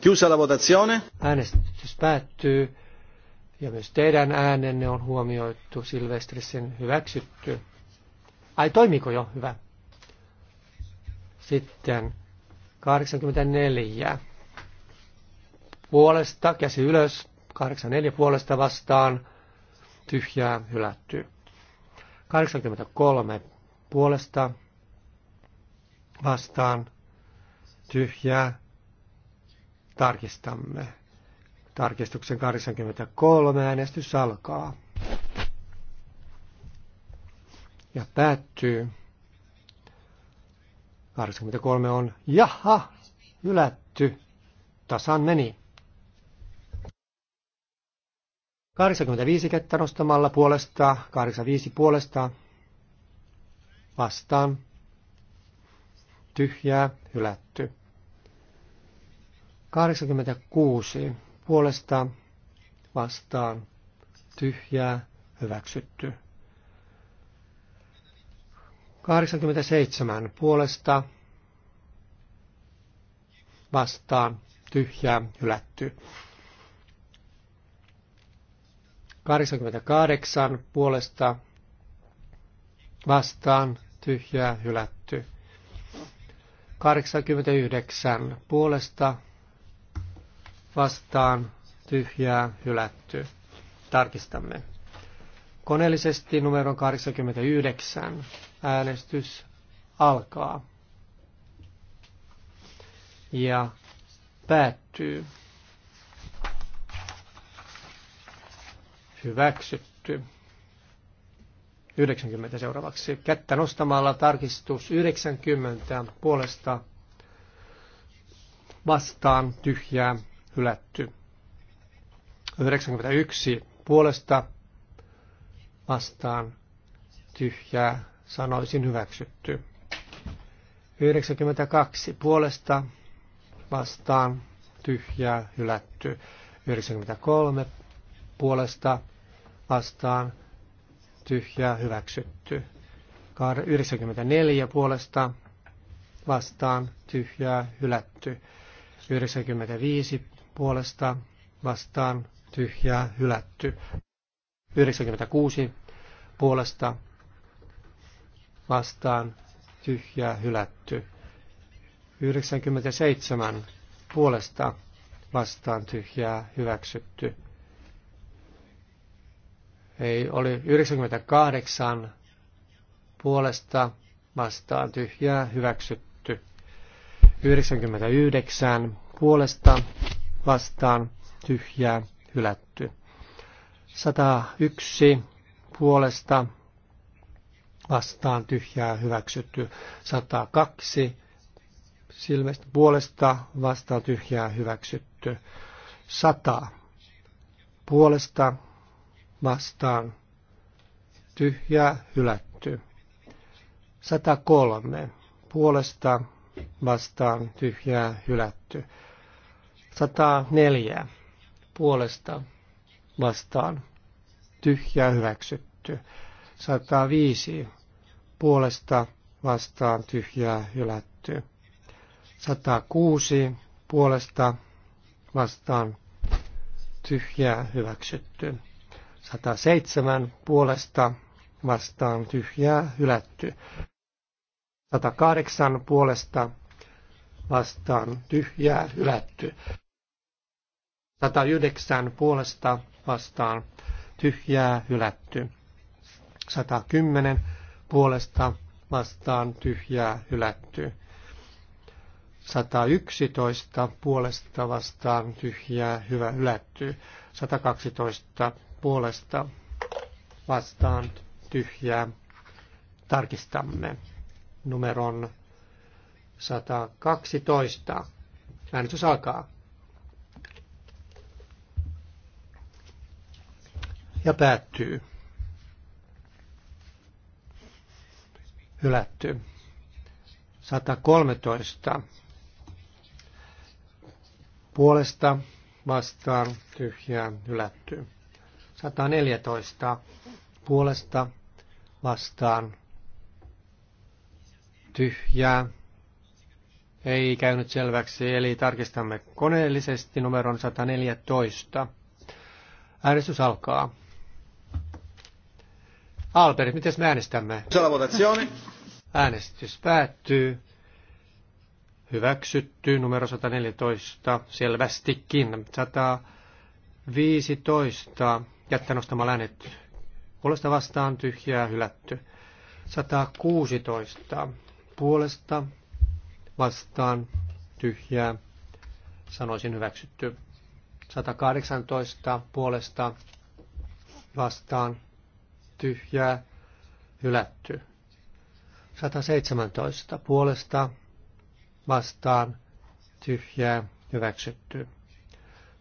Chiusa la votazione. Äänestys päättyy. Ja myös teidän äänenne on huomioitu Silvestrisen hyväksytty. Ai toimiko jo? Hyvä. Sitten 84. Puolesta, käsi ylös, 84 puolesta vastaan, tyhjää hylätty. 83 puolesta vastaan, tyhjää tarkistamme. Tarkistuksen 83 äänestys alkaa. Ja päättyy. 83 on, jaha, hylätty. Tasan meni. 85 kättä nostamalla puolesta, 85 puolesta, vastaan, tyhjää, hylätty. 86 puolesta vastaan tyhjää hyväksytty. 87 puolesta vastaan tyhjää hylätty. 88 puolesta vastaan tyhjää hylätty. 89 puolesta vastaan tyhjää hylätty. Tarkistamme. Koneellisesti numero 89. Äänestys alkaa. Ja päättyy. Hyväksytty. 90 seuraavaksi. Kättä nostamalla tarkistus 90 puolesta vastaan tyhjää hylätty. 91 puolesta vastaan tyhjää sanoisin hyväksytty. 92 puolesta vastaan tyhjää hylätty. 93 puolesta vastaan tyhjää hyväksytty. 94 puolesta vastaan tyhjää hylätty. 95 puolesta vastaan tyhjää hylätty. 96 puolesta vastaan tyhjää hylätty. 97 puolesta vastaan tyhjää hyväksytty. Ei oli 98 puolesta vastaan tyhjää hyväksytty. 99 puolesta vastaan tyhjää hylätty. 101 puolesta vastaan tyhjää hyväksytty. 102 silmästä puolesta vastaan tyhjää hyväksytty. 100 puolesta vastaan tyhjää hylätty. 103 puolesta vastaan tyhjää hylätty. 104 puolesta vastaan tyhjää hyväksytty. 105 puolesta vastaan tyhjää hylätty. 106 puolesta vastaan tyhjää hyväksytty. 107 puolesta vastaan tyhjää hylätty. 108 puolesta vastaan tyhjää hylätty. 109 puolesta vastaan tyhjää hylätty. 110 puolesta vastaan tyhjää hylätty. 111 puolesta vastaan tyhjää hyvä hylätty. 112 puolesta vastaan tyhjää tarkistamme numeron 112. Äänestys alkaa. ja päättyy. Hylätty. 113. Puolesta vastaan tyhjää hylätty. 114. Puolesta vastaan tyhjää. Ei käynyt selväksi, eli tarkistamme koneellisesti numeron 114. Äänestys alkaa. Albert, miten me äänestämme? Äänestys päättyy. Hyväksytty numero 114 selvästikin. 115 jättä nostamalla äänet puolesta vastaan tyhjää hylätty. 116 puolesta vastaan tyhjää sanoisin hyväksytty. 118 puolesta vastaan tyhjää, hylätty. 117 puolesta, vastaan, tyhjää, hyväksytty.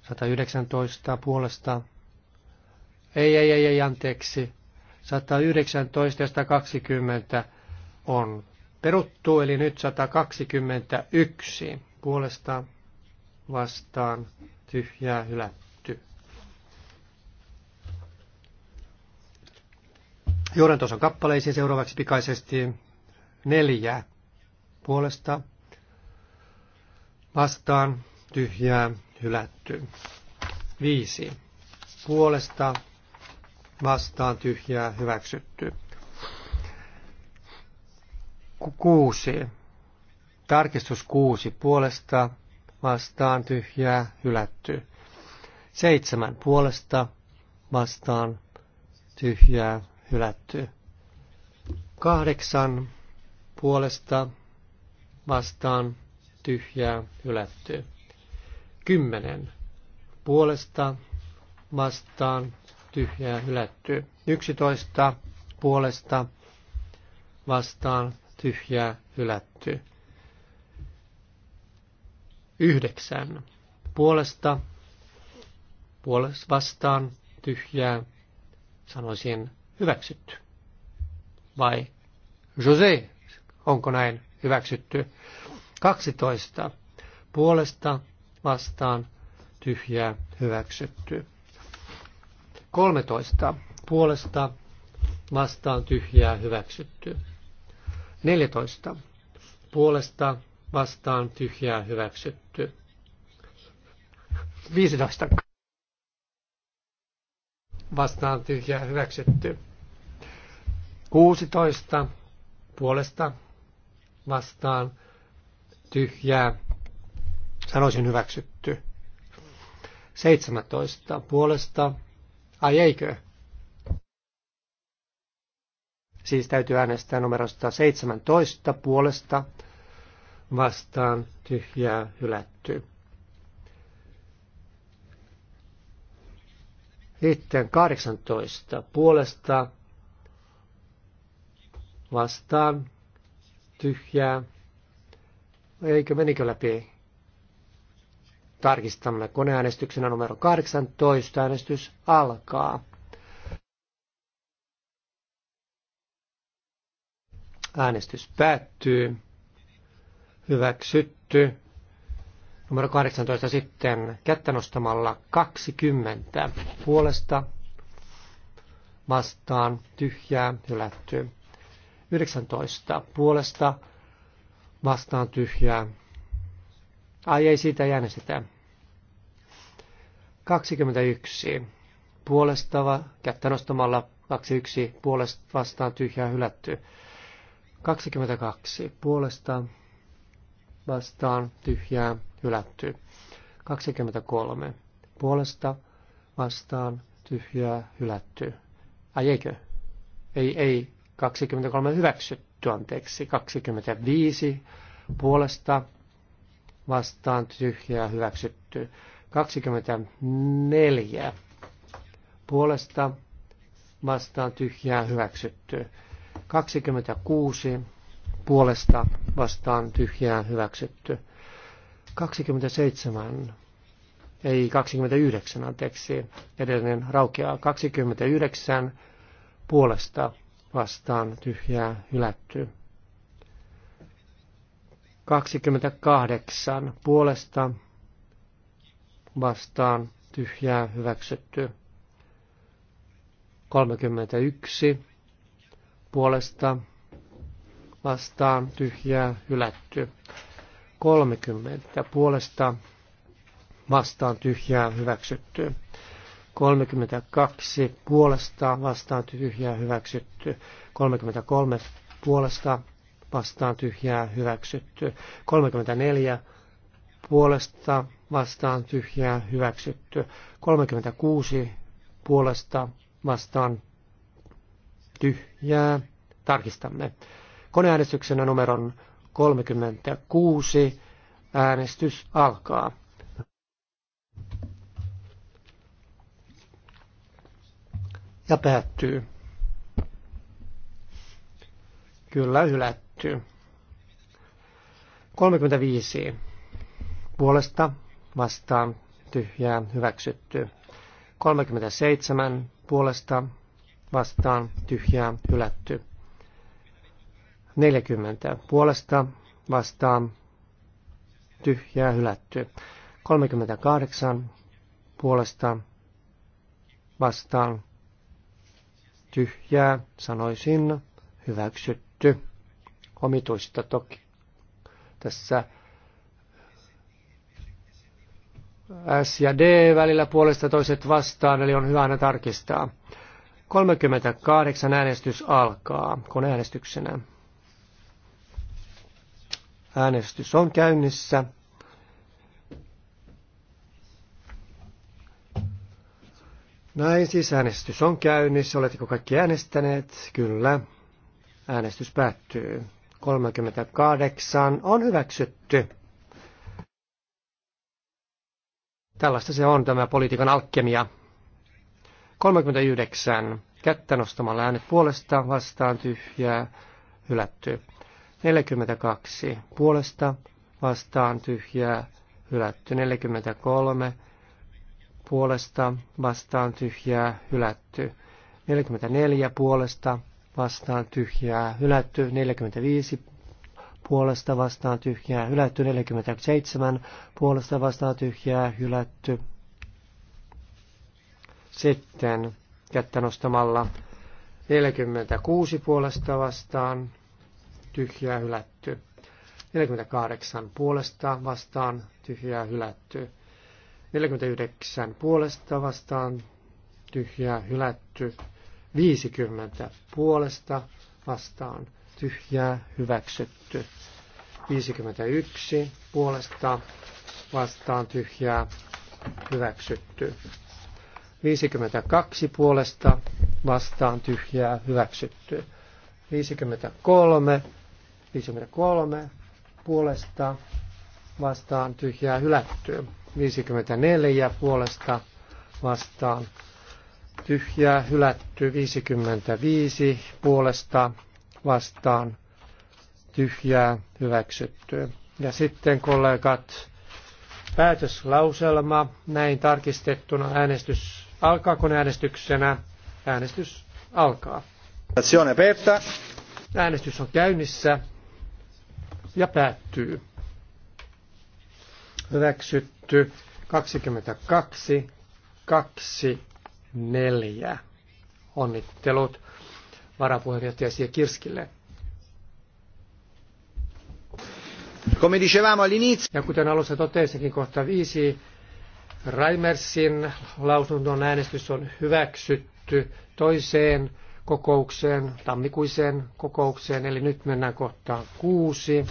119 puolesta, ei, ei, ei, ei, anteeksi. 119 ja 120 on peruttu, eli nyt 121 puolesta vastaan tyhjää hylätty. Johdantoson kappaleisiin seuraavaksi pikaisesti neljä puolesta vastaan tyhjää hylätty. Viisi puolesta vastaan tyhjää hyväksytty. Kuusi. Tarkistus kuusi puolesta vastaan tyhjää hylätty. Seitsemän puolesta vastaan tyhjää hylätty. Kahdeksan puolesta vastaan tyhjää hylätty. Kymmenen puolesta vastaan tyhjää hylätty. Yksitoista puolesta vastaan tyhjää hylätty. Yhdeksän puolesta puolesta vastaan tyhjää sanoisin hyväksytty? Vai Jose, onko näin hyväksytty? 12. Puolesta vastaan tyhjää hyväksytty. 13. Puolesta vastaan tyhjää hyväksytty. 14. Puolesta vastaan tyhjää hyväksytty. 15. Vastaan tyhjää hyväksytty. 16 puolesta vastaan tyhjää, sanoisin hyväksytty. 17 puolesta, ai eikö? Siis täytyy äänestää numerosta 17 puolesta vastaan tyhjää hylätty. Sitten 18 puolesta vastaan tyhjää. Eikö menikö läpi? Tarkistamme koneäänestyksenä numero 18. Äänestys alkaa. Äänestys päättyy. Hyväksytty. Numero 18 sitten kättä nostamalla 20 puolesta vastaan tyhjää hylättyä. 19 puolesta vastaan tyhjää. Ai ei siitä sitä. 21 puolesta kättä nostamalla 21 puolesta vastaan tyhjää hylätty. 22 puolesta vastaan tyhjää hylätty. 23 puolesta vastaan tyhjää hylätty. Ai eikö? Ei, ei, 23 hyväksytty, anteeksi, 25 puolesta vastaan tyhjää hyväksytty, 24 puolesta vastaan tyhjää hyväksytty, 26 puolesta vastaan tyhjää hyväksytty, 27 ei 29, anteeksi, edellinen raukeaa 29 puolesta vastaan tyhjää hylätty. 28 puolesta vastaan tyhjää hyväksytty. 31 puolesta vastaan tyhjää hylätty. 30 puolesta vastaan tyhjää hyväksytty. 32 puolesta vastaan tyhjää hyväksytty. 33 puolesta vastaan tyhjää hyväksytty. 34 puolesta vastaan tyhjää hyväksytty. 36 puolesta vastaan tyhjää. Tarkistamme. Koneäänestyksenä numeron 36 äänestys alkaa. ja päättyy. Kyllä ylättyy. 35. Puolesta vastaan tyhjää hyväksytty. 37. Puolesta vastaan tyhjää hylätty. 40. Puolesta vastaan tyhjää hylätty. 38. Puolesta vastaan tyhjää, sanoisin, hyväksytty. Omituista toki. Tässä S ja D välillä puolesta toiset vastaan, eli on hyvä aina tarkistaa. 38 äänestys alkaa äänestyksenä. Äänestys on käynnissä. Näin siis äänestys on käynnissä. Oletteko kaikki äänestäneet? Kyllä. Äänestys päättyy. 38 on hyväksytty. Tällaista se on tämä politiikan alkemia. 39. Kättä nostamalla äänet puolesta vastaan tyhjää hylätty. 42. Puolesta vastaan tyhjää hylätty. 43 puolesta vastaan tyhjää hylätty. 44 puolesta vastaan tyhjää hylätty. 45 puolesta vastaan tyhjää hylätty. 47 puolesta vastaan tyhjää hylätty. Sitten kättä nostamalla 46 puolesta vastaan tyhjää hylätty. 48 puolesta vastaan tyhjää hylättyä. 49 puolesta vastaan tyhjää hylätty. 50 puolesta vastaan tyhjää hyväksytty. 51 puolesta vastaan tyhjää hyväksytty. 52 puolesta vastaan tyhjää hyväksytty. 53, 53 puolesta vastaan tyhjää hylättyä. 54 puolesta vastaan. Tyhjää hylätty 55 puolesta vastaan. Tyhjää hyväksytty. Ja sitten kollegat, päätöslauselma näin tarkistettuna äänestys alkaa kun äänestyksenä. Äänestys alkaa. Äänestys on käynnissä ja päättyy. Hyväksytty hylätty. 22, 2, 4. Onnittelut varapuheenjohtaja Sia Kirskille. Come dicevamo all'inizio. Ja kuten alussa totesinkin, kohta viisi Raimersin lausunnon äänestys on hyväksytty toiseen kokoukseen, tammikuiseen kokoukseen, eli nyt mennään kohtaan kuusi.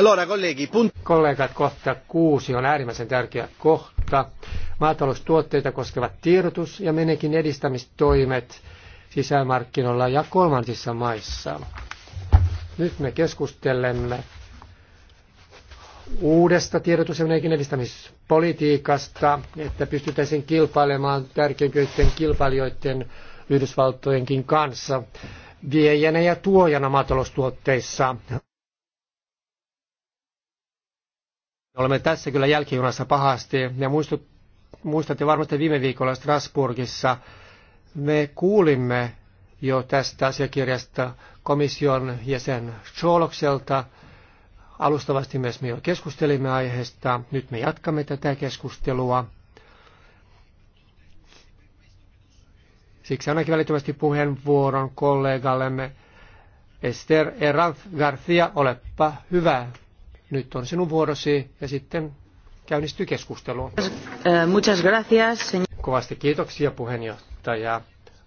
Allora, colleghi, punt... Kollegat, kohta kuusi on äärimmäisen tärkeä kohta. Maataloustuotteita koskevat tiedotus ja menekin edistämistoimet sisämarkkinoilla ja kolmansissa maissa. Nyt me keskustelemme uudesta tiedotus- ja menekin edistämispolitiikasta, että pystytäisiin kilpailemaan tärkeimpiöiden kilpailijoiden Yhdysvaltojenkin kanssa viejänä ja tuojana maataloustuotteissa. Olemme tässä kyllä jälkijunassa pahasti ja muistut, muistatte varmasti viime viikolla Strasbourgissa me kuulimme jo tästä asiakirjasta komission jäsen Cholokselta. Alustavasti myös me jo keskustelimme aiheesta. Nyt me jatkamme tätä keskustelua. Siksi ainakin välittömästi puheenvuoron kollegallemme Esther Erant Garcia, olepa hyvä. Nyt on sinun vuorosi ja sitten käynnistyy keskustelu. Eh, muchas gracias. Kovasti kiitoksia puheenjohtaja.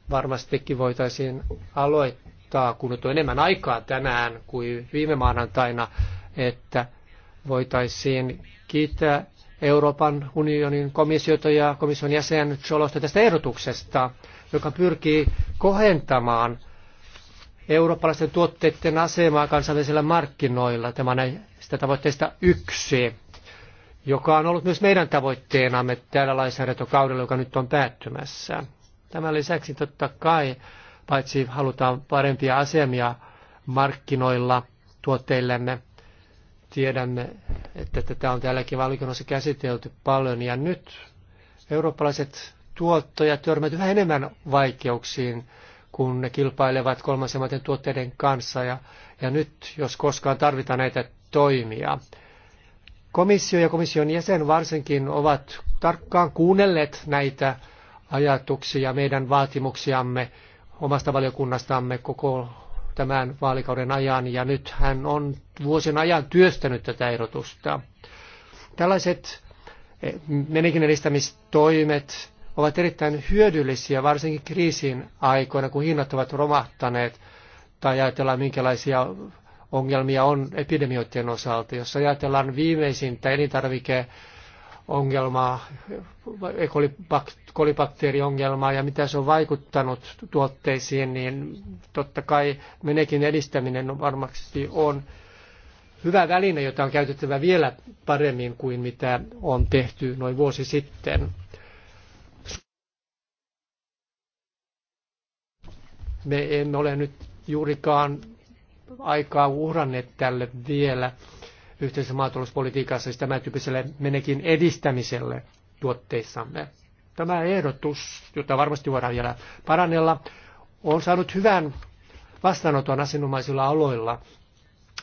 Varmastikin voitaisiin aloittaa, kun nyt on enemmän aikaa tänään kuin viime maanantaina, että voitaisiin kiittää Euroopan unionin komissiota ja komission jäsen Cholosta tästä ehdotuksesta, joka pyrkii kohentamaan – eurooppalaisten tuotteiden asemaa kansainvälisillä markkinoilla. Tämä on näistä tavoitteista yksi, joka on ollut myös meidän tavoitteenamme täällä lainsäädäntökaudella, joka nyt on päättymässä. Tämän lisäksi totta kai, paitsi halutaan parempia asemia markkinoilla tuotteillemme, tiedämme, että tätä on täälläkin valiokunnassa käsitelty paljon, ja nyt eurooppalaiset tuottajat törmät yhä enemmän vaikeuksiin kun ne kilpailevat kolmansien tuotteiden kanssa. Ja, ja nyt, jos koskaan tarvitaan näitä toimia. Komissio ja komission jäsen varsinkin ovat tarkkaan kuunnelleet näitä ajatuksia, meidän vaatimuksiamme omasta valiokunnastamme koko tämän vaalikauden ajan, ja nyt hän on vuosien ajan työstänyt tätä erotusta. Tällaiset eh, menikin edistämistoimet ovat erittäin hyödyllisiä, varsinkin kriisin aikoina, kun hinnat ovat romahtaneet, tai ajatellaan minkälaisia ongelmia on epidemioiden osalta. Jos ajatellaan viimeisintä elintarvikeongelmaa, kolibakteeriongelmaa ja mitä se on vaikuttanut tuotteisiin, niin totta kai menekin edistäminen varmasti on hyvä väline, jota on käytettävä vielä paremmin kuin mitä on tehty noin vuosi sitten. Me emme ole nyt juurikaan aikaa uhranneet tälle vielä yhteisessä maatalouspolitiikassa, siis tämän tyyppiselle menekin edistämiselle tuotteissamme. Tämä ehdotus, jota varmasti voidaan vielä parannella, on saanut hyvän vastaanoton asianomaisilla aloilla,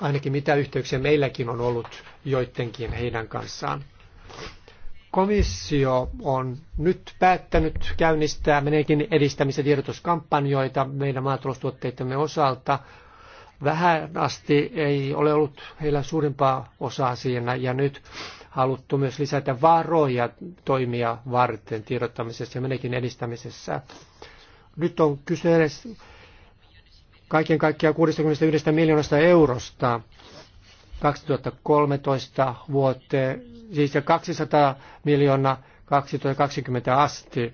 ainakin mitä yhteyksiä meilläkin on ollut joidenkin heidän kanssaan. Komissio on nyt päättänyt käynnistää meneekin edistämis- ja tiedotuskampanjoita meidän maataloustuotteittemme osalta. Vähän asti ei ole ollut heillä suurimpaa osaa siinä ja nyt haluttu myös lisätä varoja toimia varten tiedottamisessa ja menekin edistämisessä. Nyt on kyse kaiken kaikkiaan 61 miljoonasta eurosta 2013 vuoteen, siis 200 miljoonaa 2020 asti.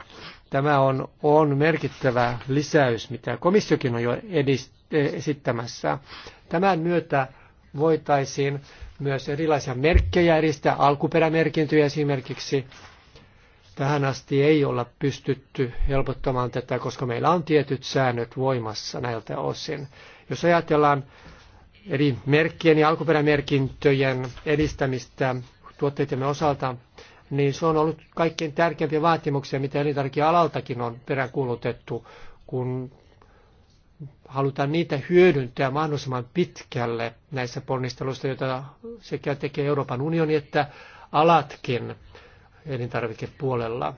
Tämä on, on merkittävä lisäys, mitä komissiokin on jo edist, esittämässä. Tämän myötä voitaisiin myös erilaisia merkkejä edistää, alkuperämerkintöjä esimerkiksi. Tähän asti ei olla pystytty helpottamaan tätä, koska meillä on tietyt säännöt voimassa näiltä osin. Jos ajatellaan eri merkkien ja alkuperämerkintöjen edistämistä tuotteidemme osalta, niin se on ollut kaikkein tärkeimpiä vaatimuksia, mitä elintarvikealaltakin on peräänkuulutettu, kun halutaan niitä hyödyntää mahdollisimman pitkälle näissä ponnisteluissa, joita sekä tekee Euroopan unioni että alatkin elintarvikepuolella.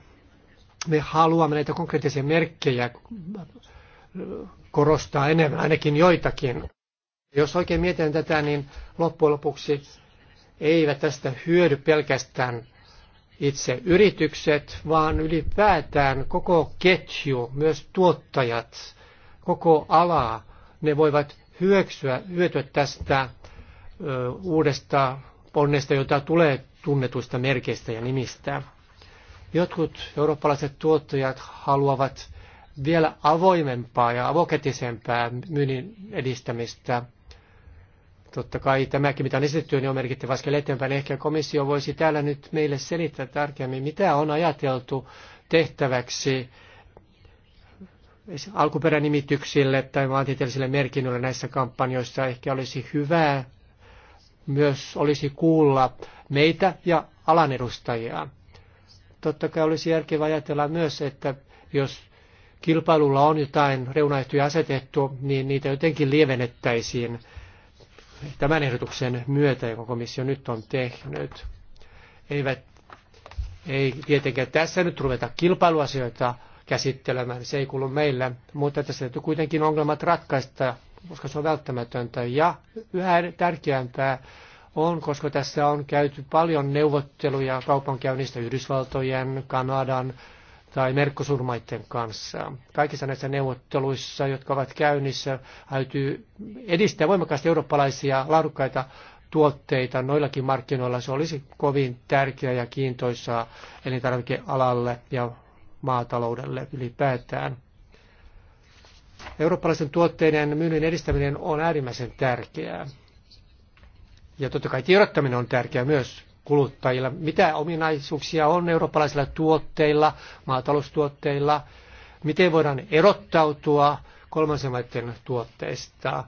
Me haluamme näitä konkreettisia merkkejä korostaa enemmän, ainakin joitakin. Jos oikein mietin tätä, niin loppujen lopuksi eivät tästä hyödy pelkästään itse yritykset, vaan ylipäätään koko ketju, myös tuottajat, koko ala, ne voivat hyöksyä, hyötyä tästä ö, uudesta ponnesta, jota tulee tunnetuista merkeistä ja nimistä. Jotkut eurooppalaiset tuottajat haluavat vielä avoimempaa ja avokätisempää myynnin edistämistä Totta kai tämäkin, mitä on esitetty, niin on merkittävä askel eteenpäin. Ehkä komissio voisi täällä nyt meille selittää tarkemmin, mitä on ajateltu tehtäväksi alkuperänimityksille tai maantieteellisille merkinnöille näissä kampanjoissa. Ehkä olisi hyvää myös olisi kuulla meitä ja alan edustajia. Totta kai olisi järkevää ajatella myös, että jos kilpailulla on jotain reunaehtoja asetettu, niin niitä jotenkin lievennettäisiin tämän ehdotuksen myötä, jonka komissio nyt on tehnyt. Eivät, ei tietenkään tässä nyt ruveta kilpailuasioita käsittelemään, se ei kuulu meille, mutta tässä täytyy kuitenkin ongelmat ratkaista, koska se on välttämätöntä. Ja yhä tärkeämpää on, koska tässä on käyty paljon neuvotteluja kaupankäynnistä Yhdysvaltojen, Kanadan, tai merkkosurmaiden kanssa. Kaikissa näissä neuvotteluissa, jotka ovat käynnissä, täytyy edistää voimakkaasti eurooppalaisia laadukkaita tuotteita noillakin markkinoilla. Se olisi kovin tärkeää ja kiintoisaa elintarvikealalle ja maataloudelle ylipäätään. Eurooppalaisen tuotteiden myynnin edistäminen on äärimmäisen tärkeää. Ja totta kai tiedottaminen on tärkeää myös kuluttajilla, mitä ominaisuuksia on eurooppalaisilla tuotteilla, maataloustuotteilla, miten voidaan erottautua kolmansien maiden tuotteista.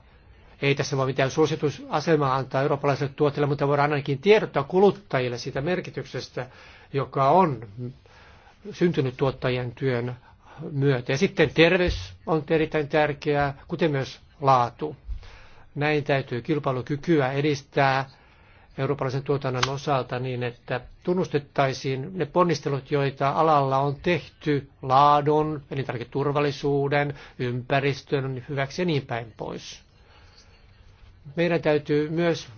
Ei tässä voi mitään suositusasemaa antaa eurooppalaisille tuotteille, mutta voidaan ainakin tiedottaa kuluttajille siitä merkityksestä, joka on syntynyt tuottajien työn myötä. Ja sitten terveys on erittäin tärkeää, kuten myös laatu. Näin täytyy kilpailukykyä edistää eurooppalaisen tuotannon osalta niin, että tunnustettaisiin ne ponnistelut, joita alalla on tehty laadun, elintarviketurvallisuuden, ympäristön hyväksi ja niin päin pois. Meidän täytyy myös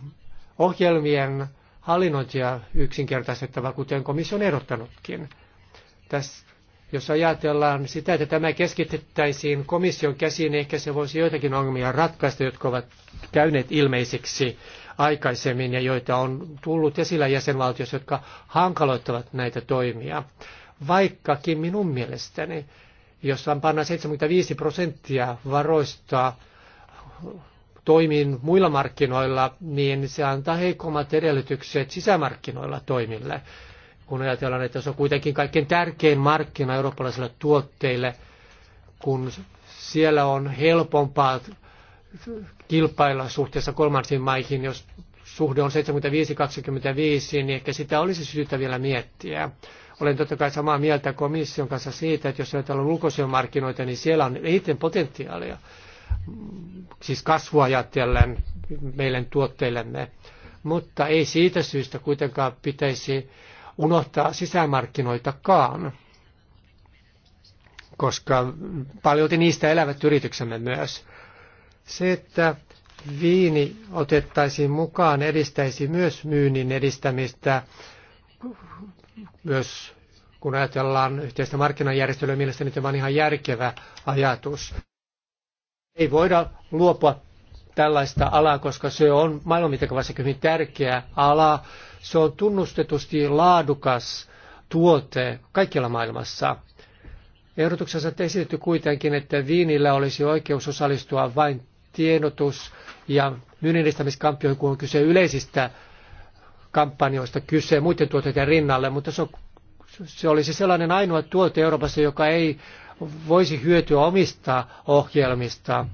ohjelmien hallinnointia yksinkertaistettava, kuten komissio on ehdottanutkin. Tässä, jos ajatellaan sitä, että tämä keskitettäisiin komission käsiin, ehkä se voisi joitakin ongelmia ratkaista, jotka ovat käyneet ilmeisiksi aikaisemmin ja joita on tullut esillä jäsenvaltioissa, jotka hankaloittavat näitä toimia. Vaikkakin minun mielestäni, jos pannaan 75 prosenttia varoista toimiin muilla markkinoilla, niin se antaa heikommat edellytykset sisämarkkinoilla toimille. Kun ajatellaan, että se on kuitenkin kaikkein tärkein markkina eurooppalaisille tuotteille, kun siellä on helpompaa kilpailla suhteessa kolmansiin maihin, jos suhde on 75-25, niin ehkä sitä olisi syytä vielä miettiä. Olen totta kai samaa mieltä komission kanssa siitä, että jos ajatellaan ulkoisia markkinoita, niin siellä on eniten potentiaalia, siis kasvua ajatellen meidän tuotteillemme. Mutta ei siitä syystä kuitenkaan pitäisi unohtaa sisämarkkinoitakaan, koska paljon niistä elävät yrityksemme myös. Se, että viini otettaisiin mukaan, edistäisi myös myynnin edistämistä, myös kun ajatellaan yhteistä markkinajärjestelyä, mielestäni tämä on ihan järkevä ajatus. Ei voida luopua tällaista alaa, koska se on maailman hyvin tärkeä ala. Se on tunnustetusti laadukas tuote kaikkialla maailmassa. Ehdotuksessa on esitetty kuitenkin, että viinillä olisi oikeus osallistua vain tiedotus ja myynnin kun on kyse yleisistä kampanjoista kyse muiden tuotteiden rinnalle, mutta se, on, se olisi sellainen ainoa tuote Euroopassa, joka ei voisi hyötyä omista ohjelmista,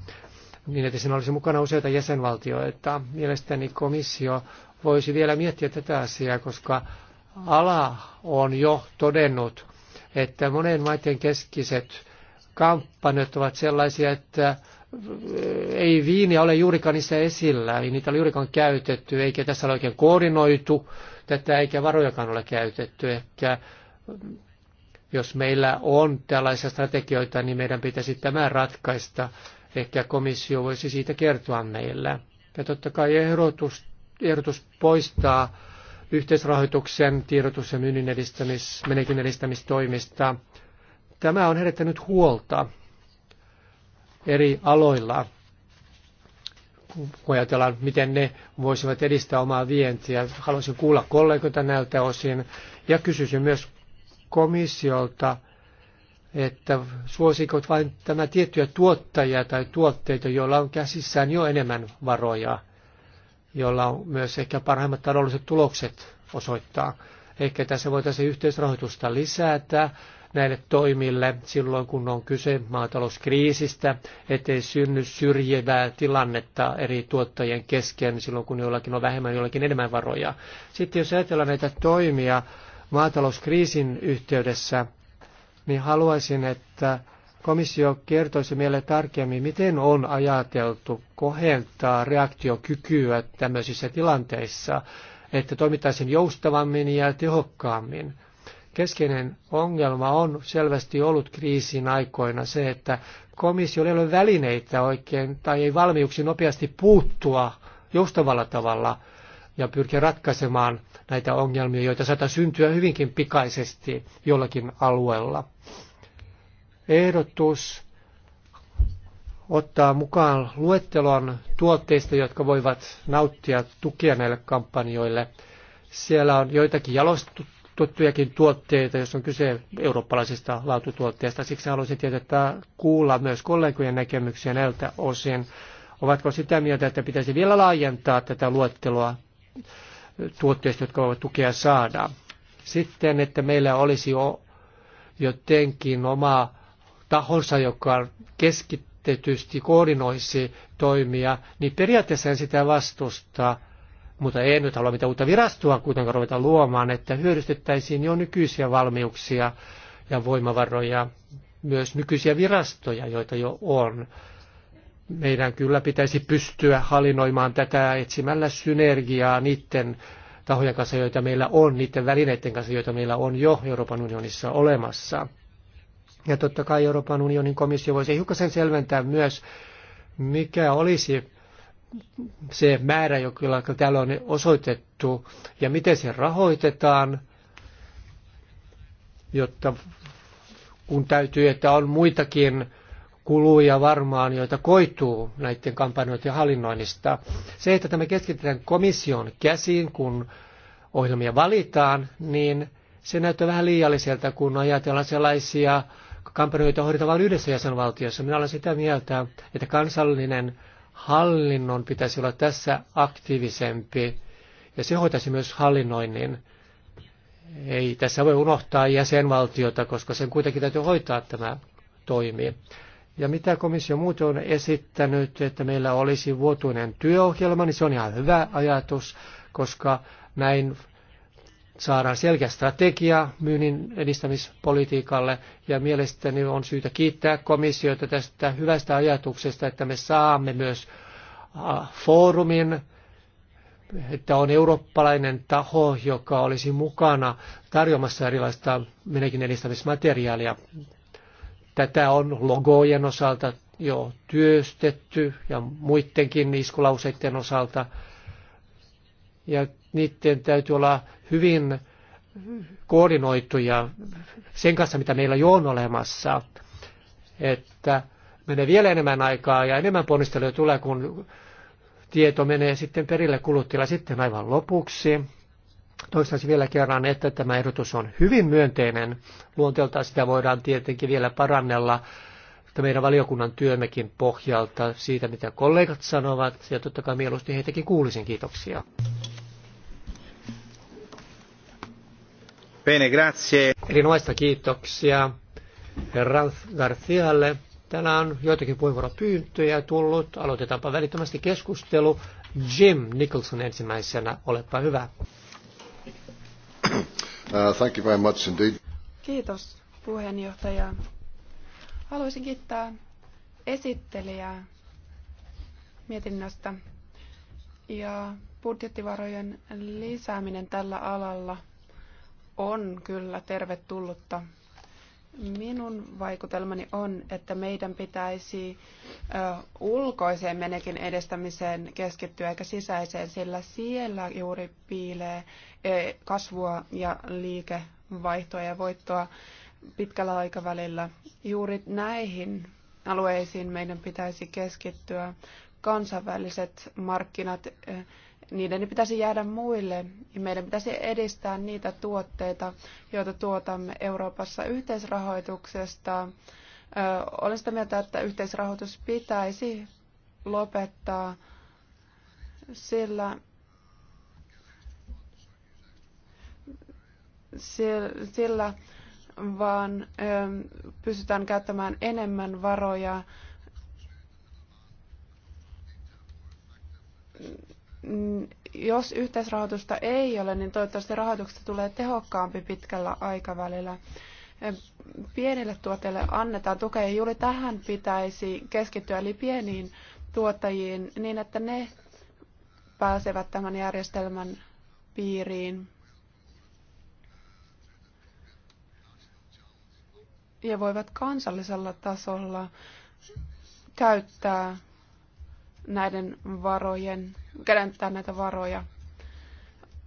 niin että siinä olisi mukana useita jäsenvaltioita. Mielestäni komissio voisi vielä miettiä tätä asiaa, koska ala on jo todennut, että monen maiden keskiset kampanjat ovat sellaisia, että ei viiniä ole juurikaan niissä esillä, ei niitä ole juurikaan käytetty, eikä tässä ole oikein koordinoitu tätä, eikä varojakaan ole käytetty. Ehkä jos meillä on tällaisia strategioita, niin meidän pitäisi tämä ratkaista. Ehkä komissio voisi siitä kertoa meillä. Ja totta kai ehdotus, ehdotus poistaa yhteisrahoituksen tiedotus- ja myynnin edistämis, edistämistoimista. Tämä on herättänyt huolta eri aloilla, kun ajatellaan, miten ne voisivat edistää omaa vientiä. Haluaisin kuulla kollegoita näiltä osin ja kysyisin myös komissiolta, että suosiko vain tämä tiettyjä tuottajia tai tuotteita, joilla on käsissään jo enemmän varoja, joilla on myös ehkä parhaimmat taloudelliset tulokset osoittaa. Ehkä tässä voitaisiin yhteisrahoitusta lisätä näille toimille silloin, kun on kyse maatalouskriisistä, ettei synny syrjivää tilannetta eri tuottajien kesken silloin, kun jollakin on vähemmän, jollakin enemmän varoja. Sitten jos ajatellaan näitä toimia maatalouskriisin yhteydessä, niin haluaisin, että komissio kertoisi meille tarkemmin, miten on ajateltu kohentaa reaktiokykyä tämmöisissä tilanteissa, että toimittaisiin joustavammin ja tehokkaammin. Keskeinen ongelma on selvästi ollut kriisin aikoina se, että komissio ei ole välineitä oikein tai ei valmiuksi nopeasti puuttua joustavalla tavalla ja pyrkiä ratkaisemaan näitä ongelmia, joita saattaa syntyä hyvinkin pikaisesti jollakin alueella. Ehdotus ottaa mukaan luettelon tuotteista, jotka voivat nauttia tukia näille kampanjoille. Siellä on joitakin jalostettuja tuttujakin tuotteita, jos on kyse eurooppalaisista laatutuotteista. Siksi haluaisin tietää kuulla myös kollegojen näkemyksiä näiltä osin. Ovatko sitä mieltä, että pitäisi vielä laajentaa tätä luettelua tuotteista, jotka voivat tukea saada? Sitten, että meillä olisi jo jotenkin oma tahonsa, joka keskittetysti koordinoisi toimia, niin periaatteessa en sitä vastusta mutta ei nyt halua mitään uutta virastoa kuitenkaan ruveta luomaan, että hyödystettäisiin jo nykyisiä valmiuksia ja voimavaroja, myös nykyisiä virastoja, joita jo on. Meidän kyllä pitäisi pystyä hallinnoimaan tätä etsimällä synergiaa niiden tahojen kanssa, joita meillä on, niiden välineiden kanssa, joita meillä on jo Euroopan unionissa olemassa. Ja totta kai Euroopan unionin komissio voisi hiukan sen selventää myös, mikä olisi se määrä, joka täällä on osoitettu, ja miten se rahoitetaan, jotta kun täytyy, että on muitakin kuluja varmaan, joita koituu näiden kampanjoiden hallinnoinnista. Se, että tämä keskitetään komission käsiin, kun ohjelmia valitaan, niin se näyttää vähän liialliselta, kun ajatellaan sellaisia kampanjoita hoidetaan vain yhdessä jäsenvaltiossa. Minä olen sitä mieltä, että kansallinen hallinnon pitäisi olla tässä aktiivisempi ja se hoitaisi myös hallinnoinnin. Ei tässä voi unohtaa jäsenvaltiota, koska sen kuitenkin täytyy hoitaa tämä toimi. Ja mitä komissio muuten on esittänyt, että meillä olisi vuotuinen työohjelma, niin se on ihan hyvä ajatus, koska näin saadaan selkeä strategia myynnin edistämispolitiikalle ja mielestäni on syytä kiittää komissiota tästä hyvästä ajatuksesta, että me saamme myös foorumin, että on eurooppalainen taho, joka olisi mukana tarjoamassa erilaista menekin edistämismateriaalia. Tätä on logojen osalta jo työstetty ja muidenkin iskulauseiden osalta. Ja niiden täytyy olla hyvin koordinoituja sen kanssa, mitä meillä jo on olemassa, että menee vielä enemmän aikaa ja enemmän ponnisteluja tulee, kun tieto menee sitten perille kuluttajilla sitten aivan lopuksi. Toistaisin vielä kerran, että tämä ehdotus on hyvin myönteinen. Luonteeltaan sitä voidaan tietenkin vielä parannella että meidän valiokunnan työmekin pohjalta siitä, mitä kollegat sanovat, ja totta kai mieluusti heitäkin kuulisin. Kiitoksia. Bene, grazie. kiitoksia herra Garcialle. Tänään on joitakin puheenvuoropyyntöjä tullut. Aloitetaanpa välittömästi keskustelu. Jim Nicholson ensimmäisenä, olepa hyvä. Uh, thank you very much indeed. Kiitos puheenjohtaja. Haluaisin kiittää esittelijää mietinnöstä ja budjettivarojen lisääminen tällä alalla – on kyllä tervetullutta. Minun vaikutelmani on, että meidän pitäisi ulkoiseen menekin edistämiseen keskittyä eikä sisäiseen, sillä siellä juuri piilee kasvua ja liikevaihtoa ja voittoa pitkällä aikavälillä. Juuri näihin alueisiin meidän pitäisi keskittyä. Kansainväliset markkinat, niiden pitäisi jäädä muille ja meidän pitäisi edistää niitä tuotteita, joita tuotamme Euroopassa yhteisrahoituksesta. Olen sitä mieltä, että yhteisrahoitus pitäisi lopettaa, sillä, sillä vaan pystytään käyttämään enemmän varoja Mm, jos yhteisrahoitusta ei ole, niin toivottavasti rahoituksesta tulee tehokkaampi pitkällä aikavälillä. E, pienille tuotteille annetaan tukea ja juuri tähän pitäisi keskittyä, eli pieniin tuottajiin, niin että ne pääsevät tämän järjestelmän piiriin. Ja voivat kansallisella tasolla käyttää näiden varojen, kädentää näitä varoja.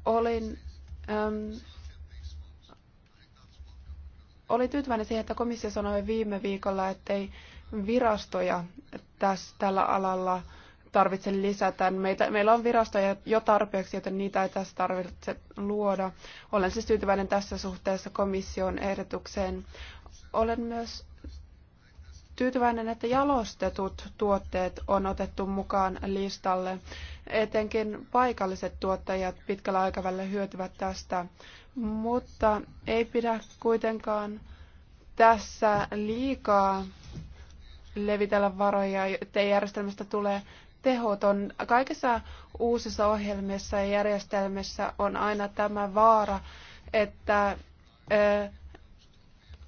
Olin, äm, olin tyytyväinen siihen, että komissio sanoi viime viikolla, ettei virastoja tässä, tällä alalla tarvitse lisätä. Meitä, meillä on virastoja jo tarpeeksi, joten niitä ei tässä tarvitse luoda. Olen siis tyytyväinen tässä suhteessa komission ehdotukseen. Olen myös tyytyväinen, että jalostetut tuotteet on otettu mukaan listalle. Etenkin paikalliset tuottajat pitkällä aikavälillä hyötyvät tästä, mutta ei pidä kuitenkaan tässä liikaa levitellä varoja, ettei järjestelmästä tulee tehoton. Kaikissa uusissa ohjelmissa ja järjestelmissä on aina tämä vaara, että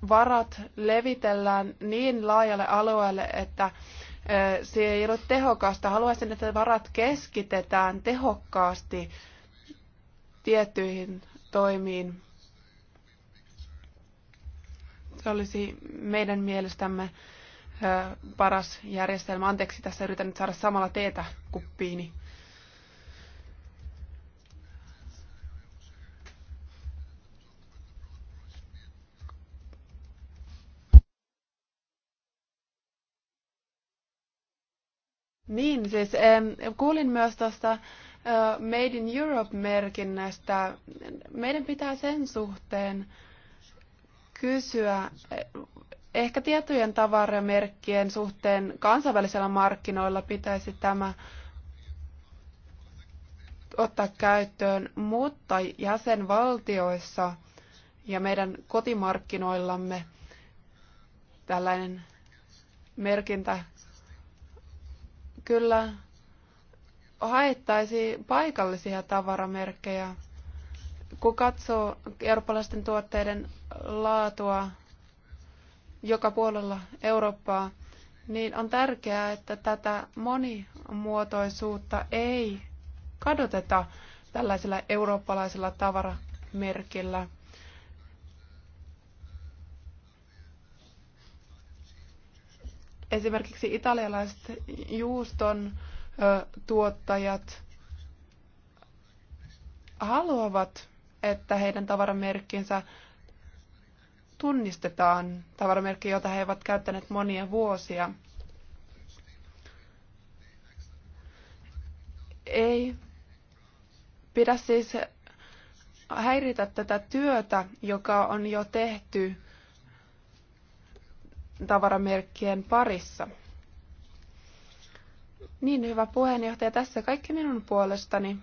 varat levitellään niin laajalle alueelle, että se ei ole tehokasta. Haluaisin, että varat keskitetään tehokkaasti tiettyihin toimiin. Se olisi meidän mielestämme paras järjestelmä. Anteeksi, tässä yritän nyt saada samalla teetä kuppiini. Niin, siis kuulin myös tuosta Made in Europe-merkinnästä. Meidän pitää sen suhteen kysyä e, ehkä tiettyjen tavaramerkkien suhteen kansainvälisellä markkinoilla pitäisi tämä ottaa käyttöön, mutta jäsenvaltioissa ja meidän kotimarkkinoillamme tällainen merkintä kyllä haettaisiin paikallisia tavaramerkkejä. Kun katsoo eurooppalaisten tuotteiden laatua joka puolella Eurooppaa, niin on tärkeää, että tätä monimuotoisuutta ei kadoteta tällaisella eurooppalaisella tavaramerkillä. Esimerkiksi italialaiset juuston tuottajat haluavat, että heidän tavaramerkkinsä tunnistetaan, tavaramerkki, jota he ovat käyttäneet monia vuosia. Ei pidä siis häiritä tätä työtä, joka on jo tehty tavaramerkkien parissa. Niin, hyvä puheenjohtaja, tässä kaikki minun puolestani.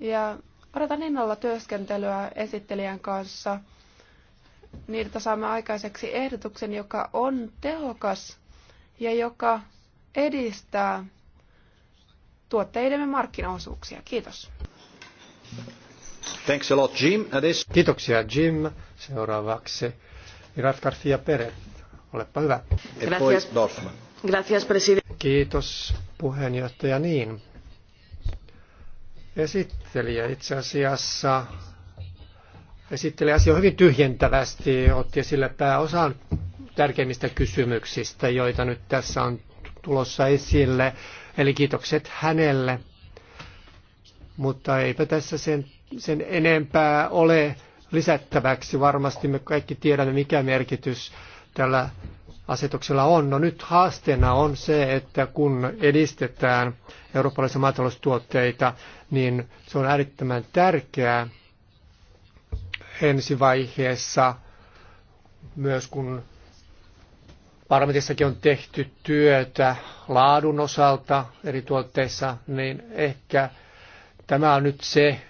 Ja odotan innolla työskentelyä esittelijän kanssa niin, että saamme aikaiseksi ehdotuksen, joka on tehokas ja joka edistää tuotteidemme markkinaosuuksia. Kiitos. Thanks a lot, Jim. Kiitoksia, Jim. Seuraavaksi Irat Garcia Perez. Olepa hyvä. Gracias. Kiitos puheenjohtaja. Niin. Esittelijä itse asiassa esitteli asiaa hyvin tyhjentävästi, otti esille pääosan tärkeimmistä kysymyksistä, joita nyt tässä on tulossa esille. Eli kiitokset hänelle. Mutta eipä tässä sen, sen enempää ole lisättäväksi. Varmasti me kaikki tiedämme, mikä merkitys tällä asetuksella on. No nyt haasteena on se, että kun edistetään eurooppalaisia maataloustuotteita, niin se on äärettömän tärkeää ensivaiheessa myös kun parlamentissakin on tehty työtä laadun osalta eri tuotteissa, niin ehkä tämä on nyt se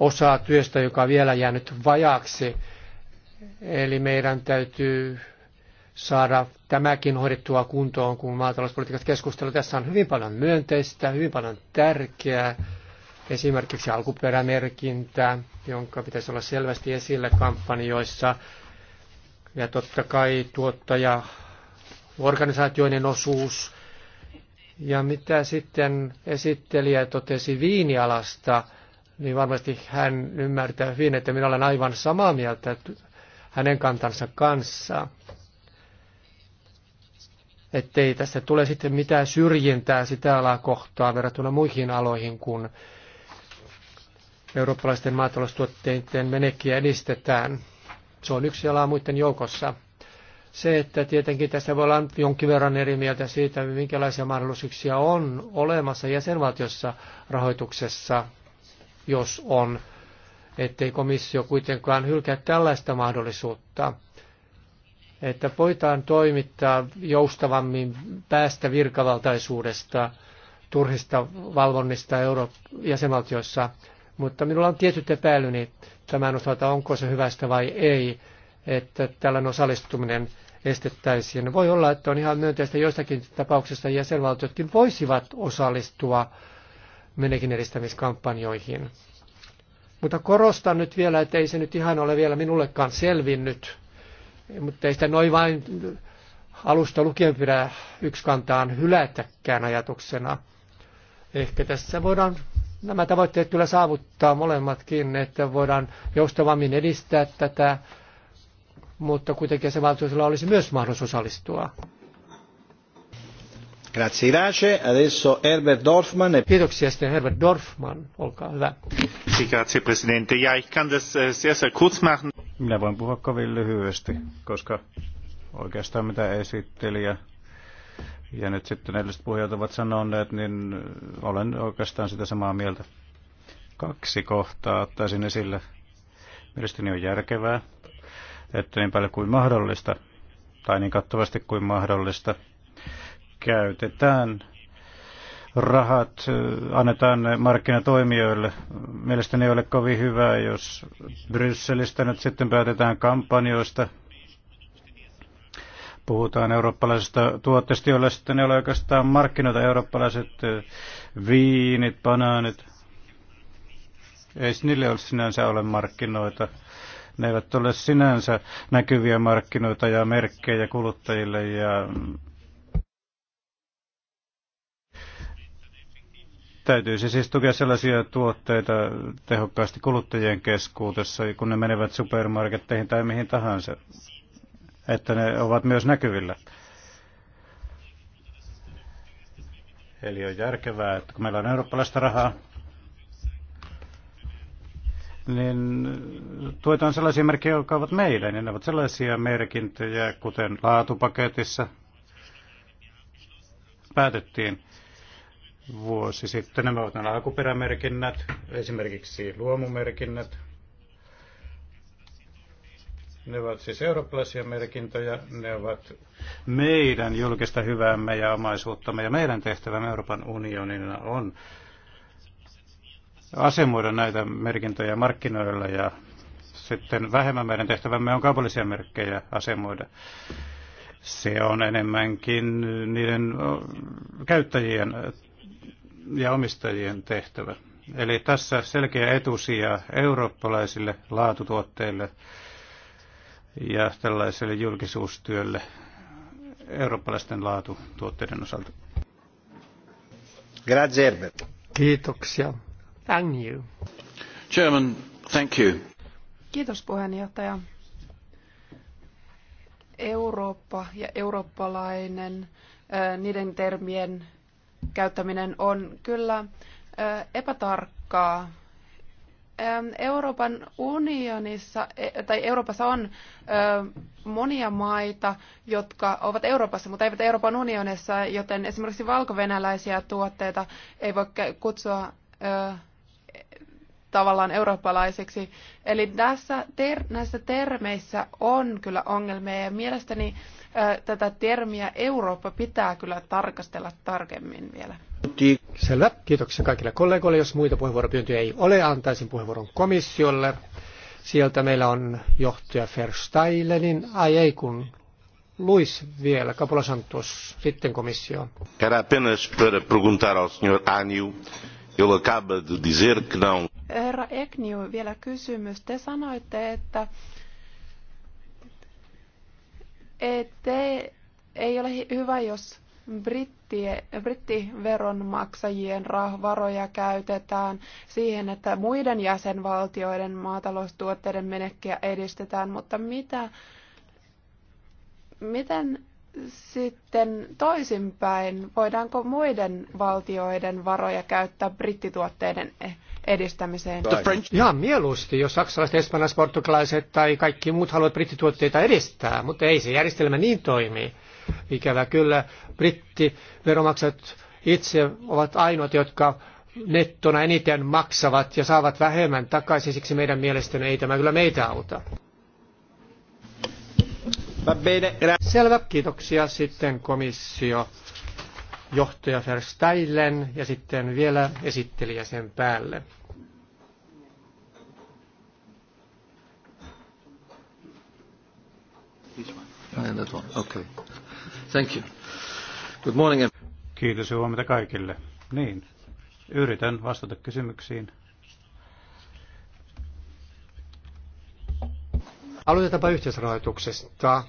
osa työstä, joka on vielä jäänyt vajaaksi. Eli meidän täytyy saada tämäkin hoidettua kuntoon, kun maatalouspolitiikasta keskustelu. Tässä on hyvin paljon myönteistä, hyvin paljon tärkeää. Esimerkiksi alkuperämerkintä, jonka pitäisi olla selvästi esillä kampanjoissa. Ja totta kai tuottaja organisaatioiden osuus. Ja mitä sitten esittelijä totesi viinialasta, niin varmasti hän ymmärtää hyvin, että minä olen aivan samaa mieltä hänen kantansa kanssa. Ettei tässä tule sitten mitään syrjintää sitä alaa kohtaa verrattuna muihin aloihin, kun eurooppalaisten maataloustuotteiden menekkiä edistetään. Se on yksi ala muiden joukossa. Se, että tietenkin tässä voi olla jonkin verran eri mieltä siitä, minkälaisia mahdollisuuksia on olemassa jäsenvaltiossa rahoituksessa, jos on ettei komissio kuitenkaan hylkää tällaista mahdollisuutta, että voitaan toimittaa joustavammin päästä virkavaltaisuudesta, turhista valvonnista jäsenvaltioissa, mutta minulla on tietyt epäilyni tämän osalta, onko se hyvästä vai ei, että tällainen osallistuminen estettäisiin. Voi olla, että on ihan myönteistä joissakin tapauksissa jäsenvaltiotkin voisivat osallistua menekin edistämiskampanjoihin. Mutta korostan nyt vielä, että ei se nyt ihan ole vielä minullekaan selvinnyt. Mutta ei sitä noin vain alusta lukien pidä yksikantaan hylätäkään ajatuksena. Ehkä tässä voidaan nämä tavoitteet kyllä saavuttaa molemmatkin, että voidaan joustavammin edistää tätä, mutta kuitenkin se valtuusilla olisi myös mahdollisuus osallistua. Herbert Dorfman. E- Herbert Dorfman. Olkaa Presidente. Äh, Minä voin puhua kovin lyhyesti, koska oikeastaan mitä esittelijä ja nyt sitten edelliset puhujat ovat sanoneet, niin äh, olen oikeastaan sitä samaa mieltä. Kaksi kohtaa ottaisin esille. Mielestäni on järkevää, että niin paljon kuin mahdollista, tai niin kattavasti kuin mahdollista, käytetään rahat, annetaan markkinatoimijoille. Mielestäni ei ole kovin hyvä, jos Brysselistä nyt sitten päätetään kampanjoista, puhutaan eurooppalaisista tuotteista, joilla sitten ei ole oikeastaan markkinoita, eurooppalaiset viinit, banaanit. Ei niille ole sinänsä ole markkinoita. Ne eivät ole sinänsä näkyviä markkinoita ja merkkejä kuluttajille ja Täytyisi siis tukea sellaisia tuotteita tehokkaasti kuluttajien keskuudessa, kun ne menevät supermarketteihin tai mihin tahansa, että ne ovat myös näkyvillä. Eli on järkevää, että kun meillä on eurooppalaista rahaa, niin tuetaan sellaisia merkkejä, jotka ovat meille, niin ne ovat sellaisia merkintöjä, kuten laatupaketissa päätettiin vuosi sitten. Nämä ovat nämä alkuperämerkinnät, esimerkiksi luomumerkinnät. Ne ovat siis eurooppalaisia merkintöjä, ne ovat meidän julkista hyväämme ja omaisuuttamme. Ja meidän tehtävämme Euroopan unionina on asemoida näitä merkintöjä markkinoilla ja sitten vähemmän meidän tehtävämme on kaupallisia merkkejä asemoida. Se on enemmänkin niiden käyttäjien ja omistajien tehtävä. Eli tässä selkeä etusija eurooppalaisille laatutuotteille ja tällaiselle julkisuustyölle eurooppalaisten laatutuotteiden osalta. Grazie. Kiitoksia. Thank you. Chairman, thank you. Kiitos puheenjohtaja. Eurooppa ja eurooppalainen, niiden termien käyttäminen on kyllä epätarkkaa. Euroopan unionissa, e, tai Euroopassa on monia maita, jotka ovat Euroopassa, mutta eivät Euroopan unionissa, joten esimerkiksi valkovenäläisiä tuotteita ei voi kutsua tavallaan eurooppalaiseksi. Eli tässä ter- näissä termeissä on kyllä ongelmia ja mielestäni ö, tätä termiä Eurooppa pitää kyllä tarkastella tarkemmin vielä. Selvä. Kiitoksia kaikille kollegoille. Jos muita puheenvuoropyyntöjä ei ole, antaisin puheenvuoron komissiolle. Sieltä meillä on johtaja Verstailenin, ai ei kun Luis vielä, Capola Santos, sitten komissio. Era apenas para perguntar ao senhor Anil Jolla acaba de dizer que não. Herra Ekniu, vielä kysymys. Te sanoitte, että ette, ei ole hyvä, jos britti brittiveronmaksajien varoja käytetään siihen, että muiden jäsenvaltioiden maataloustuotteiden menekkiä edistetään, mutta mitä, miten sitten toisinpäin, voidaanko muiden valtioiden varoja käyttää brittituotteiden e- edistämiseen? Ihan mieluusti, jos saksalaiset, espanjalaiset, portugalaiset tai kaikki muut haluavat brittituotteita edistää, mutta ei se järjestelmä niin toimi. Ikävä kyllä, brittiveromaksat itse ovat ainoat, jotka nettona eniten maksavat ja saavat vähemmän takaisin, siksi meidän mielestämme ei tämä kyllä meitä auta. Selvä, kiitoksia. Sitten komissio johtaja Verstailen ja sitten vielä esittelijä sen päälle. Okay. Thank you. Good morning. Kiitos ja huomenta kaikille. Niin, yritän vastata kysymyksiin. Aloitetaanpa yhteisrahoituksesta.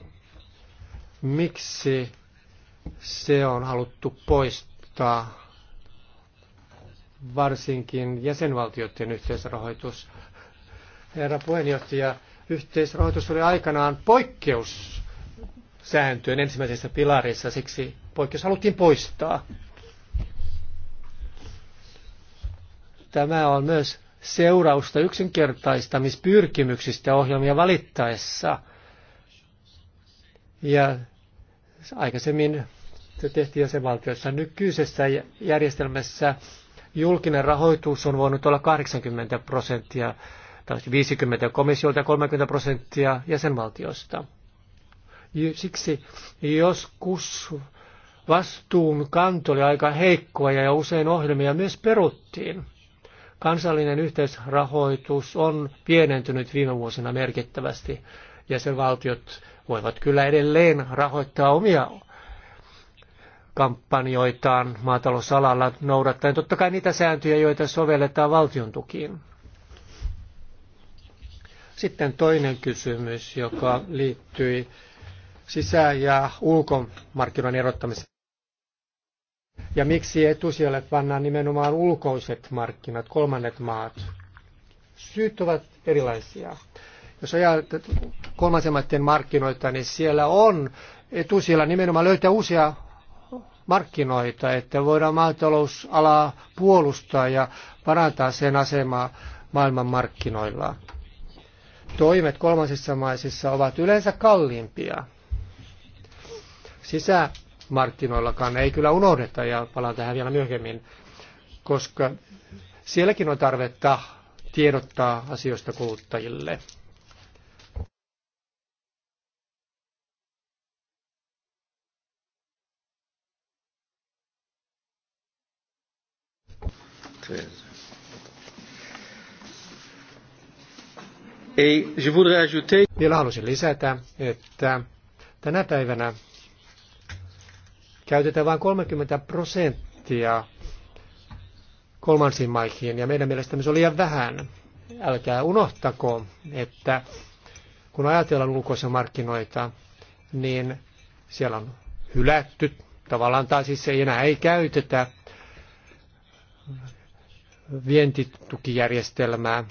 Miksi se on haluttu poistaa? Varsinkin jäsenvaltioiden yhteisrahoitus. Herra puheenjohtaja, yhteisrahoitus oli aikanaan poikkeus sääntöön ensimmäisessä pilarissa, siksi poikkeus haluttiin poistaa. Tämä on myös seurausta yksinkertaistamispyrkimyksistä ohjelmia valittaessa. Ja aikaisemmin se tehtiin jäsenvaltioissa. Nykyisessä järjestelmässä julkinen rahoitus on voinut olla 80 prosenttia tai 50 komissiolta ja 30 prosenttia jäsenvaltiosta. Siksi joskus vastuun kanto oli aika heikkoa ja usein ohjelmia myös peruttiin. Kansallinen yhteisrahoitus on pienentynyt viime vuosina merkittävästi. Jäsenvaltiot voivat kyllä edelleen rahoittaa omia kampanjoitaan maatalousalalla noudattaen totta kai niitä sääntöjä, joita sovelletaan valtion tukiin. Sitten toinen kysymys, joka liittyi sisä- ja ulkomarkkinoiden erottamiseen. Ja miksi etusijalle pannaan nimenomaan ulkoiset markkinat, kolmannet maat? Syyt ovat erilaisia. Jos ajatellaan kolmansien markkinoita, niin siellä on etusijalla nimenomaan löytää uusia markkinoita, että voidaan maatalousalaa puolustaa ja parantaa sen asemaa maailmanmarkkinoilla. Toimet kolmansissa maisissa ovat yleensä kalliimpia. Sisä markkinoillakaan ei kyllä unohdeta, ja palaan tähän vielä myöhemmin, koska sielläkin on tarvetta tiedottaa asioista kuluttajille. Ei, je voudrais ajouter... Vielä halusin lisätä, että tänä päivänä käytetään vain 30 prosenttia kolmansiin maihin, ja meidän mielestämme se on liian vähän. Älkää unohtako, että kun ajatellaan ulkoisia markkinoita, niin siellä on hylätty, tavallaan tai siis ei enää ei käytetä vientitukijärjestelmää.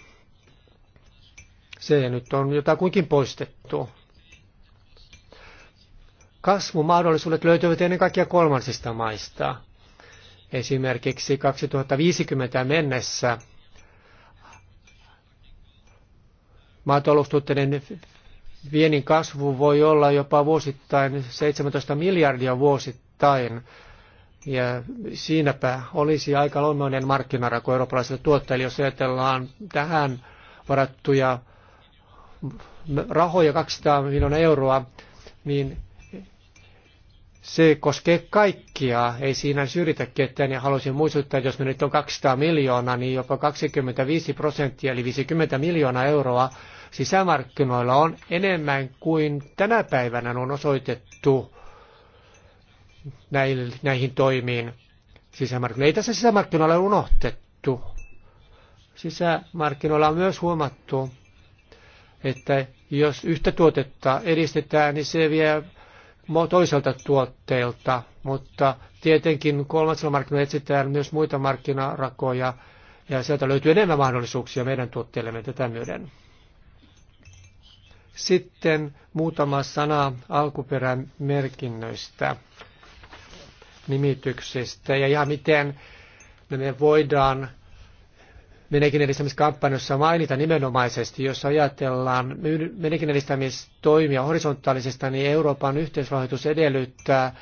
Se nyt on jotakuinkin poistettu kasvumahdollisuudet löytyvät ennen kaikkea kolmansista maista. Esimerkiksi 2050 mennessä maataloustuotteiden viennin kasvu voi olla jopa vuosittain 17 miljardia vuosittain. Ja siinäpä olisi aika lonnoinen markkinarako eurooppalaisille tuottajille, jos ajatellaan tähän varattuja rahoja 200 miljoonaa euroa, niin se koskee kaikkia, ei siinä syrjitä ketään ja haluaisin muistuttaa, että jos me nyt on 200 miljoonaa, niin jopa 25 prosenttia eli 50 miljoonaa euroa sisämarkkinoilla on enemmän kuin tänä päivänä on osoitettu näihin toimiin sisämarkkinoilla. Ei tässä sisämarkkinoilla ole unohtettu. Sisämarkkinoilla on myös huomattu, että jos yhtä tuotetta edistetään, niin se vie toiselta tuotteelta, mutta tietenkin kolmansilla markkinoilla etsitään myös muita markkinarakoja, ja sieltä löytyy enemmän mahdollisuuksia meidän tuotteillemme tätä myöden. Sitten muutama sana alkuperän merkinnöistä, nimityksistä ja ihan miten me voidaan menekin edistämiskampanjassa mainita nimenomaisesti, jos ajatellaan menekin edistämistoimia horisontaalisesta, niin Euroopan yhteisrahoitus edellyttää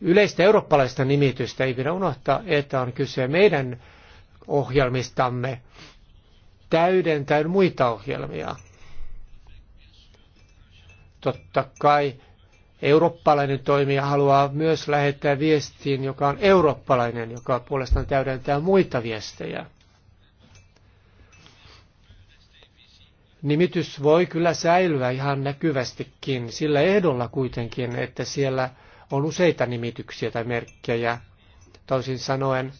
yleistä eurooppalaista nimitystä. Ei pidä unohtaa, että on kyse meidän ohjelmistamme täydentäen muita ohjelmia. Totta kai eurooppalainen toimija haluaa myös lähettää viestiin, joka on eurooppalainen, joka puolestaan täydentää muita viestejä. nimitys voi kyllä säilyä ihan näkyvästikin, sillä ehdolla kuitenkin, että siellä on useita nimityksiä tai merkkejä. Toisin sanoen,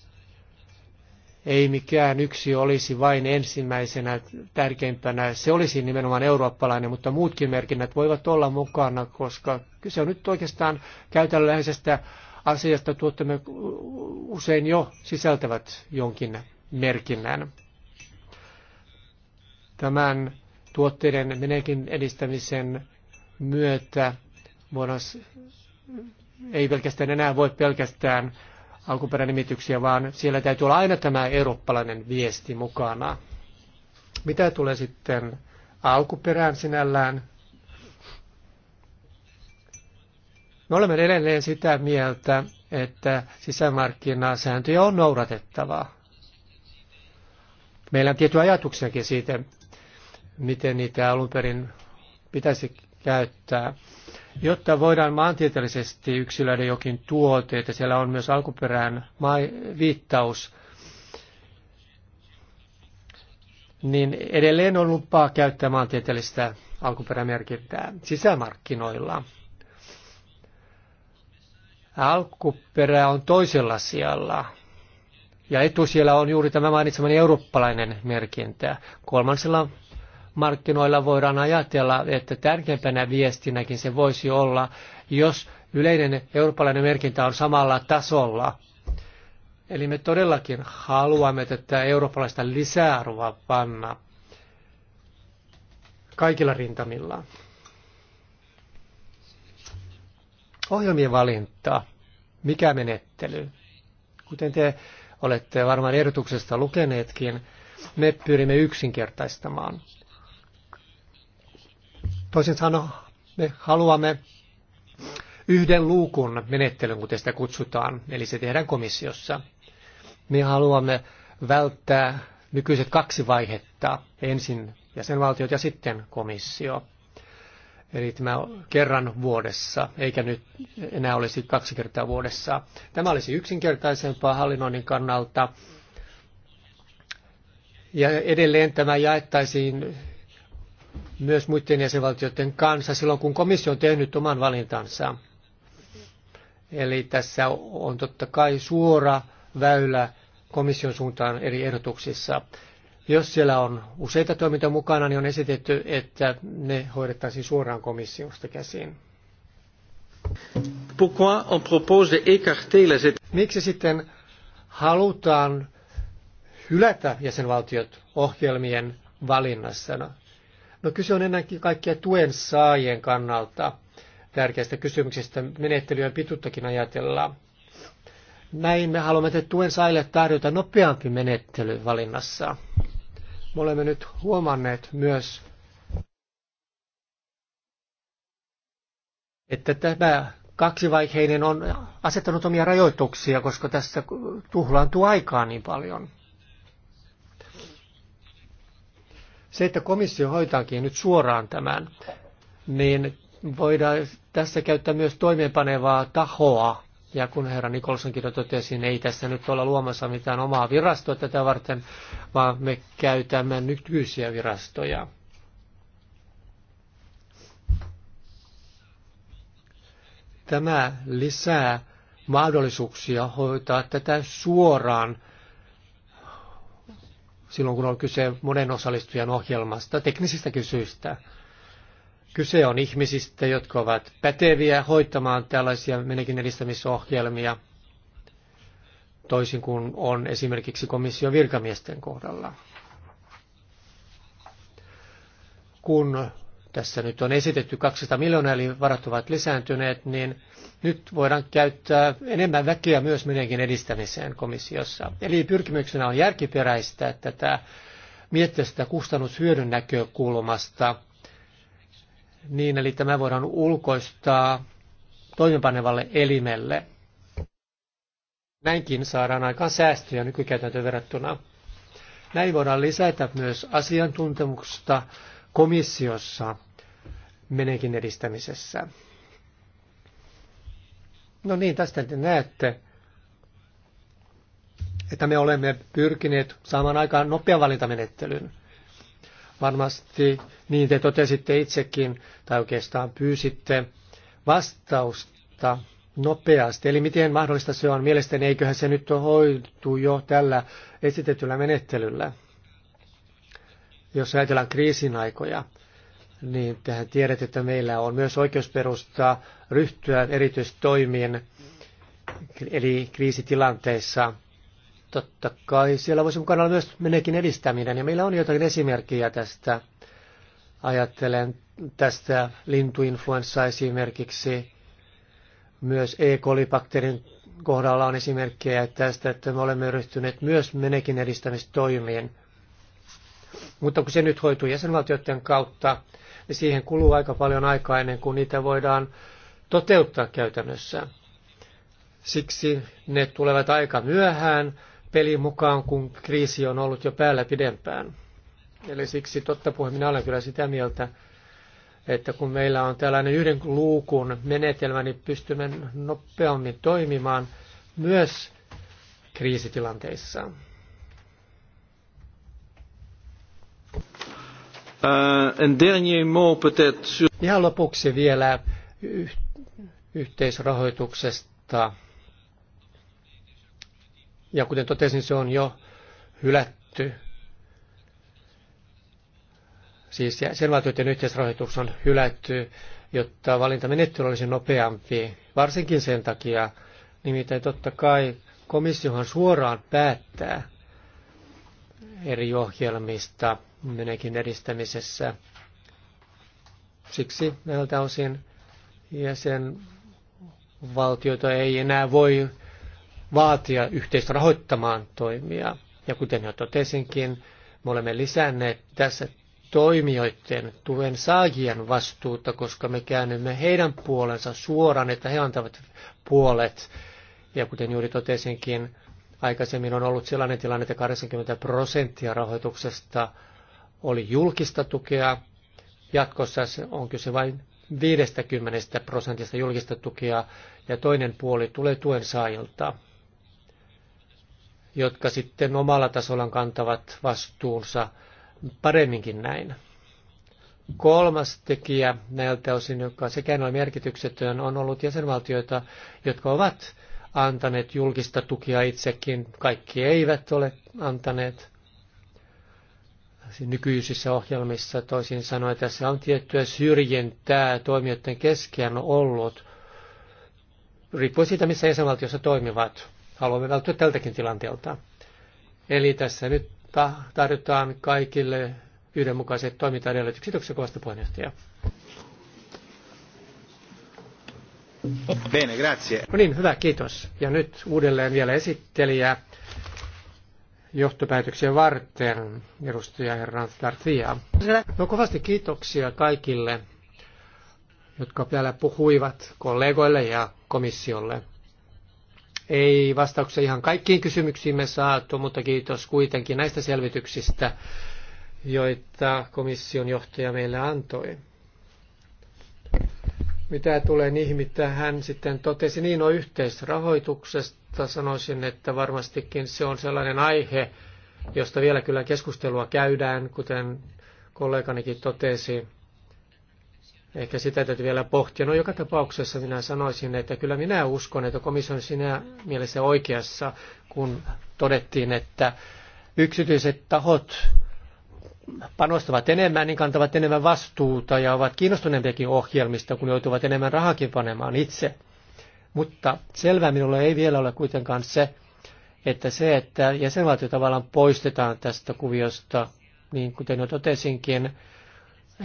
ei mikään yksi olisi vain ensimmäisenä tärkeimpänä. Se olisi nimenomaan eurooppalainen, mutta muutkin merkinnät voivat olla mukana, koska kyse on nyt oikeastaan käytännöllisestä asiasta, tuottamme usein jo sisältävät jonkin merkinnän. Tämän tuotteiden menekin edistämisen myötä voidaan, ei pelkästään enää voi pelkästään alkuperänimityksiä, vaan siellä täytyy olla aina tämä eurooppalainen viesti mukana. Mitä tulee sitten alkuperään sinällään? Me olemme edelleen sitä mieltä, että sisämarkkinasääntöjä on noudatettavaa. Meillä on tiettyjä ajatuksiakin siitä, miten niitä alun perin pitäisi käyttää. Jotta voidaan maantieteellisesti yksilöidä jokin tuote, että siellä on myös alkuperään viittaus, niin edelleen on lupaa käyttää maantieteellistä alkuperämerkintää sisämarkkinoilla. Alkuperä on toisella sijalla. Ja etusijalla on juuri tämä mainitsemani eurooppalainen merkintä. Kolmansella markkinoilla voidaan ajatella, että tärkeimpänä viestinäkin se voisi olla, jos yleinen eurooppalainen merkintä on samalla tasolla. Eli me todellakin haluamme tätä eurooppalaista lisäarvoa panna kaikilla rintamilla. Ohjelmien valinta. Mikä menettely? Kuten te olette varmaan ehdotuksesta lukeneetkin, me pyrimme yksinkertaistamaan. Toisin sanoen me haluamme yhden luukun menettelyn, kuten sitä kutsutaan, eli se tehdään komissiossa. Me haluamme välttää nykyiset kaksi vaihetta, ensin jäsenvaltiot ja sitten komissio. Eli tämä kerran vuodessa, eikä nyt enää olisi kaksi kertaa vuodessa. Tämä olisi yksinkertaisempaa hallinnoinnin kannalta. Ja edelleen tämä jaettaisiin myös muiden jäsenvaltioiden kanssa silloin, kun komissio on tehnyt oman valintansa. Eli tässä on totta kai suora väylä komission suuntaan eri ehdotuksissa. Jos siellä on useita toimintoja mukana, niin on esitetty, että ne hoidettaisiin suoraan komissiosta käsin. Miksi sitten halutaan hylätä jäsenvaltiot ohjelmien valinnassa? No, No kyse on ennenkin kaikkia tuen saajien kannalta tärkeästä kysymyksestä menettelyjen pituuttakin ajatellaan. Näin me haluamme, että tuen saajille tarjota nopeampi menettely valinnassa. Me olemme nyt huomanneet myös, että tämä kaksivaiheinen on asettanut omia rajoituksia, koska tässä tuhlaantuu aikaa niin paljon. Se, että komissio hoitaakin nyt suoraan tämän, niin voidaan tässä käyttää myös toimeenpanevaa tahoa. Ja kun herra Nikolsonkin totesi, niin ei tässä nyt olla luomassa mitään omaa virastoa tätä varten, vaan me käytämme nykyisiä virastoja. Tämä lisää mahdollisuuksia hoitaa tätä suoraan silloin kun on kyse monen osallistujan ohjelmasta teknisistä kysyistä. Kyse on ihmisistä, jotka ovat päteviä hoitamaan tällaisia menekin edistämisohjelmia, toisin kuin on esimerkiksi komission virkamiesten kohdalla. Kun tässä nyt on esitetty 200 miljoonaa, eli varat ovat lisääntyneet, niin nyt voidaan käyttää enemmän väkeä myös menekin edistämiseen komissiossa. Eli pyrkimyksenä on järkiperäistä tätä, miettiä sitä kustannushyödyn näkökulmasta, niin eli tämä voidaan ulkoistaa toimenpanevalle elimelle. Näinkin saadaan aikaan säästöjä nykykäytäntöön verrattuna. Näin voidaan lisätä myös asiantuntemusta komissiossa menekin edistämisessä. No niin, tästä te näette, että me olemme pyrkineet saamaan aikaan nopean valintamenettelyn. Varmasti niin te totesitte itsekin, tai oikeastaan pyysitte vastausta nopeasti. Eli miten mahdollista se on? Mielestäni eiköhän se nyt hoitu jo tällä esitetyllä menettelyllä, jos ajatellaan kriisin aikoja niin tähän tiedät, että meillä on myös oikeusperusta ryhtyä erityistoimiin, eli kriisitilanteissa. Totta kai siellä voisi mukana olla myös menekin edistäminen, ja meillä on jotakin esimerkkiä tästä. Ajattelen tästä lintuinfluenssaa esimerkiksi. Myös E. kolibakterin kohdalla on esimerkkejä tästä, että me olemme ryhtyneet myös menekin edistämistoimiin. Mutta kun se nyt hoituu jäsenvaltioiden kautta, niin siihen kuluu aika paljon aikaa ennen kuin niitä voidaan toteuttaa käytännössä. Siksi ne tulevat aika myöhään pelin mukaan, kun kriisi on ollut jo päällä pidempään. Eli siksi totta puheen minä olen kyllä sitä mieltä, että kun meillä on tällainen yhden luukun menetelmä, niin pystymme nopeammin toimimaan myös kriisitilanteissa. un eh, Ihan lopuksi vielä yhteisrahoituksesta. Ja kuten totesin, se on jo hylätty. Siis jäsenvaltioiden yhteisrahoitus on hylätty, jotta valintamenettely olisi nopeampi. Varsinkin sen takia, nimittäin totta kai komissiohan suoraan päättää eri ohjelmista – menekin edistämisessä. Siksi näiltä osin jäsenvaltioita ei enää voi vaatia yhteistä rahoittamaan toimia. Ja kuten jo totesinkin, me olemme lisänneet tässä toimijoiden, tuen saajien vastuuta, koska me käännymme heidän puolensa suoraan, että he antavat puolet. Ja kuten juuri totesinkin, aikaisemmin on ollut sellainen tilanne, että 80 prosenttia rahoituksesta oli julkista tukea. Jatkossa on kyse vain 50 prosentista julkista tukea ja toinen puoli tulee tuen saajilta, jotka sitten omalla tasollaan kantavat vastuunsa paremminkin näin. Kolmas tekijä näiltä osin, joka sekään on merkityksetön, on ollut jäsenvaltioita, jotka ovat antaneet julkista tukia itsekin. Kaikki eivät ole antaneet. Siis nykyisissä ohjelmissa. Toisin sanoen tässä on tiettyä syrjintää toimijoiden kesken ollut, riippuen siitä, missä jäsenvaltiossa toimivat. Haluamme välttyä tältäkin tilanteelta. Eli tässä nyt tarjotaan kaikille yhdenmukaiset toimintaedellytykset. Kiitoksia kovasta puheenjohtaja. Bene, grazie. No niin, hyvä, kiitos. Ja nyt uudelleen vielä esittelijä johtopäätöksiä varten, edustaja Herran Garcia. No kovasti kiitoksia kaikille, jotka vielä puhuivat, kollegoille ja komissiolle. Ei vastauksia ihan kaikkiin kysymyksiin me saatu, mutta kiitos kuitenkin näistä selvityksistä, joita komission johtaja meille antoi. Mitä tulee niihin, mitä hän sitten totesi, niin on no, yhteisrahoituksesta mutta sanoisin, että varmastikin se on sellainen aihe, josta vielä kyllä keskustelua käydään, kuten kolleganikin totesi. Ehkä sitä täytyy vielä pohtia. No joka tapauksessa minä sanoisin, että kyllä minä uskon, että komissio on sinä mielessä oikeassa, kun todettiin, että yksityiset tahot panostavat enemmän, niin kantavat enemmän vastuuta ja ovat kiinnostuneempiakin ohjelmista, kun joutuvat enemmän rahakin panemaan itse. Mutta selvää minulle ei vielä ole kuitenkaan se, että se, että jäsenvaltio tavallaan poistetaan tästä kuviosta, niin kuten jo totesinkin,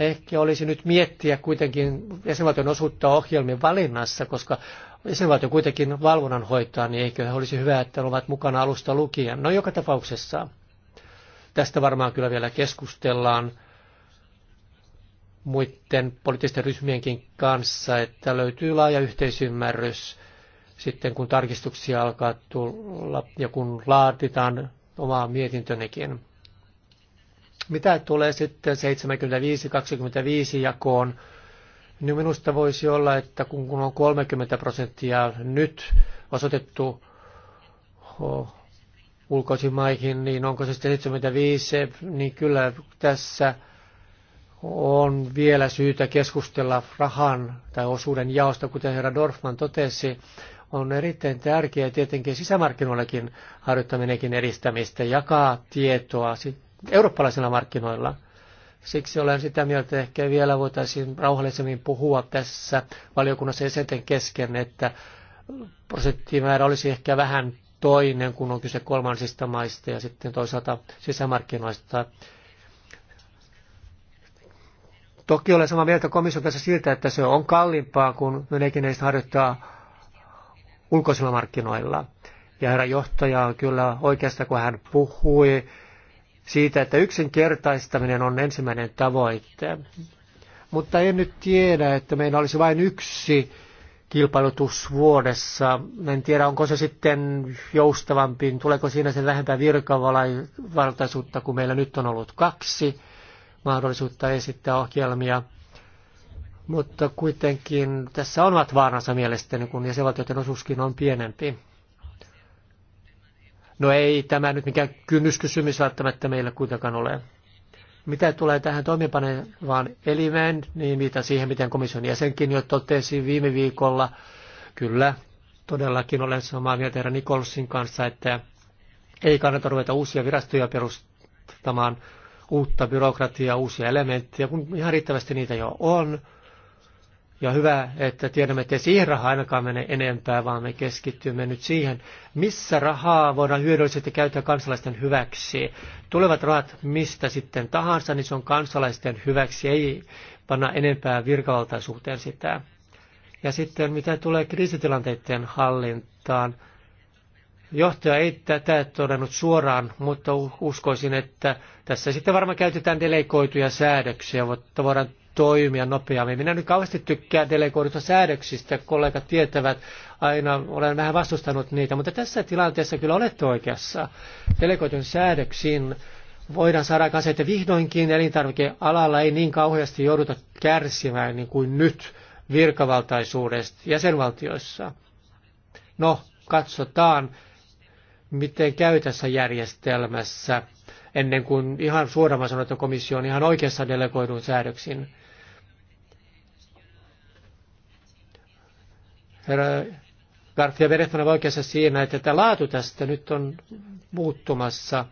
ehkä olisi nyt miettiä kuitenkin jäsenvaltion osuutta ohjelmien valinnassa, koska jäsenvaltio kuitenkin valvonnan hoitaa, niin eikö olisi hyvä, että ovat mukana alusta lukien. No joka tapauksessa tästä varmaan kyllä vielä keskustellaan muiden poliittisten ryhmienkin kanssa, että löytyy laaja yhteisymmärrys sitten kun tarkistuksia alkaa tulla ja kun laaditaan omaa mietintönekin. Mitä tulee sitten 75-25 jakoon, niin minusta voisi olla, että kun on 30 prosenttia nyt osoitettu ulkoisimaihin, niin onko se sitten 75, niin kyllä tässä on vielä syytä keskustella rahan tai osuuden jaosta, kuten herra Dorfman totesi, on erittäin tärkeää tietenkin sisämarkkinoillakin harjoittaminenkin edistämistä, jakaa tietoa eurooppalaisilla markkinoilla. Siksi olen sitä mieltä, että ehkä vielä voitaisiin rauhallisemmin puhua tässä valiokunnassa jäsenten kesken, että prosenttimäärä olisi ehkä vähän toinen, kun on kyse kolmansista maista ja sitten toisaalta sisämarkkinoista. Toki olen samaa mieltä komission kanssa siltä, että se on kalliimpaa kuin menekineistä harjoittaa ulkoisilla markkinoilla. Ja herra johtaja on kyllä oikeastaan kun hän puhui siitä, että yksinkertaistaminen on ensimmäinen tavoite. Mutta en nyt tiedä, että meillä olisi vain yksi kilpailutus vuodessa. En tiedä, onko se sitten joustavampi, tuleeko siinä sen vähempää virkavaltaisuutta kuin meillä nyt on ollut kaksi mahdollisuutta esittää ohjelmia. Mutta kuitenkin tässä on omat vaaransa mielestäni, kun jäsenvaltioiden osuuskin on pienempi. No ei tämä nyt mikään kynnyskysymys välttämättä meillä kuitenkaan ole. Mitä tulee tähän toimipanevaan elimeen, niin mitä siihen, miten komission jäsenkin jo totesi viime viikolla, kyllä, todellakin olen samaa mieltä herra Nikolsin kanssa, että ei kannata ruveta uusia virastoja perustamaan, uutta byrokratiaa, uusia elementtejä, kun ihan riittävästi niitä jo on. Ja hyvä, että tiedämme, että siihen raha ainakaan mene enempää, vaan me keskittymme nyt siihen, missä rahaa voidaan hyödyllisesti käyttää kansalaisten hyväksi. Tulevat rahat mistä sitten tahansa, niin se on kansalaisten hyväksi, ei panna enempää virkavaltaisuuteen sitä. Ja sitten mitä tulee kriisitilanteiden hallintaan, Johtaja ei tätä todennut suoraan, mutta uskoisin, että tässä sitten varmaan käytetään delegoituja säädöksiä, mutta voidaan toimia nopeammin. Minä nyt kauheasti tykkään delegoidusta säädöksistä, kollegat tietävät, aina olen vähän vastustanut niitä, mutta tässä tilanteessa kyllä olette oikeassa. Delegoitun säädöksiin voidaan saada aikaan se, että vihdoinkin elintarvikealalla ei niin kauheasti jouduta kärsimään niin kuin nyt virkavaltaisuudesta jäsenvaltioissa. No, katsotaan, miten käy tässä järjestelmässä, ennen kuin ihan suoraan sanon, että komissio on ihan oikeassa delegoidun säädöksin. Herra Garfia Berehman on oikeassa siinä, että tämä laatu tästä nyt on muuttumassa.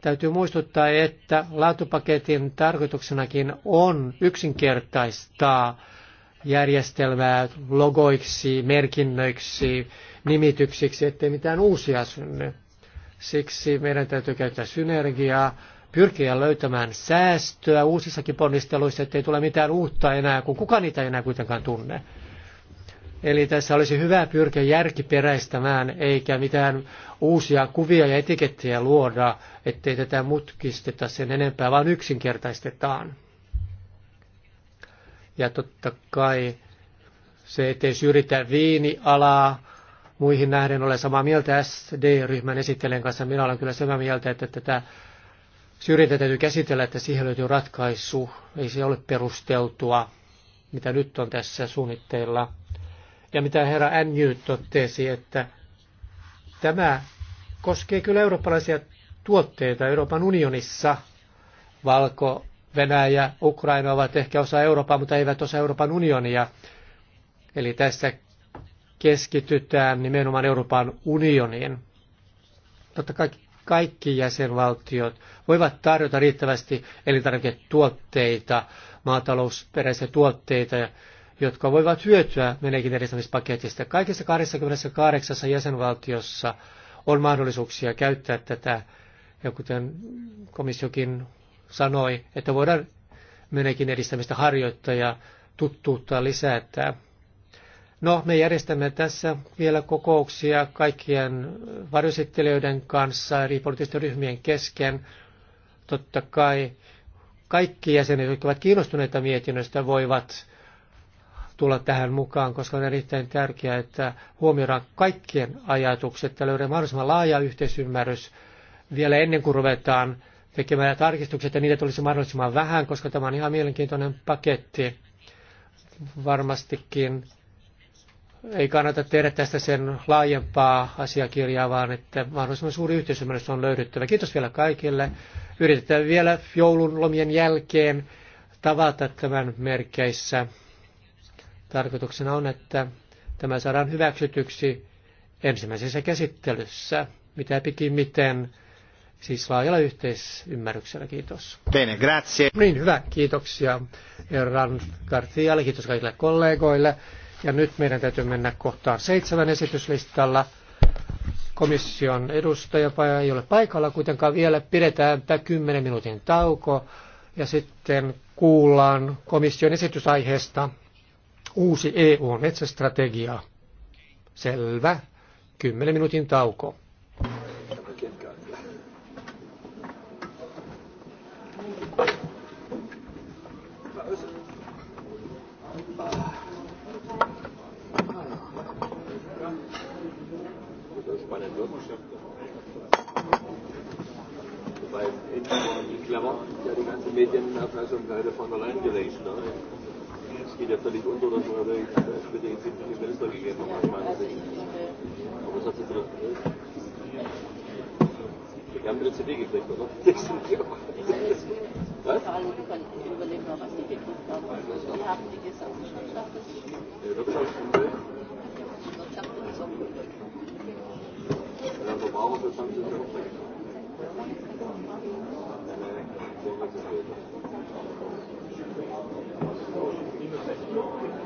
Täytyy muistuttaa, että laatupaketin tarkoituksenakin on yksinkertaistaa järjestelmää logoiksi, merkinnöiksi, nimityksiksi, ettei mitään uusia synny. Siksi meidän täytyy käyttää synergiaa, pyrkiä löytämään säästöä uusissakin ponnisteluissa, ettei tule mitään uutta enää, kun kuka niitä ei enää kuitenkaan tunne. Eli tässä olisi hyvä pyrkiä järkiperäistämään, eikä mitään uusia kuvia ja etikettejä luoda, ettei tätä mutkisteta sen enempää, vaan yksinkertaistetaan. Ja totta kai se, ettei syrjitä viinialaa, muihin nähden ole samaa mieltä SD-ryhmän esittelen kanssa. Minä olen kyllä samaa mieltä, että tätä syrjintä täytyy käsitellä, että siihen löytyy ratkaisu. Ei se ole perusteltua, mitä nyt on tässä suunnitteilla. Ja mitä herra Anny totesi, että tämä koskee kyllä eurooppalaisia tuotteita Euroopan unionissa. Valko, Venäjä, Ukraina ovat ehkä osa Eurooppaa, mutta eivät osa Euroopan unionia. Eli tässä keskitytään nimenomaan Euroopan unioniin. Totta kai kaikki jäsenvaltiot voivat tarjota riittävästi elintarviketuotteita, maatalousperäisiä tuotteita, jotka voivat hyötyä menekin edistämispaketista. Kaikissa 28 jäsenvaltiossa on mahdollisuuksia käyttää tätä, ja kuten komissiokin sanoi, että voidaan menekin edistämistä harjoittaa ja tuttuutta lisätä. No, me järjestämme tässä vielä kokouksia kaikkien varjosittelijöiden kanssa, eri poliittisten ryhmien kesken. Totta kai kaikki jäsenet, jotka ovat kiinnostuneita mietinnöstä, voivat tulla tähän mukaan, koska on erittäin tärkeää, että huomioidaan kaikkien ajatukset ja löydetään mahdollisimman laaja yhteisymmärrys vielä ennen kuin ruvetaan tekemään tarkistukset, ja niitä tulisi mahdollisimman vähän, koska tämä on ihan mielenkiintoinen paketti varmastikin ei kannata tehdä tästä sen laajempaa asiakirjaa, vaan että mahdollisimman suuri yhteisymmärrys on löydettävä. Kiitos vielä kaikille. Yritetään vielä joulun lomien jälkeen tavata tämän merkeissä. Tarkoituksena on, että tämä saadaan hyväksytyksi ensimmäisessä käsittelyssä, mitä miten, siis laajalla yhteisymmärryksellä. Kiitos. Bene, grazie. Niin, hyvä. Kiitoksia herran Garcialle, kiitos kaikille kollegoille. Ja nyt meidän täytyy mennä kohtaan seitsemän esityslistalla. Komission edustaja ei ole paikalla kuitenkaan vielä. Pidetään 10 minuutin tauko ja sitten kuullaan komission esitysaiheesta uusi EU-metsästrategia. Selvä. 10 minuutin tauko. Teile von allein gelegt. Ne? Es geht ja völlig unter, dass man der SPD in 70 Minister gegeben hat, aus meiner Sicht. Aber das hat sich drin. Wir haben eine CD gekriegt, oder? Was? Vor allem überlegen wir, was die gekriegt haben. Die haben die Gesamtwirtschaft. Wirtschaft und Wirtschaft ist auch gut. Ja, Verbraucherschutz haben sie auch Thank you.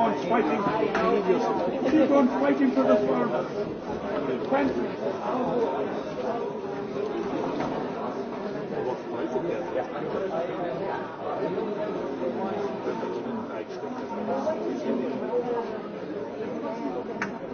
boys fighting. Children fighting for the farm. Thank you.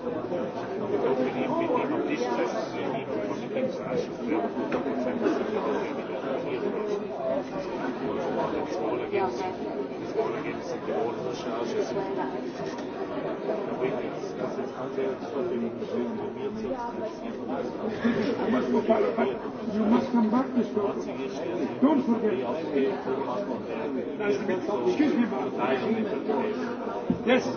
You must come back this way. Don't forget. Excuse me, Yes.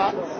pas.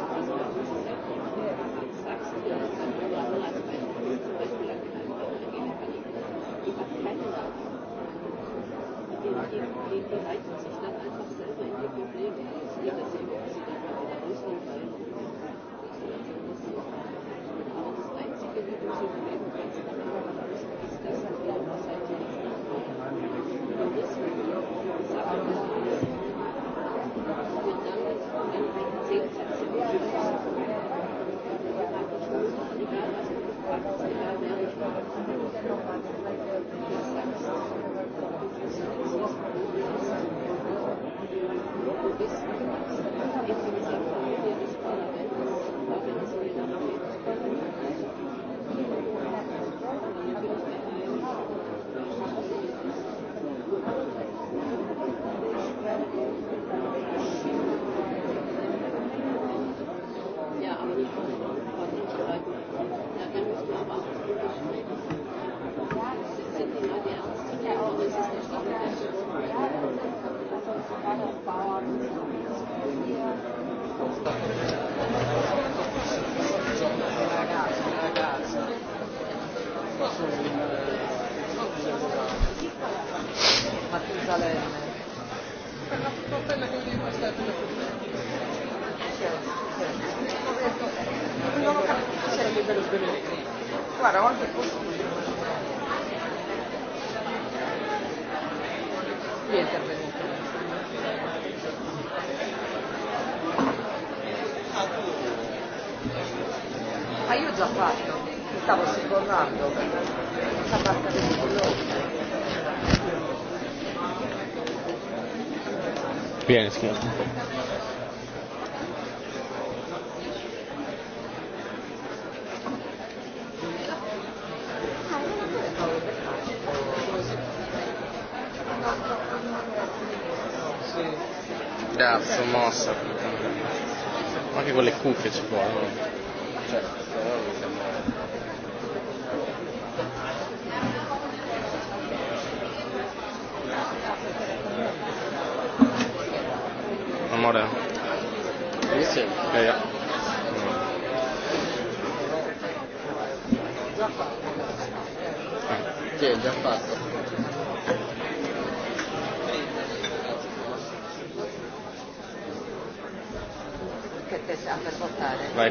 Bien, señor. Cazzo, mossa. Ma anche con le cuffie ci può.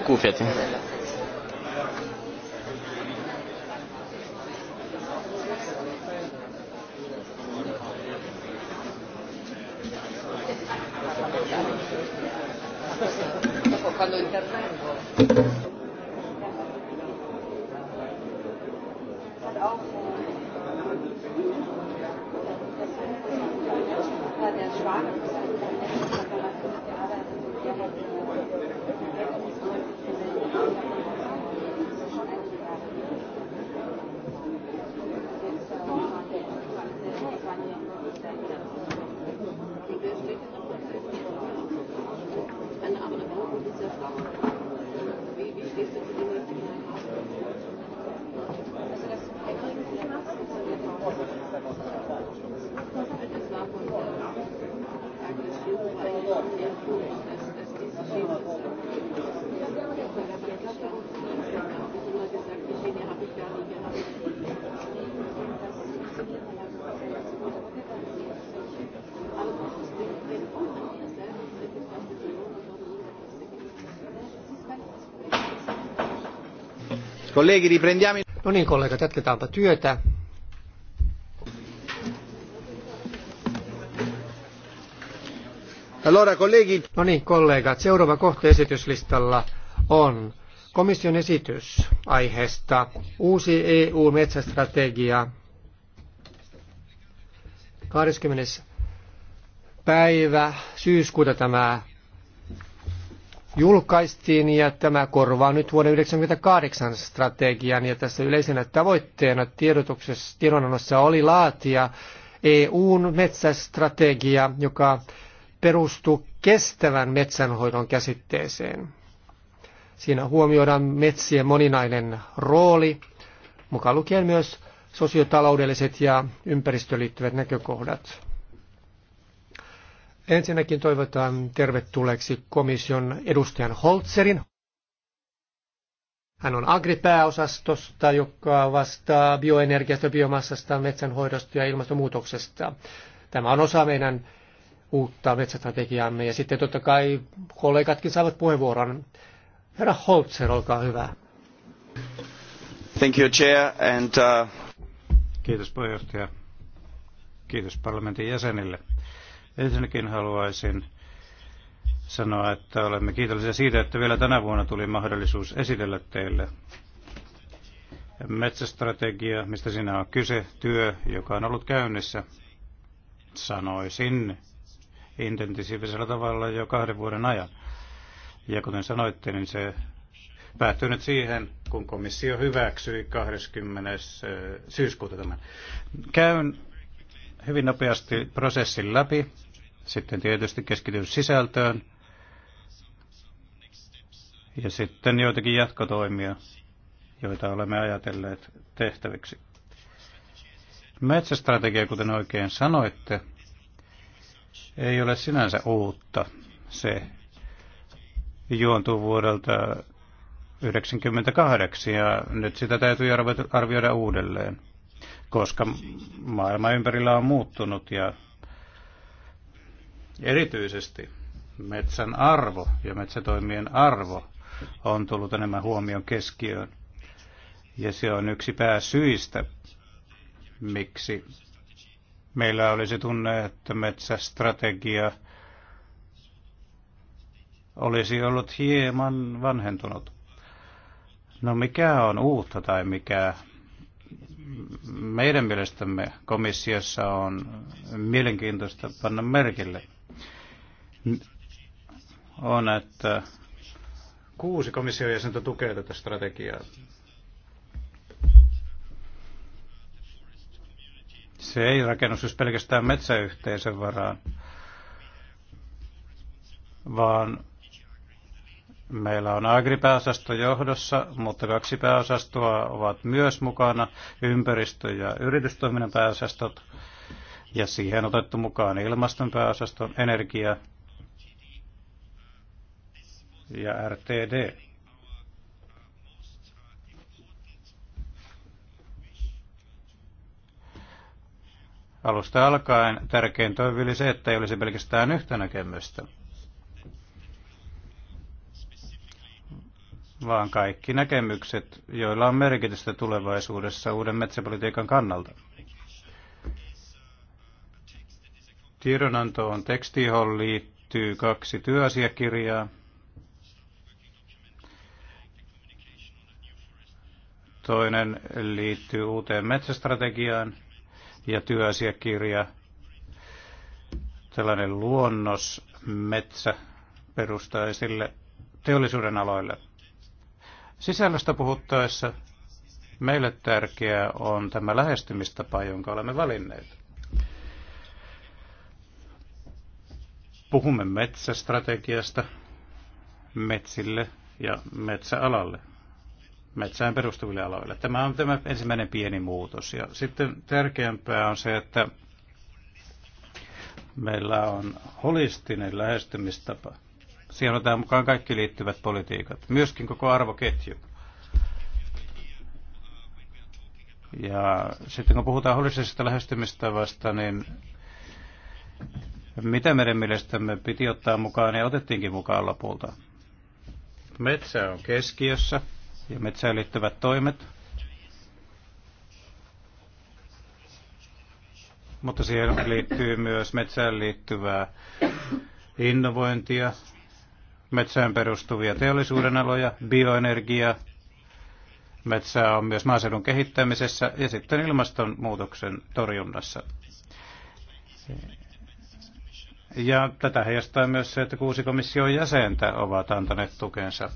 Cufete. Colleghi, riprendiamo... No niin, kollegat, jatketaanpa työtä. Allora, colleghi... No niin, kollegat, seuraava kohta esityslistalla on komission esitys aiheesta uusi EU-metsästrategia 20. päivä syyskuuta tämä julkaistiin ja tämä korvaa nyt vuoden 1998 strategian ja tässä yleisenä tavoitteena tiedotuksessa, tiedonannossa oli laatia EUn metsästrategia, joka perustuu kestävän metsänhoidon käsitteeseen. Siinä huomioidaan metsien moninainen rooli, mukaan lukien myös sosiotaloudelliset ja ympäristöön liittyvät näkökohdat. Ensinnäkin toivotan tervetulleeksi komission edustajan Holzerin. Hän on agripääosastosta, joka vastaa bioenergiasta, biomassasta, metsänhoidosta ja ilmastonmuutoksesta. Tämä on osa meidän uutta metsästrategiaamme. Ja sitten totta kai kollegatkin saavat puheenvuoron. Herra Holzer, olkaa hyvä. Thank you, Chair, and, uh... Kiitos puheenjohtaja. Kiitos parlamentin jäsenille Ensinnäkin haluaisin sanoa, että olemme kiitollisia siitä, että vielä tänä vuonna tuli mahdollisuus esitellä teille metsästrategia, mistä siinä on kyse, työ, joka on ollut käynnissä, sanoisin, intensiivisellä tavalla jo kahden vuoden ajan. Ja kuten sanoitte, niin se päättyy nyt siihen, kun komissio hyväksyi 20. syyskuuta tämän. Käyn hyvin nopeasti prosessin läpi sitten tietysti keskityn sisältöön ja sitten joitakin jatkotoimia, joita olemme ajatelleet tehtäviksi. Metsästrategia, kuten oikein sanoitte, ei ole sinänsä uutta. Se juontuu vuodelta 1998 ja nyt sitä täytyy arvioida uudelleen, koska maailma ympärillä on muuttunut ja Erityisesti metsän arvo ja metsätoimien arvo on tullut enemmän huomion keskiöön. Ja se on yksi pääsyistä, miksi meillä olisi tunne, että metsästrategia olisi ollut hieman vanhentunut. No mikä on uutta tai mikä meidän mielestämme komissiossa on mielenkiintoista panna merkille – on, että kuusi komission jäsentä tukee tätä strategiaa. Se ei rakennu siis pelkästään metsäyhteisön varaan, vaan meillä on agripääosasto johdossa, mutta kaksi pääosastoa ovat myös mukana, ympäristö- ja yritystoiminnan pääosastot, ja siihen otettu mukaan ilmaston pääosasto, energia- ja RTD. Alusta alkaen tärkein toive oli se, että ei olisi pelkästään yhtä näkemystä, vaan kaikki näkemykset, joilla on merkitystä tulevaisuudessa uuden metsäpolitiikan kannalta. Tiedonanto on teksti, johon liittyy kaksi työasiakirjaa – Toinen liittyy uuteen metsästrategiaan ja työasiakirja, tällainen luonnos metsä perustaisille teollisuuden aloille. Sisällöstä puhuttaessa meille tärkeää on tämä lähestymistapa, jonka olemme valinneet. Puhumme metsästrategiasta metsille ja metsäalalle metsään perustuville aloille. Tämä on tämä ensimmäinen pieni muutos. Ja sitten tärkeämpää on se, että meillä on holistinen lähestymistapa. Siihen otetaan mukaan kaikki liittyvät politiikat, myöskin koko arvoketju. Ja sitten kun puhutaan holistisesta lähestymistavasta, niin mitä meidän mielestämme piti ottaa mukaan ja otettiinkin mukaan lopulta? Metsä on keskiössä, ja metsään liittyvät toimet. Mutta siihen liittyy myös metsään liittyvää innovointia, metsään perustuvia teollisuuden aloja, bioenergia, metsää on myös maaseudun kehittämisessä ja sitten ilmastonmuutoksen torjunnassa. Ja tätä heijastaa myös se, että kuusi komission jäsentä ovat antaneet tukensa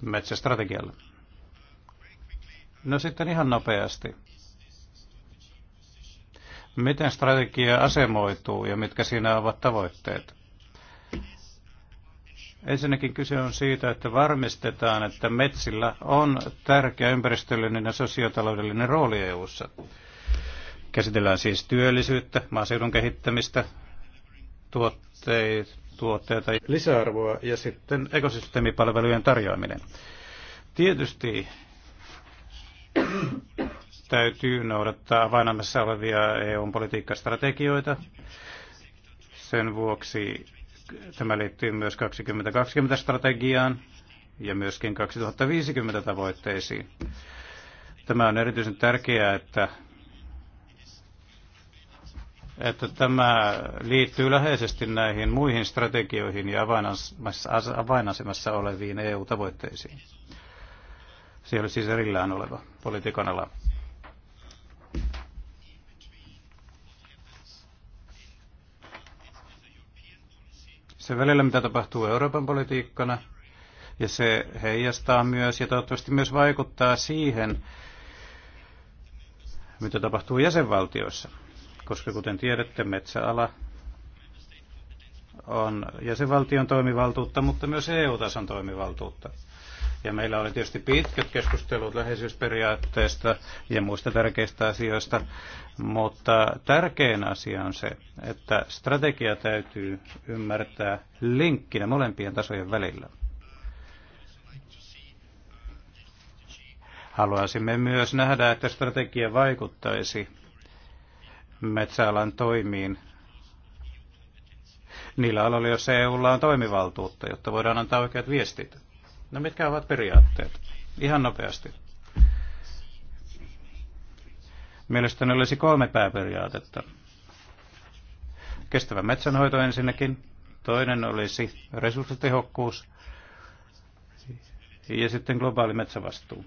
metsästrategialle. No sitten ihan nopeasti. Miten strategia asemoituu ja mitkä siinä ovat tavoitteet? Ensinnäkin kyse on siitä, että varmistetaan, että metsillä on tärkeä ympäristöllinen ja sosiotaloudellinen rooli EU-ssa. Käsitellään siis työllisyyttä, maaseudun kehittämistä, tuotteita, tuotteita, lisäarvoa ja sitten ekosysteemipalvelujen tarjoaminen. Tietysti täytyy noudattaa avainamassa olevia EU-politiikkastrategioita. Sen vuoksi tämä liittyy myös 2020-strategiaan ja myöskin 2050 tavoitteisiin. Tämä on erityisen tärkeää, että että tämä liittyy läheisesti näihin muihin strategioihin ja avainasemassa, oleviin EU-tavoitteisiin. Siellä siis erillään oleva politiikan ala. Se välillä, mitä tapahtuu Euroopan politiikkana, ja se heijastaa myös ja toivottavasti myös vaikuttaa siihen, mitä tapahtuu jäsenvaltioissa koska kuten tiedätte, metsäala on jäsenvaltion toimivaltuutta, mutta myös EU-tason toimivaltuutta. Ja meillä oli tietysti pitkät keskustelut läheisyysperiaatteesta ja muista tärkeistä asioista, mutta tärkein asia on se, että strategia täytyy ymmärtää linkkinä molempien tasojen välillä. Haluaisimme myös nähdä, että strategia vaikuttaisi metsäalan toimiin niillä aloilla, jos EUlla on toimivaltuutta, jotta voidaan antaa oikeat viestit. No mitkä ovat periaatteet? Ihan nopeasti. Mielestäni olisi kolme pääperiaatetta. Kestävä metsänhoito ensinnäkin, toinen olisi resurssitehokkuus ja sitten globaali metsävastuu.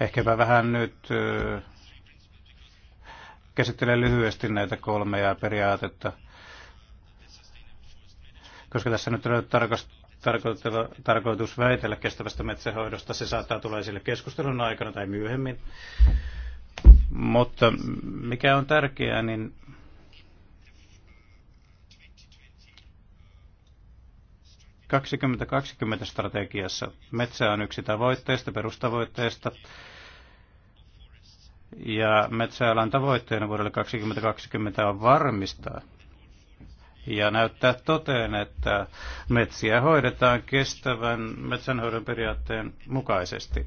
Ehkäpä vähän nyt käsittelen lyhyesti näitä kolmea periaatetta, koska tässä nyt on tarkoitus väitellä kestävästä metsähoidosta. Se saattaa tulla esille keskustelun aikana tai myöhemmin. Mutta mikä on tärkeää, niin kaksikymmentä strategiassa metsä on yksi tavoitteista, perustavoitteista. Ja metsäalan tavoitteena vuodelle 2020 on varmistaa ja näyttää toteen, että metsiä hoidetaan kestävän metsänhoidon periaatteen mukaisesti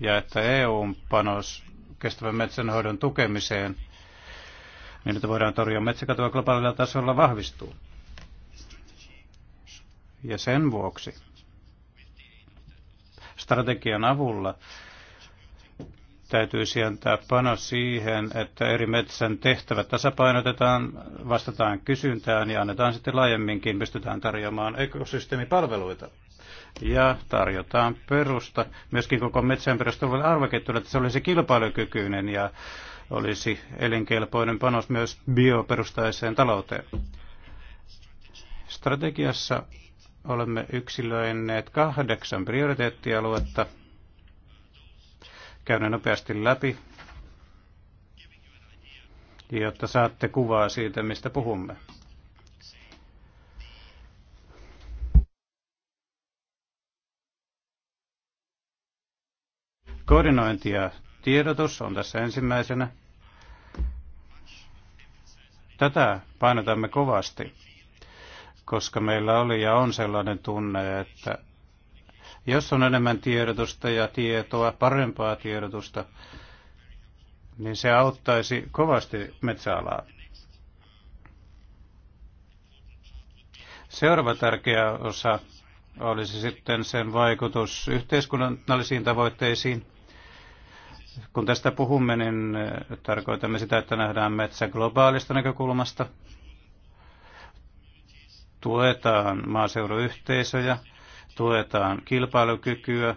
ja että EUn panos kestävän metsänhoidon tukemiseen niin, että voidaan torjua metsäkatoa globaalilla tasolla vahvistuu. Ja sen vuoksi strategian avulla täytyisi antaa panos siihen, että eri metsän tehtävät tasapainotetaan, vastataan kysyntään ja annetaan sitten laajemminkin, pystytään tarjoamaan ekosysteemipalveluita. Ja tarjotaan perusta myöskin koko metsän perustuvalle arvoketjulle, että se olisi kilpailukykyinen ja olisi elinkelpoinen panos myös bioperustaiseen talouteen. Strategiassa olemme yksilöineet kahdeksan prioriteettialuetta – Käyn nopeasti läpi, jotta saatte kuvaa siitä, mistä puhumme. Koordinointi ja tiedotus on tässä ensimmäisenä. Tätä painotamme kovasti, koska meillä oli ja on sellainen tunne, että jos on enemmän tiedotusta ja tietoa, parempaa tiedotusta, niin se auttaisi kovasti metsäalaa. Seuraava tärkeä osa olisi sitten sen vaikutus yhteiskunnallisiin tavoitteisiin. Kun tästä puhumme, niin tarkoitamme sitä, että nähdään metsä globaalista näkökulmasta. Tuetaan maaseuduyhteisöjä, tuetaan kilpailukykyä,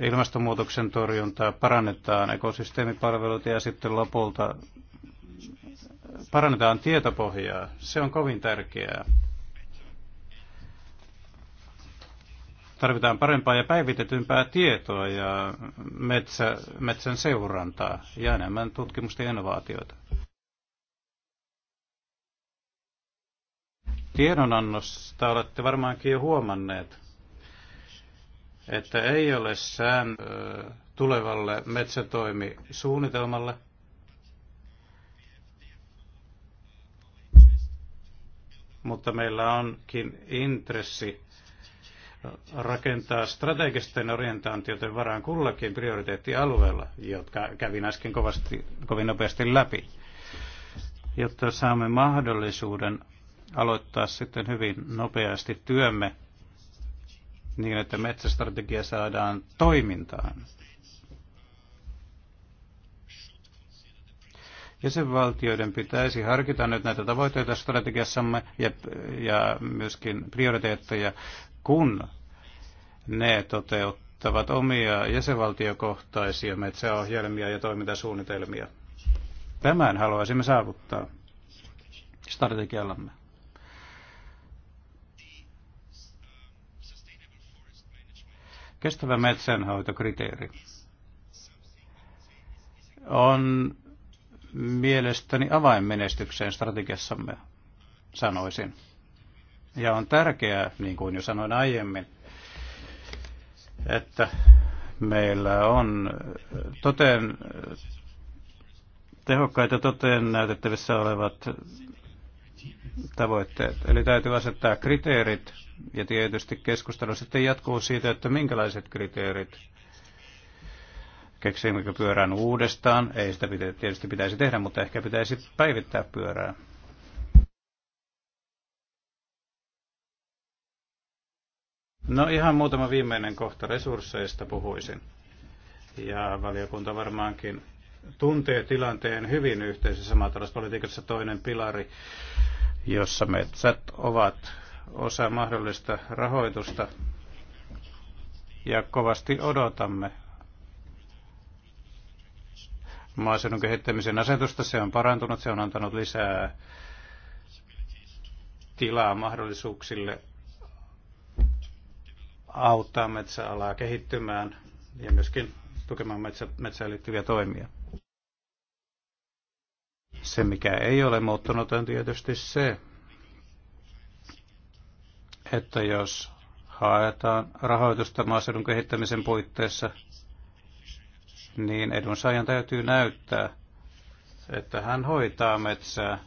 ilmastonmuutoksen torjuntaa, parannetaan ekosysteemipalveluita ja sitten lopulta parannetaan tietopohjaa. Se on kovin tärkeää. Tarvitaan parempaa ja päivitetympää tietoa ja metsä, metsän seurantaa ja enemmän tutkimusta ja innovaatioita. Tiedonannosta olette varmaankin jo huomanneet, että ei ole sään tulevalle metsätoimisuunnitelmalle. Mutta meillä onkin intressi rakentaa strategisten orientaatioiden varaan kullakin prioriteettialueella, jotka kävin äsken kovasti, kovin nopeasti läpi, jotta saamme mahdollisuuden aloittaa sitten hyvin nopeasti työmme niin, että metsästrategia saadaan toimintaan. Jäsenvaltioiden pitäisi harkita nyt näitä tavoitteita strategiassamme ja, ja myöskin prioriteetteja, kun ne toteuttavat omia jäsenvaltiokohtaisia metsäohjelmia ja toimintasuunnitelmia. Tämän haluaisimme saavuttaa strategiallamme. Kestävä metsänhoitokriteeri on mielestäni avainmenestykseen strategiassamme, sanoisin. Ja on tärkeää, niin kuin jo sanoin aiemmin, että meillä on toteen, tehokkaita toteen näytettävissä olevat tavoitteet. Eli täytyy asettaa kriteerit ja tietysti keskustelu sitten jatkuu siitä, että minkälaiset kriteerit keksimmekö pyörän uudestaan. Ei sitä pitä, tietysti pitäisi tehdä, mutta ehkä pitäisi päivittää pyörää. No ihan muutama viimeinen kohta resursseista puhuisin. Ja valiokunta varmaankin tuntee tilanteen hyvin yhteisessä maatalouspolitiikassa toinen pilari, jossa metsät ovat osa mahdollista rahoitusta ja kovasti odotamme maaseudun kehittämisen asetusta. Se on parantunut, se on antanut lisää tilaa mahdollisuuksille auttaa metsäalaa kehittymään ja myöskin tukemaan metsä, metsään liittyviä toimia. Se, mikä ei ole muuttunut, on tietysti se, että jos haetaan rahoitusta maaseudun kehittämisen puitteissa, niin edunsaajan täytyy näyttää, että hän hoitaa metsää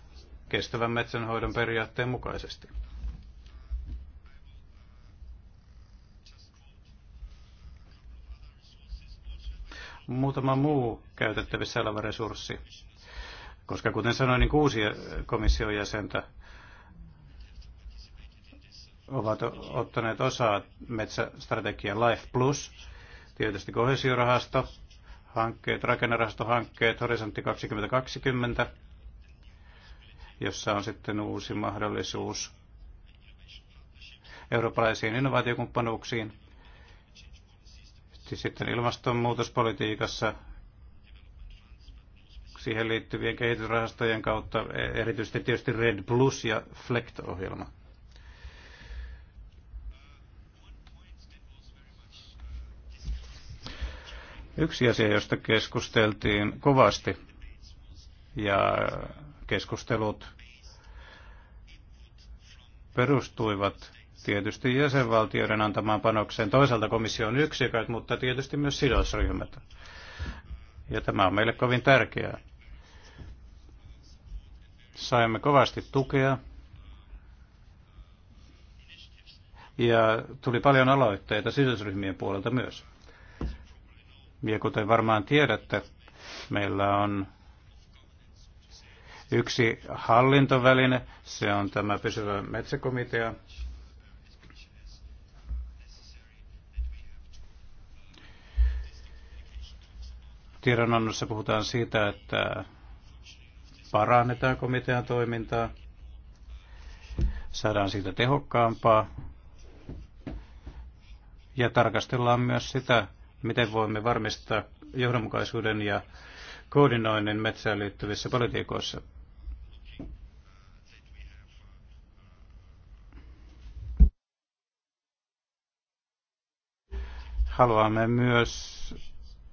kestävän metsänhoidon periaatteen mukaisesti. Muutama muu käytettävissä oleva resurssi, koska kuten sanoin, niin kuusi komission jäsentä ovat ottaneet osaa metsästrategian Life Plus, tietysti kohesiorahasto, hankkeet, rakennerahastohankkeet, Horisontti 2020, jossa on sitten uusi mahdollisuus eurooppalaisiin innovaatiokumppanuuksiin. Siis sitten ilmastonmuutospolitiikassa siihen liittyvien kehitysrahastojen kautta, e- erityisesti tietysti Red Plus ja FLECT-ohjelma. Yksi asia, josta keskusteltiin kovasti ja keskustelut perustuivat tietysti jäsenvaltioiden antamaan panokseen, toisaalta komissio on yksiköt, mutta tietysti myös sidosryhmät. Ja tämä on meille kovin tärkeää. Saimme kovasti tukea ja tuli paljon aloitteita sidosryhmien puolelta myös. Ja kuten varmaan tiedätte, meillä on yksi hallintoväline, se on tämä pysyvä metsäkomitea. Tiedonannossa puhutaan siitä, että parannetaan komitean toimintaa, saadaan siitä tehokkaampaa ja tarkastellaan myös sitä, miten voimme varmistaa johdonmukaisuuden ja koordinoinnin metsään liittyvissä politiikoissa. Haluamme myös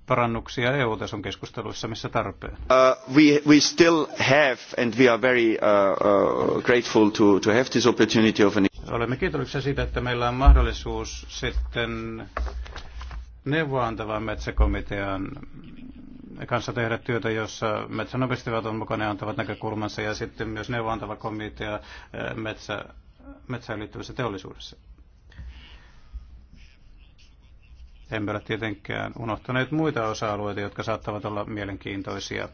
parannuksia EU-tason keskusteluissa, missä tarpeen. Uh, we, we still have and we are very uh, uh, grateful to, to have this opportunity of an... Olemme kiitollisia siitä, että meillä on mahdollisuus sitten neuvoantavan metsäkomitean kanssa tehdä työtä, jossa metsänopistivat on mukana ja antavat näkökulmansa ja sitten myös neuvoantava komitea eh, metsä, metsään liittyvässä teollisuudessa. Emme ole tietenkään unohtaneet muita osa-alueita, jotka saattavat olla mielenkiintoisia,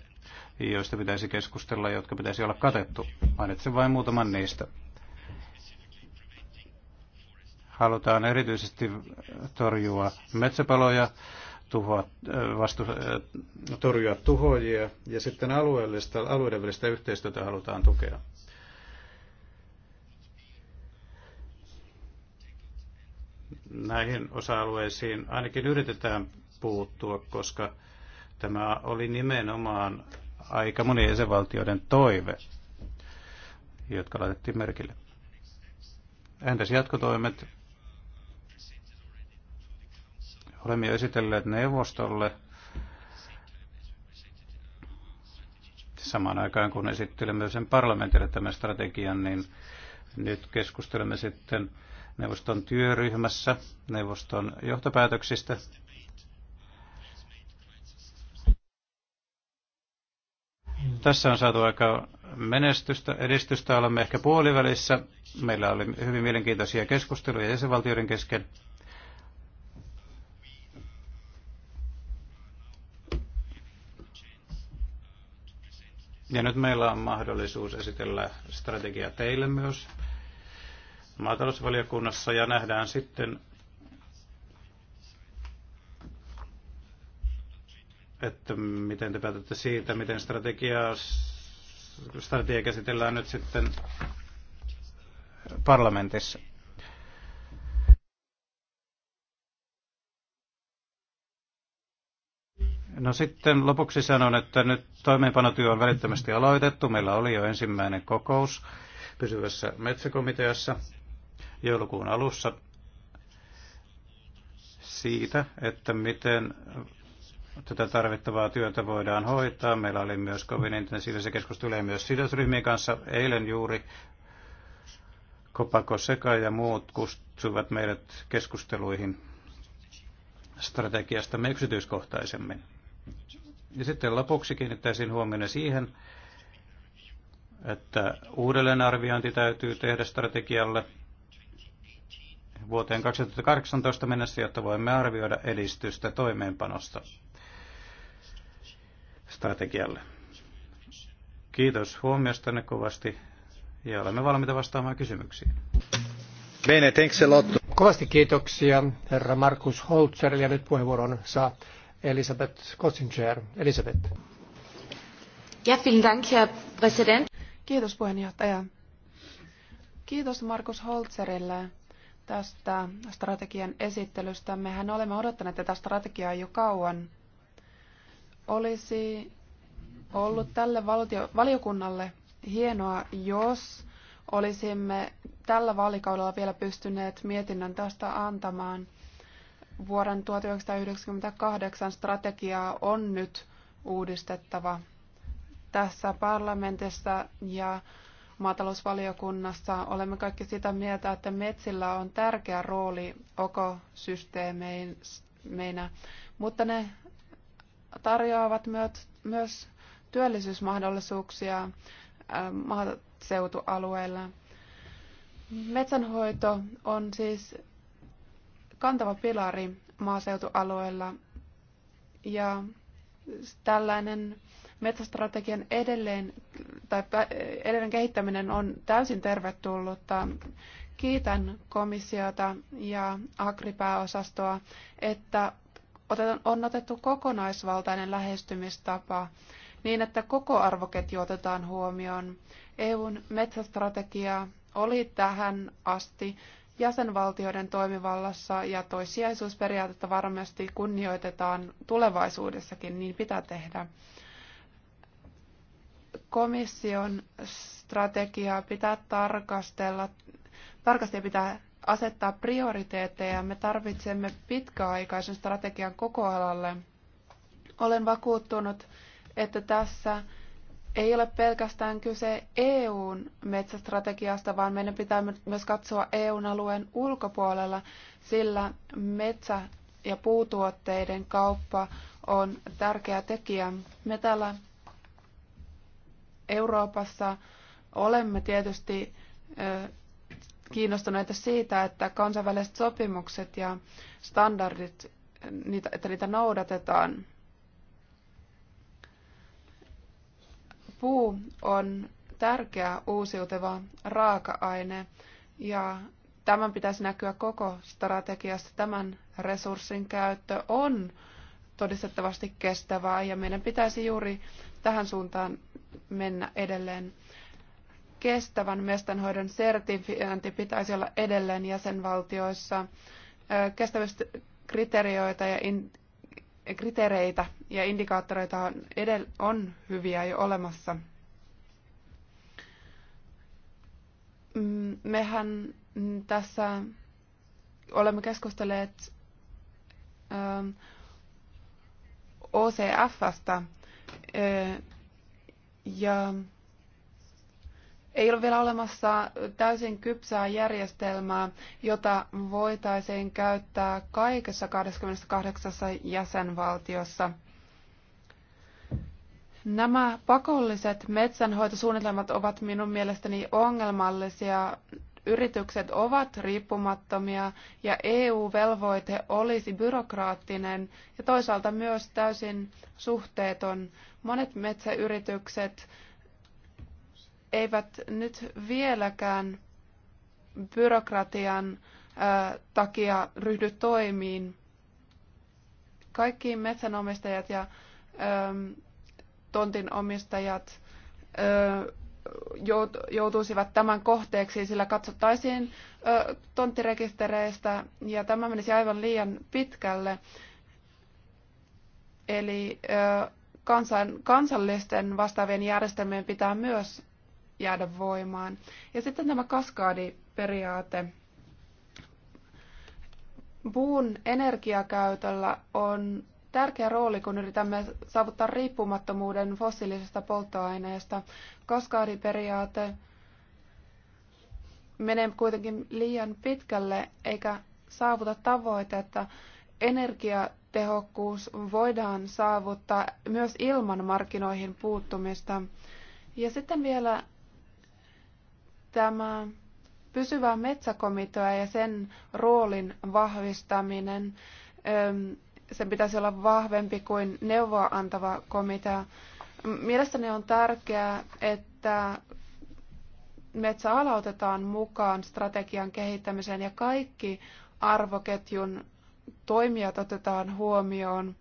joista pitäisi keskustella, jotka pitäisi olla katettu. Mainitsen vain muutaman niistä halutaan erityisesti torjua metsäpaloja, tuhoa, äh, vastu, äh, torjua tuhojia ja sitten alueellista, alueiden välistä yhteistyötä halutaan tukea. Näihin osa-alueisiin ainakin yritetään puuttua, koska tämä oli nimenomaan aika monien jäsenvaltioiden toive, jotka laitettiin merkille. Entäs jatkotoimet? Olemme jo esitelleet neuvostolle samaan aikaan kun esittelemme sen parlamentille tämän strategian, niin nyt keskustelemme sitten neuvoston työryhmässä neuvoston johtopäätöksistä. Tässä on saatu aika menestystä, edistystä, olemme ehkä puolivälissä. Meillä oli hyvin mielenkiintoisia keskusteluja jäsenvaltioiden kesken. Ja nyt meillä on mahdollisuus esitellä strategia teille myös maatalousvaliokunnassa ja nähdään sitten, että miten te päätätte siitä, miten strategiaa, strategia käsitellään nyt sitten parlamentissa. No sitten lopuksi sanon, että nyt toimeenpanotyö on välittömästi aloitettu. Meillä oli jo ensimmäinen kokous pysyvässä metsäkomiteassa joulukuun alussa siitä, että miten tätä tarvittavaa työtä voidaan hoitaa. Meillä oli myös kovin intensiivisiä keskusteluja myös sidosryhmien kanssa. Eilen juuri Kopako Seka ja muut kutsuivat meidät keskusteluihin strategiasta me yksityiskohtaisemmin. Ja sitten lopuksi kiinnittäisin huomioon siihen, että uudelleenarviointi täytyy tehdä strategialle vuoteen 2018 mennessä, jotta voimme arvioida edistystä toimeenpanosta strategialle. Kiitos huomiostanne kovasti ja olemme valmiita vastaamaan kysymyksiin. Bene, thanks a lot. Kovasti kiitoksia herra Markus Holzer ja nyt puheenvuoron saa Elisabeth Kotzinger. Elisabeth. Ja, vielen Dank, Herr Präsident. Kiitos puheenjohtaja. Kiitos Markus Holzerille tästä strategian esittelystä. Mehän olemme odottaneet tätä strategiaa jo kauan. Olisi ollut tälle valtio- valiokunnalle hienoa, jos olisimme tällä vaalikaudella vielä pystyneet mietinnön tästä antamaan – vuoden 1998 strategiaa on nyt uudistettava tässä parlamentissa ja maatalousvaliokunnassa olemme kaikki sitä mieltä, että metsillä on tärkeä rooli ekosysteemeinä, mutta ne tarjoavat myös työllisyysmahdollisuuksia äh, maaseutualueilla. Metsänhoito on siis kantava pilari maaseutualueella ja tällainen metsästrategian edelleen, tai edelleen kehittäminen on täysin tervetullutta. Kiitän komissiota ja agripääosastoa, että on otettu kokonaisvaltainen lähestymistapa niin, että koko arvoketju otetaan huomioon. EUn metsästrategia oli tähän asti jäsenvaltioiden toimivallassa ja toissijaisuusperiaatetta varmasti kunnioitetaan tulevaisuudessakin, niin pitää tehdä. Komission strategiaa pitää tarkastella, tarkasti pitää asettaa prioriteetteja. Me tarvitsemme pitkäaikaisen strategian koko alalle. Olen vakuuttunut, että tässä ei ole pelkästään kyse EUn metsästrategiasta, vaan meidän pitää myös katsoa EUn alueen ulkopuolella, sillä metsä- ja puutuotteiden kauppa on tärkeä tekijä. Me täällä Euroopassa olemme tietysti kiinnostuneita siitä, että kansainväliset sopimukset ja standardit, että niitä noudatetaan. Puu on tärkeä uusiutuva raaka-aine ja tämän pitäisi näkyä koko strategiassa. Tämän resurssin käyttö on todistettavasti kestävää ja meidän pitäisi juuri tähän suuntaan mennä edelleen. Kestävän mestänhoidon sertifiointi pitäisi olla edelleen jäsenvaltioissa. Kestävyyskriteerioita ja kriteereitä ja indikaattoreita on, edellä, on hyviä jo olemassa. Mm, mehän tässä olemme keskustelleet ähm, OCFstä äh, ja ei ole vielä olemassa täysin kypsää järjestelmää, jota voitaisiin käyttää kaikessa 28 jäsenvaltiossa. Nämä pakolliset metsänhoitosuunnitelmat ovat minun mielestäni ongelmallisia. Yritykset ovat riippumattomia ja EU-velvoite olisi byrokraattinen ja toisaalta myös täysin suhteeton. Monet metsäyritykset eivät nyt vieläkään byrokratian takia ryhdy toimiin. Kaikki metsänomistajat ja tontinomistajat joutuisivat tämän kohteeksi, sillä katsottaisiin tonttirekistereistä ja tämä menisi aivan liian pitkälle. Eli kansan, kansallisten vastaavien järjestelmien pitää myös jäädä voimaan. Ja sitten tämä kaskaadiperiaate. Puun energiakäytöllä on tärkeä rooli, kun yritämme saavuttaa riippumattomuuden fossiilisesta polttoaineesta. Kaskaadiperiaate menee kuitenkin liian pitkälle eikä saavuta tavoitetta. Energiatehokkuus voidaan saavuttaa myös ilman markkinoihin puuttumista. Ja sitten vielä tämä pysyvä metsäkomitea ja sen roolin vahvistaminen, ähm, sen pitäisi olla vahvempi kuin neuvoa antava komitea. Mielestäni on tärkeää, että metsäala otetaan mukaan strategian kehittämiseen ja kaikki arvoketjun toimijat otetaan huomioon.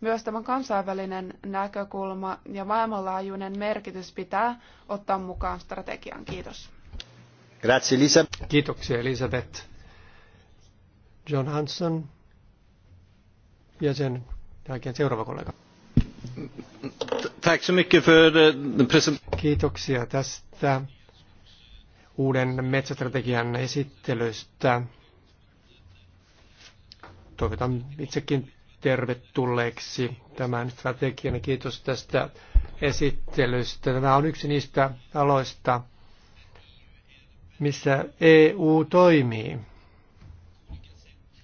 Myös tämä kansainvälinen näkökulma ja maailmanlaajuinen merkitys pitää ottaa mukaan strategiaan. Kiitos. Grazie, Elisa. Kiitoksia Elisabeth. John Hanson ja sen jälkeen seuraava kollega. Tack så mycket för eh, Kiitoksia tästä uuden metsästrategian esittelystä. Toivotan itsekin tervetulleeksi tämän strategian. Kiitos tästä esittelystä. Tämä on yksi niistä aloista, missä EU toimii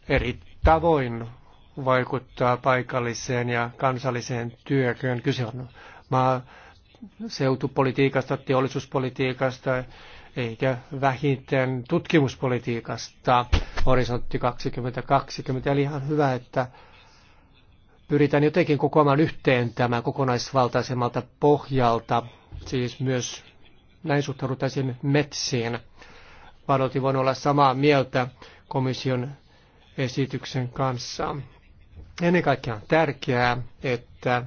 eri tavoin vaikuttaa paikalliseen ja kansalliseen työkön. Kyse on maaseutupolitiikasta, teollisuuspolitiikasta, eikä vähiten tutkimuspolitiikasta horisontti 2020. Eli ihan hyvä, että pyritään jotenkin kokoamaan yhteen tämä kokonaisvaltaisemmalta pohjalta, siis myös näin suhtauduttaisiin metsiin paljolti voin olla samaa mieltä komission esityksen kanssa. Ennen kaikkea on tärkeää, että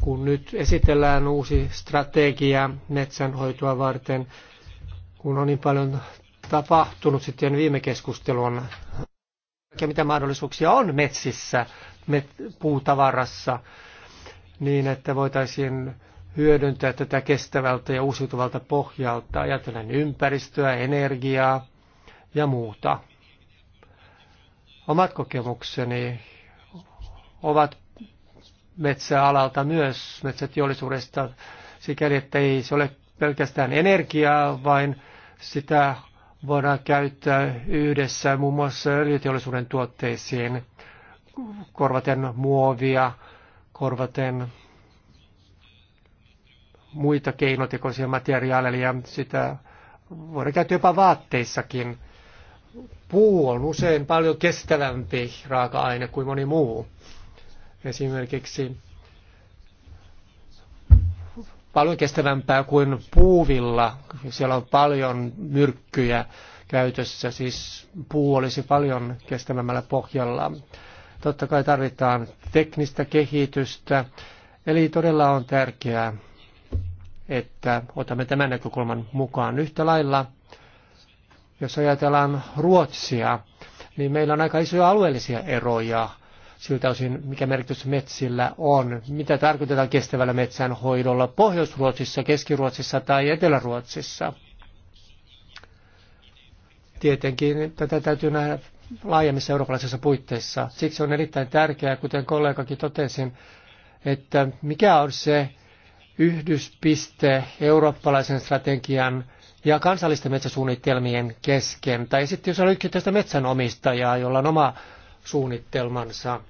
kun nyt esitellään uusi strategia metsänhoitoa varten, kun on niin paljon tapahtunut sitten viime keskustelun, ja mitä mahdollisuuksia on metsissä, met, puutavarassa, niin että voitaisiin hyödyntää tätä kestävältä ja uusiutuvalta pohjalta, ajatellen ympäristöä, energiaa ja muuta. Omat kokemukseni ovat metsäalalta myös, metsäteollisuudesta, sikäli että ei se ole pelkästään energiaa, vaan sitä voidaan käyttää yhdessä muun muassa öljyteollisuuden tuotteisiin, korvaten muovia, korvaten muita keinotekoisia materiaaleja. Sitä voidaan käyttää jopa vaatteissakin. Puu on usein paljon kestävämpi raaka-aine kuin moni muu. Esimerkiksi paljon kestävämpää kuin puuvilla. Siellä on paljon myrkkyjä käytössä, siis puu olisi paljon kestävämmällä pohjalla. Totta kai tarvitaan teknistä kehitystä, eli todella on tärkeää, että otamme tämän näkökulman mukaan. Yhtä lailla, jos ajatellaan Ruotsia, niin meillä on aika isoja alueellisia eroja siltä osin, mikä merkitys metsillä on, mitä tarkoitetaan kestävällä metsänhoidolla Pohjois-Ruotsissa, Keski-Ruotsissa tai Etelä-Ruotsissa. Tietenkin tätä täytyy nähdä laajemmissa eurooppalaisissa puitteissa. Siksi on erittäin tärkeää, kuten kollegakin totesin, että mikä on se yhdyspiste eurooppalaisen strategian ja kansallisten metsäsuunnitelmien kesken. Tai sitten jos on yksittäistä metsänomistajaa, jolla on oma suunnitelmansa,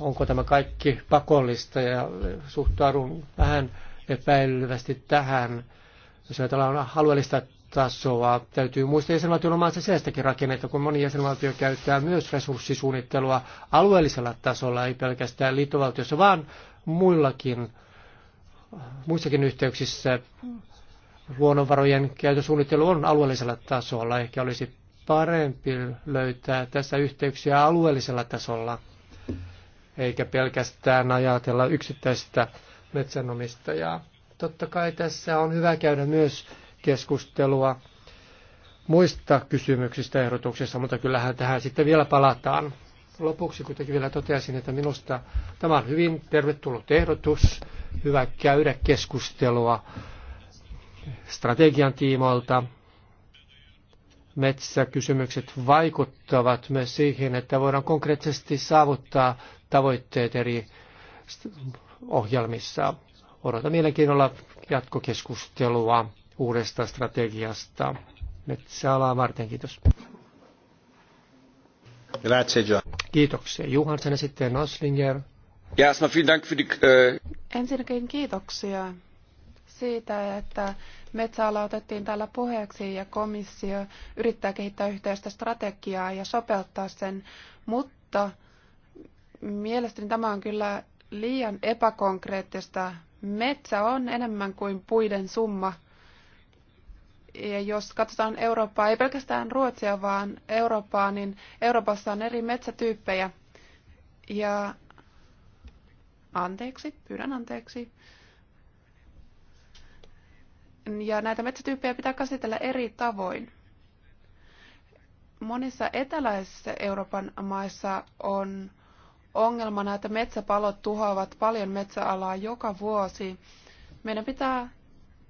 onko tämä kaikki pakollista ja suhtaudun vähän epäilyvästi tähän. Jos ajatellaan alueellista tasoa, täytyy muistaa jäsenvaltion omaa sisäistäkin rakennetta, kun moni jäsenvaltio käyttää myös resurssisuunnittelua alueellisella tasolla, ei pelkästään liittovaltiossa, vaan muillakin muissakin yhteyksissä luonnonvarojen käytösuunnittelu on alueellisella tasolla. Ehkä olisi parempi löytää tässä yhteyksiä alueellisella tasolla, eikä pelkästään ajatella yksittäistä metsänomistajaa. Totta kai tässä on hyvä käydä myös keskustelua muista kysymyksistä ehdotuksessa, mutta kyllähän tähän sitten vielä palataan. Lopuksi kuitenkin vielä toteaisin, että minusta tämä on hyvin tervetullut ehdotus hyvä käydä keskustelua strategian tiimoilta. Metsäkysymykset vaikuttavat myös siihen, että voidaan konkreettisesti saavuttaa tavoitteet eri ohjelmissa. Odotan mielenkiinnolla jatkokeskustelua uudesta strategiasta. Metsäalaa varten, kiitos. Grazie, Kiitoksia. Juhansen ja sitten Oslinger. Äh, Ensinnäkin kiitoksia siitä, että metsäala otettiin täällä puheeksi ja komissio yrittää kehittää yhteistä strategiaa ja sopeuttaa sen, mutta mielestäni tämä on kyllä liian epäkonkreettista. Metsä on enemmän kuin puiden summa. Ja jos katsotaan Eurooppaa, ei pelkästään Ruotsia, vaan Eurooppaa, niin Euroopassa on eri metsätyyppejä. Ja Anteeksi, pyydän anteeksi. Ja näitä metsätyyppejä pitää käsitellä eri tavoin. Monissa eteläisissä Euroopan maissa on ongelmana, että metsäpalot tuhoavat paljon metsäalaa joka vuosi. Meidän pitää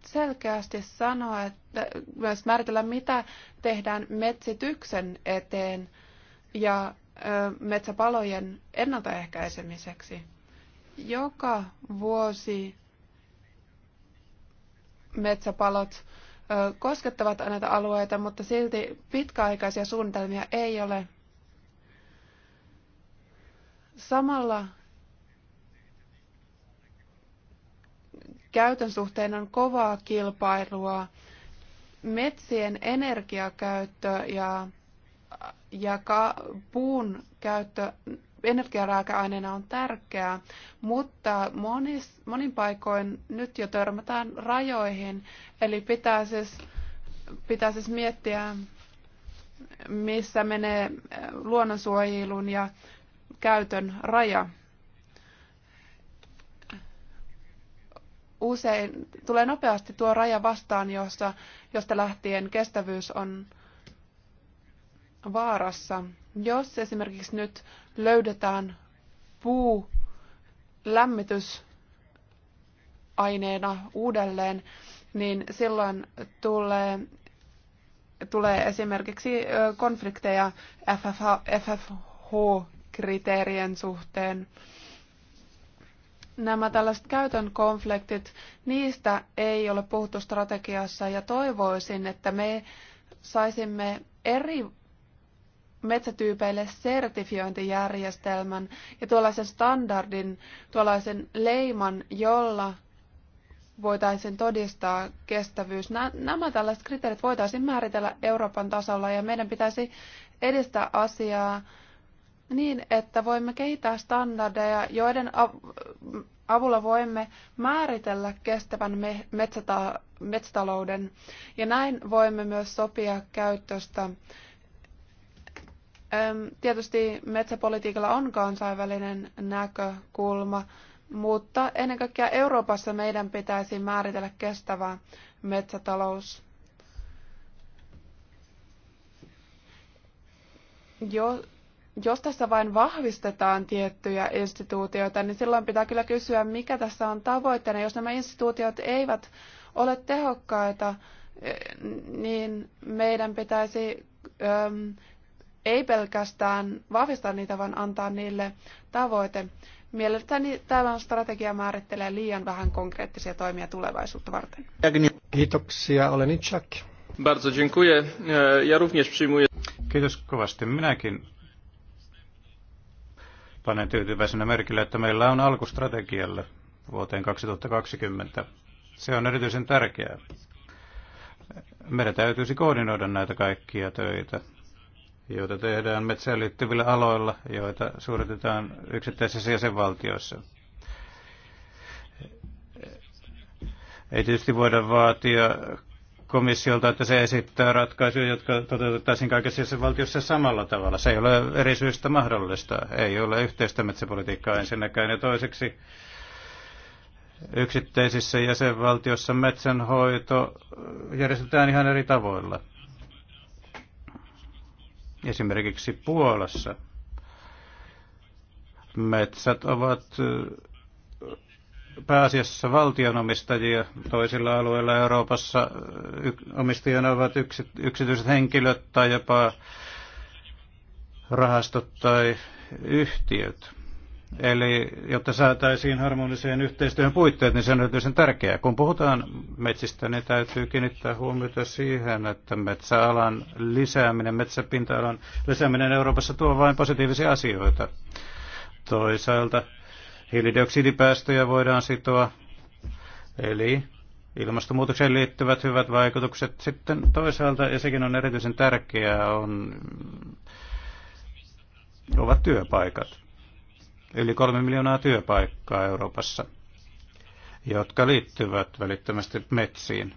selkeästi sanoa, että myös määritellä, mitä tehdään metsityksen eteen ja metsäpalojen ennaltaehkäisemiseksi. Joka vuosi metsäpalot koskettavat näitä alueita, mutta silti pitkäaikaisia suunnitelmia ei ole. Samalla käytön suhteen on kovaa kilpailua. Metsien energiakäyttö ja, ja ka, puun käyttö, energiaraaka-aineena on tärkeää, mutta monis, monin paikoin nyt jo törmätään rajoihin, eli pitää siis, pitää siis miettiä, missä menee eh, luonnonsuojelun ja käytön raja. Usein tulee nopeasti tuo raja vastaan, jossa, josta lähtien kestävyys on vaarassa. Jos esimerkiksi nyt löydetään puu lämmitysaineena uudelleen, niin silloin tulee, tulee esimerkiksi konflikteja FFH, FFH-kriteerien suhteen. Nämä tällaiset käytön konfliktit, niistä ei ole puhuttu strategiassa ja toivoisin, että me saisimme eri metsätyypeille sertifiointijärjestelmän ja tuollaisen standardin, tuollaisen leiman, jolla voitaisiin todistaa kestävyys. Nämä tällaiset kriteerit voitaisiin määritellä Euroopan tasolla ja meidän pitäisi edistää asiaa niin, että voimme kehittää standardeja, joiden avulla voimme määritellä kestävän metsätalouden ja näin voimme myös sopia käyttöstä Tietysti metsäpolitiikalla on kansainvälinen näkökulma, mutta ennen kaikkea Euroopassa meidän pitäisi määritellä kestävä metsätalous. Jo, jos tässä vain vahvistetaan tiettyjä instituutioita, niin silloin pitää kyllä kysyä, mikä tässä on tavoitteena. Jos nämä instituutiot eivät ole tehokkaita, niin meidän pitäisi ei pelkästään vahvistaa niitä, vaan antaa niille tavoite. Mielestäni tämä strategia määrittelee liian vähän konkreettisia toimia tulevaisuutta varten. Kiitoksia, olen Itchak. Bardzo dziękuję. Ja również przyjmuję. Kiitos kovasti. Minäkin panen tyytyväisenä merkille, että meillä on strategialle vuoteen 2020. Se on erityisen tärkeää. Meidän täytyisi koordinoida näitä kaikkia töitä joita tehdään metsään liittyvillä aloilla, joita suoritetaan yksittäisissä jäsenvaltioissa. Ei tietysti voida vaatia komissiolta, että se esittää ratkaisuja, jotka toteutettaisiin kaikessa jäsenvaltiossa samalla tavalla. Se ei ole eri syystä mahdollista. Ei ole yhteistä metsäpolitiikkaa ensinnäkään. Ja toiseksi yksittäisissä jäsenvaltiossa metsänhoito järjestetään ihan eri tavoilla. Esimerkiksi Puolassa metsät ovat pääasiassa valtionomistajia. Toisilla alueilla Euroopassa omistajana ovat yksityiset henkilöt tai jopa rahastot tai yhtiöt. Eli jotta saataisiin harmoniseen yhteistyön puitteet, niin se on erityisen tärkeää. Kun puhutaan metsistä, niin täytyy kiinnittää huomiota siihen, että metsäalan lisääminen, metsäpinta-alan lisääminen Euroopassa tuo vain positiivisia asioita. Toisaalta hiilidioksidipäästöjä voidaan sitoa, eli ilmastonmuutokseen liittyvät hyvät vaikutukset sitten toisaalta, ja sekin on erityisen tärkeää, on, ovat työpaikat yli kolme miljoonaa työpaikkaa Euroopassa, jotka liittyvät välittömästi metsiin.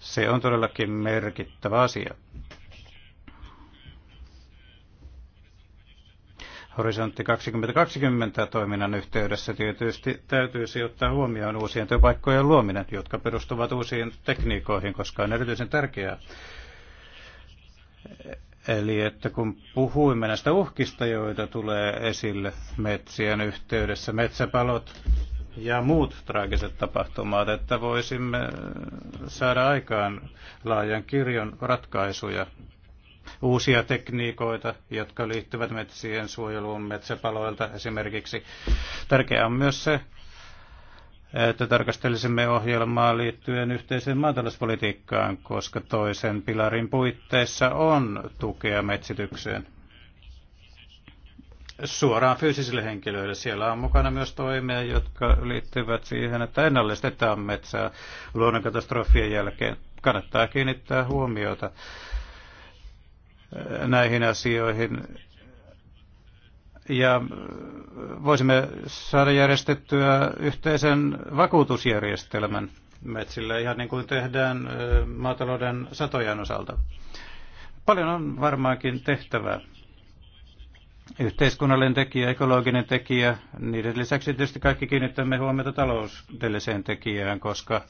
Se on todellakin merkittävä asia. Horisontti 2020 toiminnan yhteydessä tietysti täytyisi ottaa huomioon uusien työpaikkojen luominen, jotka perustuvat uusiin tekniikoihin, koska on erityisen tärkeää, Eli että kun puhuimme näistä uhkista, joita tulee esille metsien yhteydessä, metsäpalot ja muut traagiset tapahtumat, että voisimme saada aikaan laajan kirjon ratkaisuja, uusia tekniikoita, jotka liittyvät metsien suojeluun metsäpaloilta esimerkiksi. Tärkeää on myös se, että tarkastelisimme ohjelmaa liittyen yhteiseen maatalouspolitiikkaan, koska toisen pilarin puitteissa on tukea metsitykseen suoraan fyysisille henkilöille. Siellä on mukana myös toimia, jotka liittyvät siihen, että ennallistetaan metsää luonnonkatastrofien jälkeen. Kannattaa kiinnittää huomiota näihin asioihin ja äh, voisimme saada järjestettyä yhteisen vakuutusjärjestelmän metsille, ihan niin kuin tehdään äh, maatalouden satojen osalta. Paljon on varmaankin tehtävää. Yhteiskunnallinen tekijä, ekologinen tekijä, niiden lisäksi tietysti kaikki kiinnittämme huomiota taloudelliseen tekijään, koska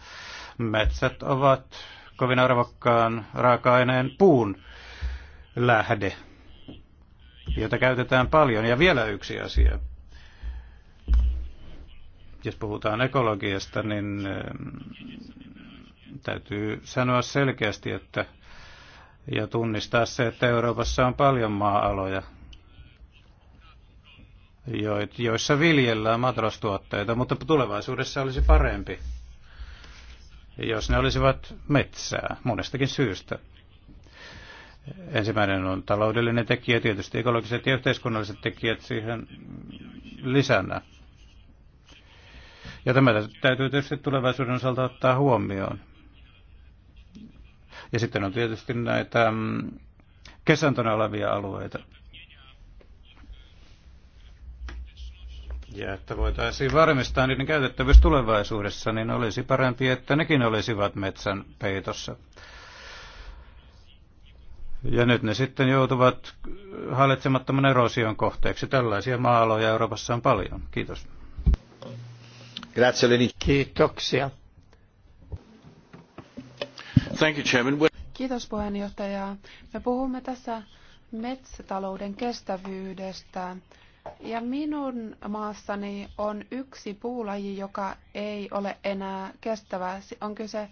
metsät ovat kovin arvokkaan raaka-aineen puun lähde jota käytetään paljon. Ja vielä yksi asia. Jos puhutaan ekologiasta, niin eh, täytyy sanoa selkeästi, että ja tunnistaa se, että Euroopassa on paljon maa-aloja, joissa viljellään matrastuotteita, mutta tulevaisuudessa olisi parempi, jos ne olisivat metsää monestakin syystä. Ensimmäinen on taloudellinen tekijä, tietysti ekologiset ja yhteiskunnalliset tekijät siihen lisänä. Ja tämä täytyy tietysti tulevaisuuden osalta ottaa huomioon. Ja sitten on tietysti näitä mm, kesäntönä olevia alueita. Ja että voitaisiin varmistaa niiden käytettävyys tulevaisuudessa, niin olisi parempi, että nekin olisivat metsän peitossa. Ja nyt ne sitten joutuvat hallitsemattoman erosion kohteeksi. Tällaisia maaloja Euroopassa on paljon. Kiitos. Kiitoksia. Thank you, Chairman. Kiitos puheenjohtaja. Me puhumme tässä metsätalouden kestävyydestä. Ja minun maassani on yksi puulaji, joka ei ole enää kestävä. On kyse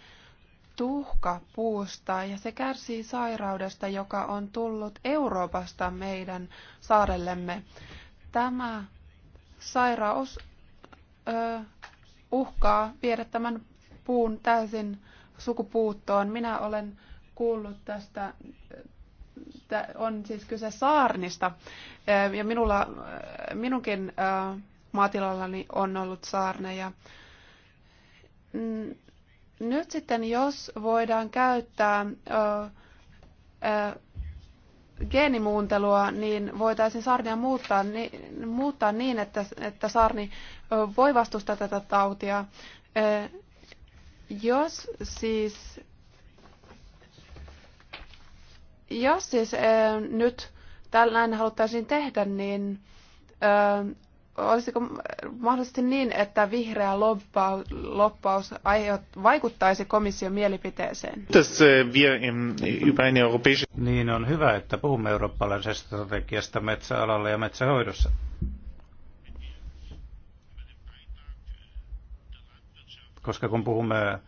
tuhka puusta ja se kärsii sairaudesta, joka on tullut Euroopasta meidän saarellemme. Tämä sairaus ö, uhkaa viedä tämän puun täysin sukupuuttoon. Minä olen kuullut tästä, on siis kyse saarnista, ja minulla, minunkin maatilallani on ollut saarneja nyt sitten, jos voidaan käyttää ö, ö, geenimuuntelua, niin voitaisiin sarnia muuttaa, ni, muuttaa niin, että, että sarni voi vastustaa tätä tautia. Jos siis, jos siis nyt tällainen haluttaisiin tehdä, niin olisiko mahdollisesti niin, että vihreä loppaus, loppaus aiot, vaikuttaisi komission mielipiteeseen? Äh, niin on hyvä, että puhumme eurooppalaisesta strategiasta metsäalalla ja metsähoidossa. Koska kun puhumme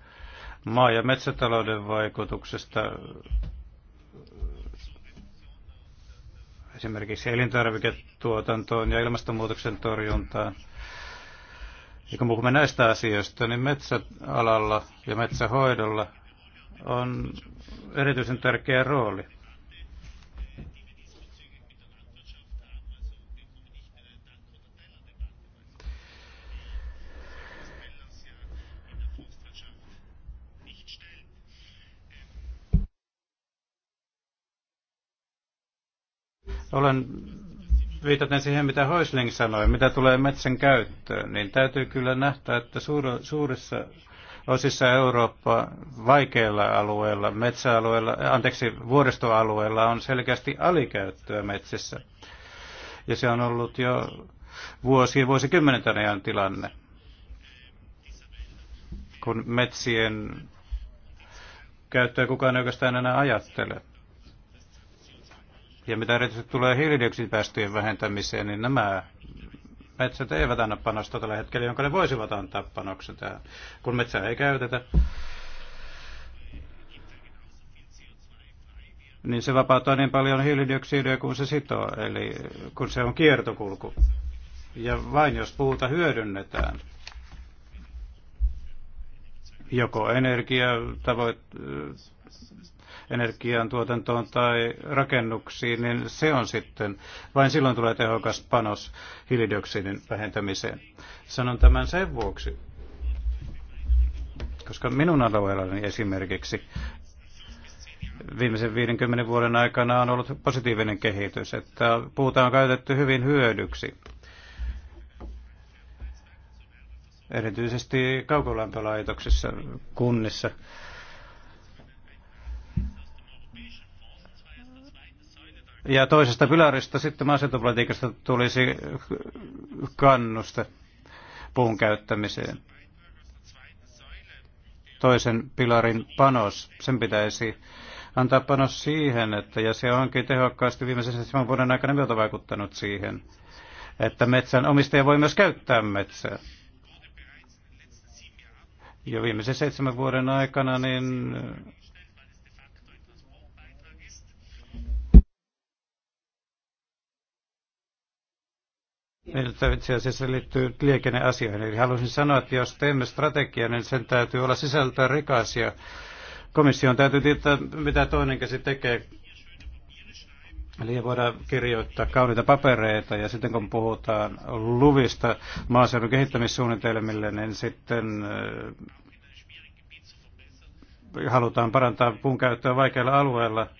maa- ja metsätalouden vaikutuksesta esimerkiksi elintarviketuotantoon ja ilmastonmuutoksen torjuntaan. Ja kun puhumme näistä asioista, niin metsäalalla ja metsähoidolla on erityisen tärkeä rooli. Olen viitaten siihen, mitä Hoisling sanoi, mitä tulee metsän käyttöön, niin täytyy kyllä nähdä, että suurissa osissa Eurooppaa vaikeilla alueilla, metsäalueilla, anteeksi, vuoristoalueilla on selkeästi alikäyttöä metsissä. Ja se on ollut jo vuosi vuosikymmenten ajan tilanne, kun metsien käyttöä kukaan oikeastaan enää ajattele. Ja mitä erityisesti tulee hiilidioksidipäästöjen vähentämiseen, niin nämä metsät eivät anna panosta tällä hetkellä, jonka ne voisivat antaa panoksen tähän, kun metsää ei käytetä. Niin se vapauttaa niin paljon hiilidioksidia kuin se sitoo, eli kun se on kiertokulku. Ja vain jos puuta hyödynnetään, joko energia tavoit, energiantuotantoon tai rakennuksiin, niin se on sitten, vain silloin tulee tehokas panos hiilidioksidin vähentämiseen. Sanon tämän sen vuoksi, koska minun alueellani esimerkiksi viimeisen 50 vuoden aikana on ollut positiivinen kehitys, että puuta on käytetty hyvin hyödyksi. Erityisesti kaukolämpölaitoksissa, kunnissa. Ja toisesta pilarista sitten maaseutupolitiikasta tulisi kannuste puun käyttämiseen. Toisen pilarin panos, sen pitäisi antaa panos siihen, että, ja se onkin tehokkaasti viimeisen seitsemän vuoden aikana myötä vaikuttanut siihen, että metsän omistaja voi myös käyttää metsää. Jo viimeisen seitsemän vuoden aikana niin Niitä itse asiassa liittyy liikenneasioihin. Eli haluaisin sanoa, että jos teemme strategiaa, niin sen täytyy olla sisältöä rikas ja komission täytyy tietää, mitä toinen käsi tekee. Eli voidaan kirjoittaa kauniita papereita ja sitten kun puhutaan luvista maaseudun kehittämissuunnitelmille, niin sitten äh, halutaan parantaa puun käyttöä vaikeilla alueilla –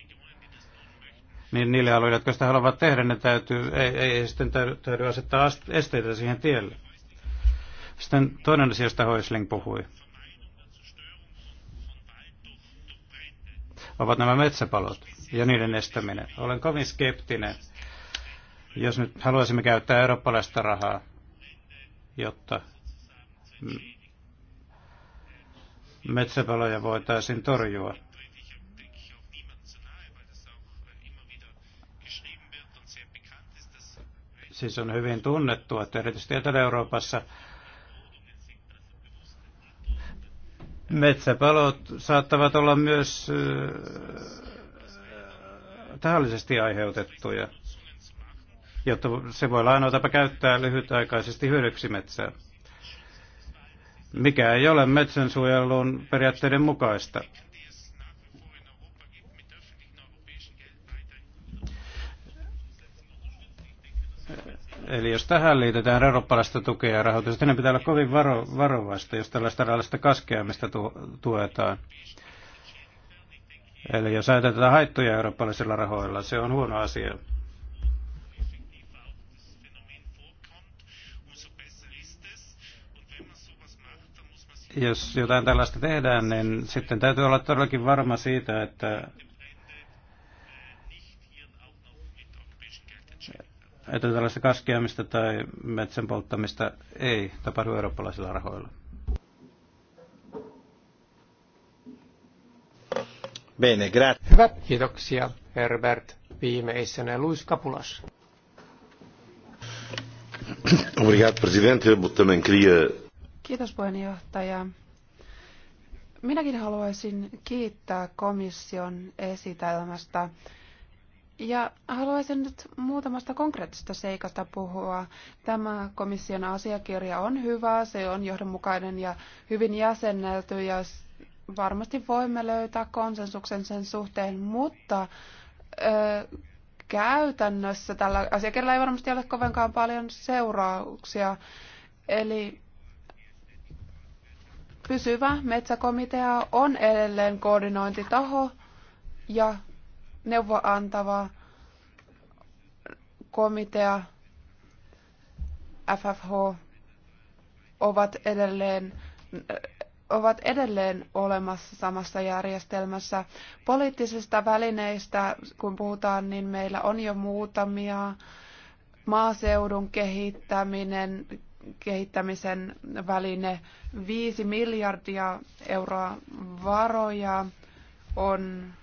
niin niille alueille, jotka sitä haluavat tehdä, ne täytyy, ei, ei sitten täytyy asettaa esteitä siihen tielle. Sitten toinen asia, josta Häusling puhui, ovat nämä metsäpalot ja niiden estäminen. Olen kovin skeptinen, jos nyt haluaisimme käyttää eurooppalaista rahaa, jotta metsäpaloja voitaisiin torjua. Siis on hyvin tunnettu, että erityisesti Etelä-Euroopassa metsäpalot saattavat olla myös äh, tahallisesti aiheutettuja, jotta se voi lainoitapa käyttää lyhytaikaisesti hyödyksi metsää, mikä ei ole metsänsuojelun periaatteiden mukaista. Eli jos tähän liitetään eurooppalaista tukea ja rahoitusta, niin pitää olla kovin varo, varovaista, jos tällaista rahallista kaskeamista tu, tuetaan. Eli jos ajatellaan haittoja eurooppalaisilla rahoilla, se on huono asia. Jos jotain tällaista tehdään, niin sitten täytyy olla todellakin varma siitä, että että tällaista kaskeamista tai metsän polttamista ei tapahdu eurooppalaisilla rahoilla. Bene, Hyvä, kiitoksia Herbert. Viimeisenä Luis Kapulas. Obrigado, mutta Kiitos puheenjohtaja. Minäkin haluaisin kiittää komission esitelmästä ja haluaisin nyt muutamasta konkreettisesta seikasta puhua. Tämä komission asiakirja on hyvä, se on johdonmukainen ja hyvin jäsennelty ja varmasti voimme löytää konsensuksen sen suhteen, mutta ö, käytännössä tällä asiakirjalla ei varmasti ole kovinkaan paljon seurauksia. Eli pysyvä metsäkomitea on edelleen koordinointitaho ja neuvoa antava komitea, FFH, ovat edelleen ovat edelleen olemassa samassa järjestelmässä. Poliittisista välineistä, kun puhutaan, niin meillä on jo muutamia. Maaseudun kehittäminen, kehittämisen väline 5 miljardia euroa varoja on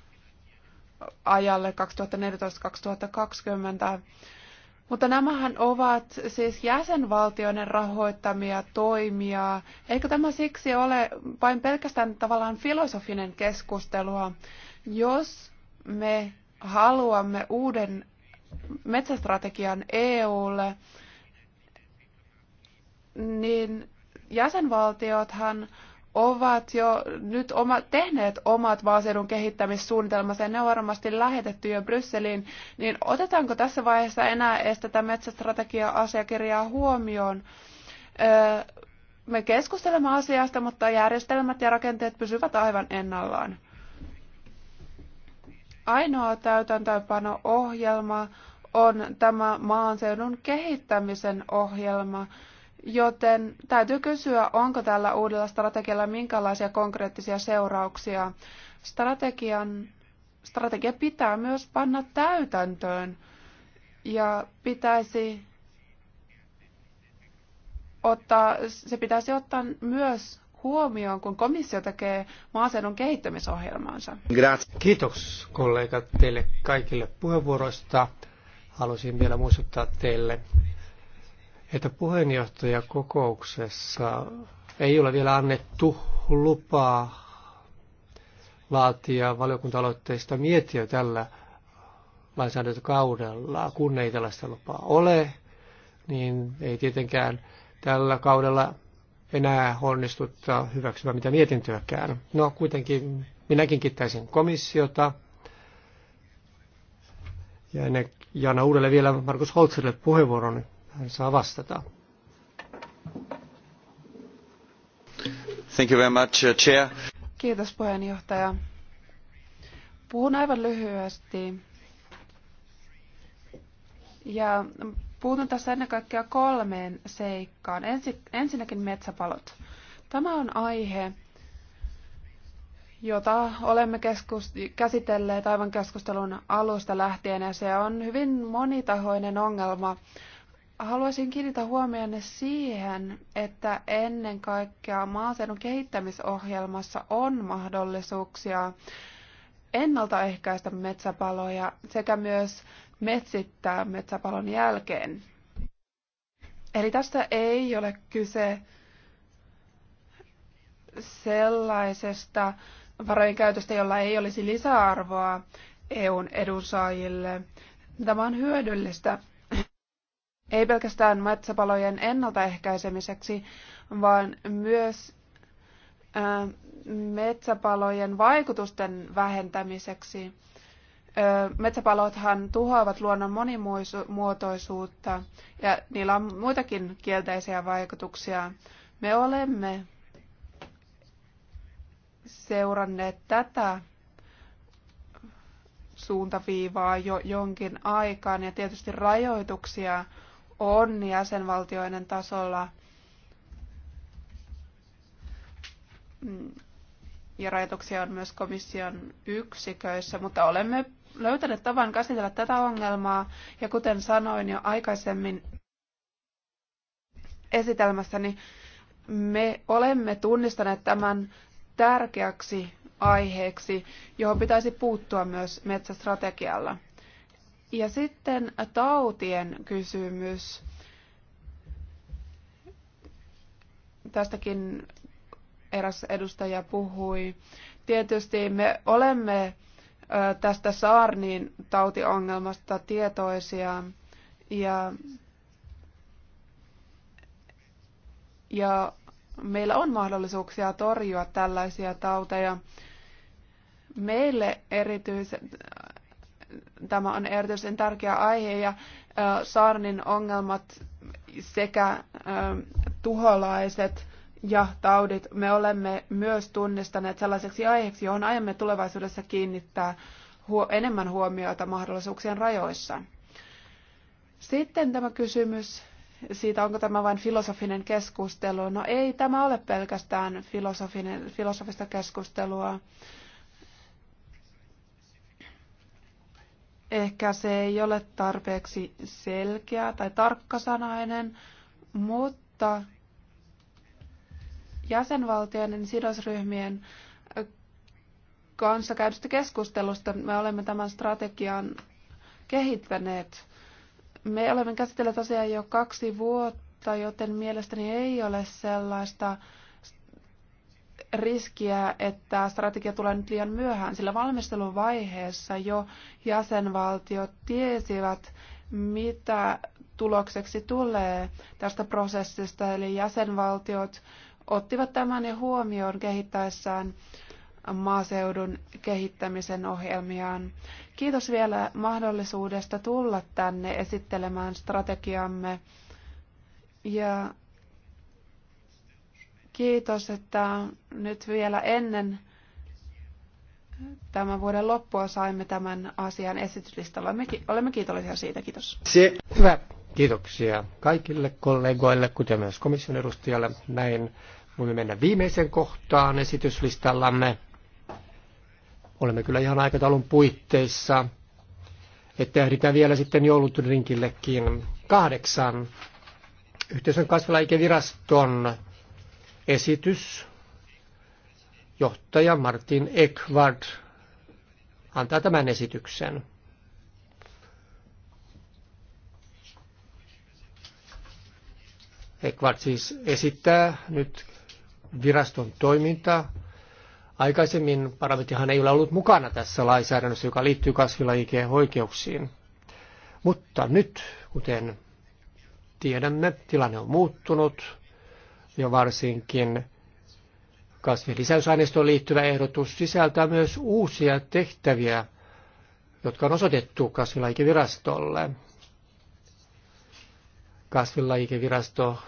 ajalle 2014-2020. Mutta nämähän ovat siis jäsenvaltioiden rahoittamia toimia. Eikö tämä siksi ole vain pelkästään tavallaan filosofinen keskustelua? Jos me haluamme uuden metsästrategian EUlle, niin jäsenvaltiothan ovat jo nyt oma, tehneet omat maaseudun kehittämissuunnitelmansa ja ne on varmasti lähetetty jo Brysseliin, niin otetaanko tässä vaiheessa enää edes tätä metsästrategia-asiakirjaa huomioon? Öö, me keskustelemme asiasta, mutta järjestelmät ja rakenteet pysyvät aivan ennallaan. Ainoa täytäntöönpano-ohjelma on tämä maaseudun kehittämisen ohjelma – Joten täytyy kysyä, onko tällä uudella strategialla minkälaisia konkreettisia seurauksia. Strategian, strategia pitää myös panna täytäntöön ja pitäisi ottaa, se pitäisi ottaa myös huomioon, kun komissio tekee maaseudun kehittämisohjelmaansa. Kiitos kollegat teille kaikille puheenvuoroista. Haluaisin vielä muistuttaa teille, että puheenjohtajakokouksessa ei ole vielä annettu lupaa laatia valiokunta-aloitteista mietiä tällä lainsäädäntökaudella, kun ei tällaista lupaa ole, niin ei tietenkään tällä kaudella enää onnistutta hyväksymään mitä mietintöäkään. No kuitenkin minäkin kittäisin komissiota ja ennen Jana Uudelle vielä Markus Holtzerille puheenvuoron hän saa vastata. Thank you very much, uh, Chair. Kiitos puheenjohtaja. Puhun aivan lyhyesti. Ja puhun tässä ennen kaikkea kolmeen seikkaan. Ensi, ensinnäkin metsäpalot. Tämä on aihe, jota olemme keskus, käsitelleet aivan keskustelun alusta lähtien, ja se on hyvin monitahoinen ongelma haluaisin kiinnittää huomioon siihen, että ennen kaikkea maaseudun kehittämisohjelmassa on mahdollisuuksia ennaltaehkäistä metsäpaloja sekä myös metsittää metsäpalon jälkeen. Eli tässä ei ole kyse sellaisesta varojen käytöstä, jolla ei olisi lisäarvoa EUn edunsaajille. Tämä on hyödyllistä ei pelkästään metsäpalojen ennaltaehkäisemiseksi, vaan myös metsäpalojen vaikutusten vähentämiseksi. Metsäpalothan tuhoavat luonnon monimuotoisuutta ja niillä on muitakin kielteisiä vaikutuksia. Me olemme seuranneet tätä suuntaviivaa jo jonkin aikaan ja tietysti rajoituksia on jäsenvaltioiden tasolla ja rajoituksia on myös komission yksiköissä, mutta olemme löytäneet tavan käsitellä tätä ongelmaa ja kuten sanoin jo aikaisemmin esitelmässäni, me olemme tunnistaneet tämän tärkeäksi aiheeksi, johon pitäisi puuttua myös metsästrategialla. Ja sitten tautien kysymys. Tästäkin eräs edustaja puhui. Tietysti me olemme tästä saarniin tautiongelmasta tietoisia ja, ja meillä on mahdollisuuksia torjua tällaisia tauteja. Meille erityisen Tämä on erityisen tärkeä aihe ja saarnin ongelmat sekä tuholaiset ja taudit me olemme myös tunnistaneet sellaiseksi aiheeksi, johon aiemme tulevaisuudessa kiinnittää enemmän huomiota mahdollisuuksien rajoissa. Sitten tämä kysymys siitä, onko tämä vain filosofinen keskustelu. No ei tämä ole pelkästään filosofista keskustelua. Ehkä se ei ole tarpeeksi selkeä tai tarkkasanainen, mutta jäsenvaltioiden sidosryhmien kanssa käydystä keskustelusta me olemme tämän strategian kehittäneet. Me olemme käsitelleet asiaa jo kaksi vuotta, joten mielestäni ei ole sellaista riskiä, että strategia tulee nyt liian myöhään, sillä valmisteluvaiheessa jo jäsenvaltiot tiesivät, mitä tulokseksi tulee tästä prosessista, eli jäsenvaltiot ottivat tämän jo huomioon kehittäessään maaseudun kehittämisen ohjelmiaan. Kiitos vielä mahdollisuudesta tulla tänne esittelemään strategiamme ja Kiitos, että nyt vielä ennen tämän vuoden loppua saimme tämän asian esityslistalla. Me olemme kiitollisia siitä. Kiitos. Se, hyvä. Kiitoksia kaikille kollegoille, kuten myös komission edustajalle. Näin voimme mennä viimeiseen kohtaan esityslistallamme. Olemme kyllä ihan aikataulun puitteissa, että ehditään vielä sitten joulutrinkillekin. Kahdeksan. Yhteisön kasvilajikeviraston esitys johtaja Martin Ekvard antaa tämän esityksen. Ekvard siis esittää nyt viraston toimintaa. Aikaisemmin parlamenttihan ei ole ollut mukana tässä lainsäädännössä, joka liittyy kasvilajikeen oikeuksiin. Mutta nyt, kuten tiedämme, tilanne on muuttunut ja varsinkin kasvilisäysaineistoon liittyvä ehdotus sisältää myös uusia tehtäviä, jotka on osoitettu kasvilajikevirastolle. Kasvilajikevirasto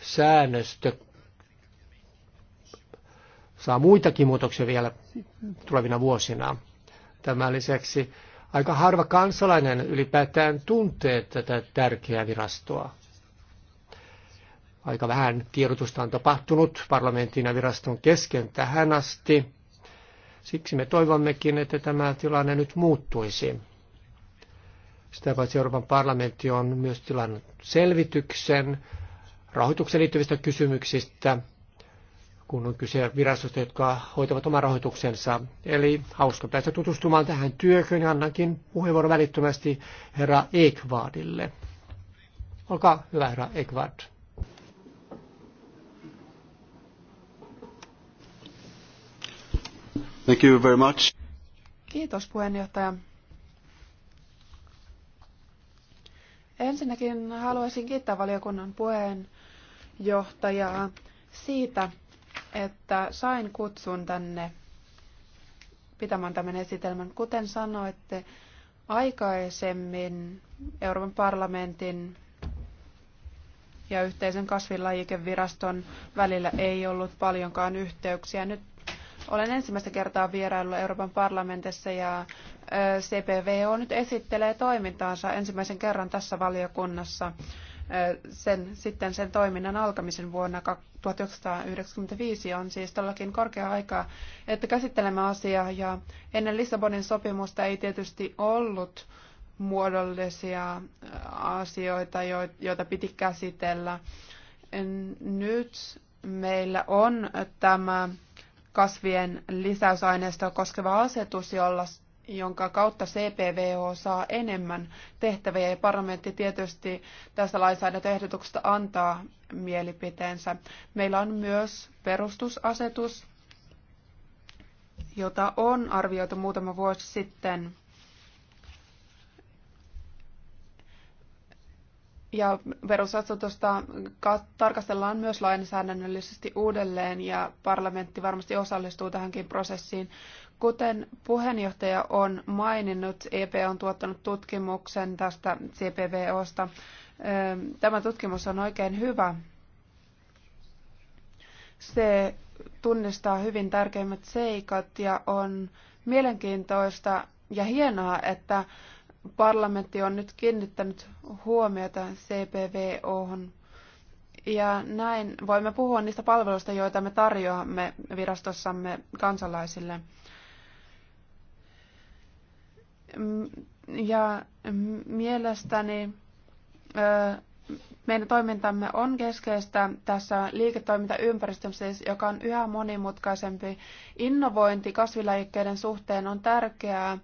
säännöstö saa muitakin muutoksia vielä tulevina vuosina. Tämän lisäksi aika harva kansalainen ylipäätään tuntee tätä tärkeää virastoa. Aika vähän tiedotusta on tapahtunut parlamentin ja viraston kesken tähän asti. Siksi me toivommekin, että tämä tilanne nyt muuttuisi. Sitä paitsi Euroopan parlamentti on myös tilannut selvityksen rahoitukseen liittyvistä kysymyksistä, kun on kyse virastosta, jotka hoitavat oman rahoituksensa. Eli hauska päästä tutustumaan tähän työhön ja annankin puheenvuoron välittömästi herra Ekvaadille. Olkaa hyvä, herra Ekvaad. Thank you very much. Kiitos puheenjohtaja. Ensinnäkin haluaisin kiittää valiokunnan puheenjohtajaa siitä, että sain kutsun tänne pitämään tämän esitelmän. Kuten sanoitte, aikaisemmin Euroopan parlamentin ja yhteisen kasvilajikeviraston välillä ei ollut paljonkaan yhteyksiä. Nyt olen ensimmäistä kertaa vieraillut Euroopan parlamentissa ja CPVO nyt esittelee toimintaansa ensimmäisen kerran tässä valiokunnassa sen, sitten sen toiminnan alkamisen vuonna 1995 on siis todellakin korkea aika, että käsittelemme asiaa. Ja ennen Lissabonin sopimusta ei tietysti ollut muodollisia asioita, joita piti käsitellä. Nyt meillä on tämä kasvien lisäysaineistoa koskeva asetus, jolla, jonka kautta CPVO saa enemmän tehtäviä ja parlamentti tietysti tästä lainsäädäntöehdotuksesta antaa mielipiteensä. Meillä on myös perustusasetus, jota on arvioitu muutama vuosi sitten. Ja perusasetosta tarkastellaan myös lainsäädännöllisesti uudelleen ja parlamentti varmasti osallistuu tähänkin prosessiin. Kuten puheenjohtaja on maininnut, EP on tuottanut tutkimuksen tästä CPVOsta. Öö, tämä tutkimus on oikein hyvä. Se tunnistaa hyvin tärkeimmät seikat ja on mielenkiintoista ja hienoa, että parlamentti on nyt kiinnittänyt huomiota CPVOhon. Ja näin voimme puhua niistä palveluista, joita me tarjoamme virastossamme kansalaisille. Mm, ja mielestäni meidän toimintamme on keskeistä tässä liiketoimintaympäristössä, siis, joka on yhä monimutkaisempi. Innovointi kasvilajikkeiden suhteen on tärkeää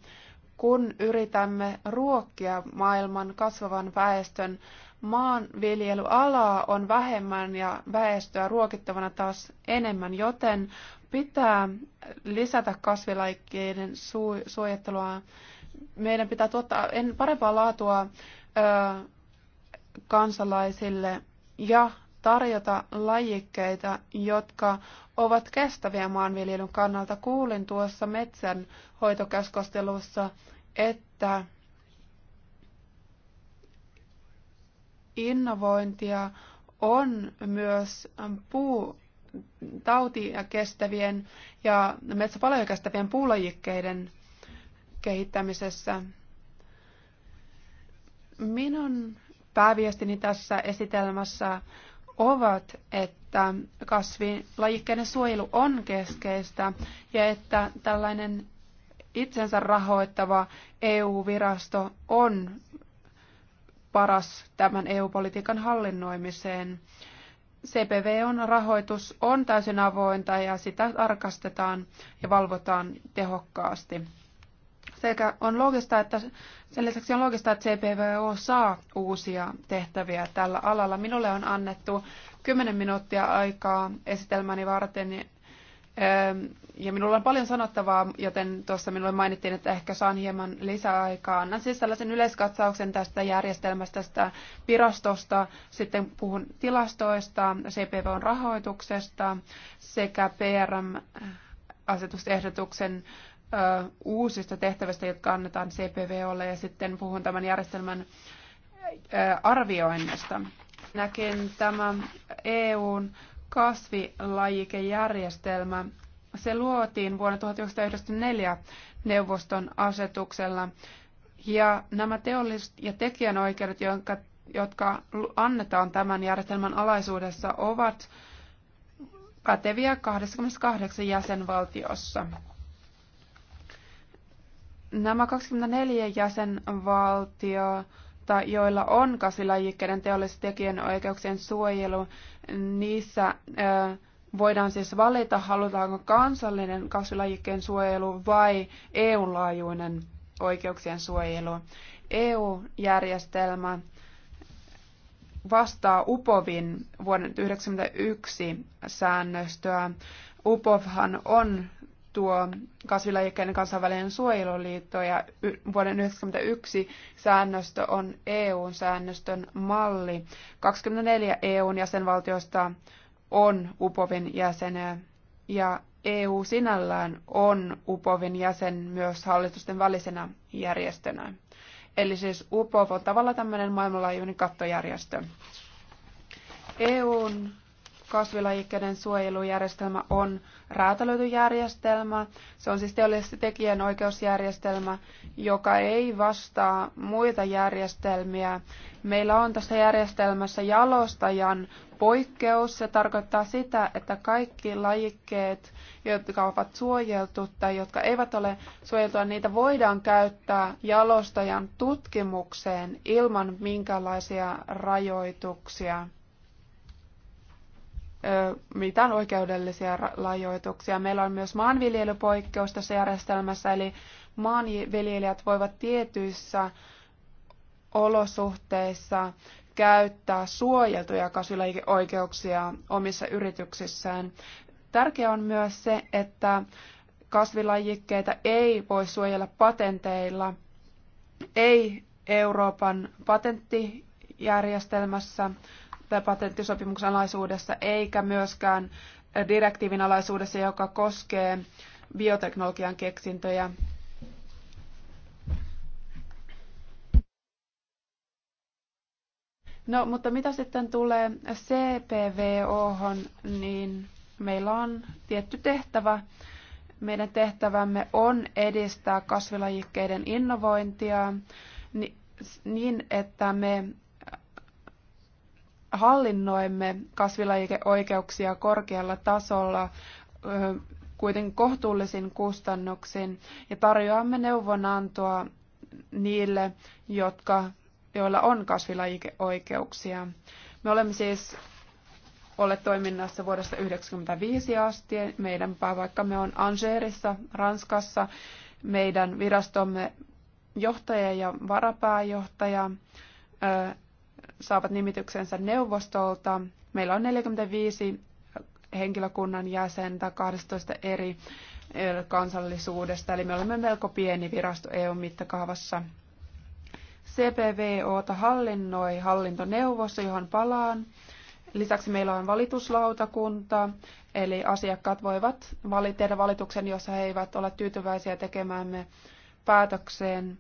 kun yritämme ruokkia maailman kasvavan väestön, maanviljelyalaa on vähemmän ja väestöä ruokittavana taas enemmän, joten pitää lisätä kasvilaikkeiden su- suojattelua. Meidän pitää tuottaa en, parempaa laatua ö, kansalaisille ja tarjota lajikkeita, jotka ovat kestäviä maanviljelyn kannalta. Kuulin tuossa metsänhoitokeskustelussa, että innovointia on myös puu tautia kestävien ja metsäpaloja kestävien puulajikkeiden kehittämisessä. Minun pääviestini tässä esitelmässä ovat, että kasvilajikkeiden suojelu on keskeistä ja että tällainen itsensä rahoittava EU-virasto on paras tämän EU-politiikan hallinnoimiseen. CPVn rahoitus on täysin avointa ja sitä tarkastetaan ja valvotaan tehokkaasti sekä on loogista, että sen lisäksi on loogista, että CPVO saa uusia tehtäviä tällä alalla. Minulle on annettu 10 minuuttia aikaa esitelmäni varten niin, ähm, ja minulla on paljon sanottavaa, joten tuossa minulle mainittiin, että ehkä saan hieman lisäaikaa. Annan siis tällaisen yleiskatsauksen tästä järjestelmästä, tästä virastosta, sitten puhun tilastoista, CPVO:n rahoituksesta sekä PRM-asetusehdotuksen uusista tehtävistä, jotka annetaan CPVOlle ja sitten puhun tämän järjestelmän arvioinnista. Näkin tämä EUn kasvilajikejärjestelmä. Se luotiin vuonna 1994 neuvoston asetuksella. Ja nämä teollis- ja tekijänoikeudet, jotka, jotka annetaan tämän järjestelmän alaisuudessa, ovat päteviä 28 jäsenvaltiossa. Nämä 24 jäsenvaltiota, joilla on kasilajikkeiden teollisten oikeuksien suojelu, niissä voidaan siis valita, halutaanko kansallinen kasvilajikkeen suojelu vai EU-laajuinen oikeuksien suojelu. EU-järjestelmä vastaa UPOVin vuoden 1991 säännöstöä. UPOVhan on tuo kasvilajikkeiden kansainvälinen suojeluliitto ja vuoden 1991 säännöstö on EU-säännöstön malli. 24 EUn jäsenvaltiosta on UPOVin jäseniä ja EU sinällään on UPOVin jäsen myös hallitusten välisenä järjestönä. Eli siis UPOV on tavallaan tämmöinen maailmanlaajuinen kattojärjestö. EUn kasvilajikkeiden suojelujärjestelmä on räätälöity järjestelmä. Se on siis teollisesti tekijänoikeusjärjestelmä, joka ei vastaa muita järjestelmiä. Meillä on tässä järjestelmässä jalostajan poikkeus. Se tarkoittaa sitä, että kaikki lajikkeet, jotka ovat suojeltu tai jotka eivät ole suojeltua, niitä voidaan käyttää jalostajan tutkimukseen ilman minkälaisia rajoituksia mitään oikeudellisia rajoituksia. Meillä on myös maanviljelypoikkeus tässä järjestelmässä, eli maanviljelijät voivat tietyissä olosuhteissa käyttää suojeltuja kasvilajioikeuksia omissa yrityksissään. Tärkeää on myös se, että kasvilajikkeita ei voi suojella patenteilla, ei Euroopan patenttijärjestelmässä patenttisopimuksen alaisuudessa eikä myöskään direktiivin alaisuudessa, joka koskee bioteknologian keksintöjä. No, mutta mitä sitten tulee cpvo niin meillä on tietty tehtävä. Meidän tehtävämme on edistää kasvilajikkeiden innovointia niin, että me hallinnoimme kasvilajikeoikeuksia korkealla tasolla kuitenkin kohtuullisin kustannuksin ja tarjoamme neuvonantoa niille, jotka, joilla on kasvilajikeoikeuksia. Me olemme siis olleet toiminnassa vuodesta 1995 asti. Meidän pääpaikkamme on Angerissa, Ranskassa. Meidän virastomme johtaja ja varapääjohtaja saavat nimityksensä neuvostolta. Meillä on 45 henkilökunnan jäsentä 12 eri eh, kansallisuudesta, eli me olemme melko pieni virasto EU-mittakaavassa. CPVO hallinnoi hallintoneuvosto, johon palaan. Lisäksi meillä on valituslautakunta, eli asiakkaat voivat tehdä valituksen, jos he eivät ole tyytyväisiä tekemäämme päätökseen.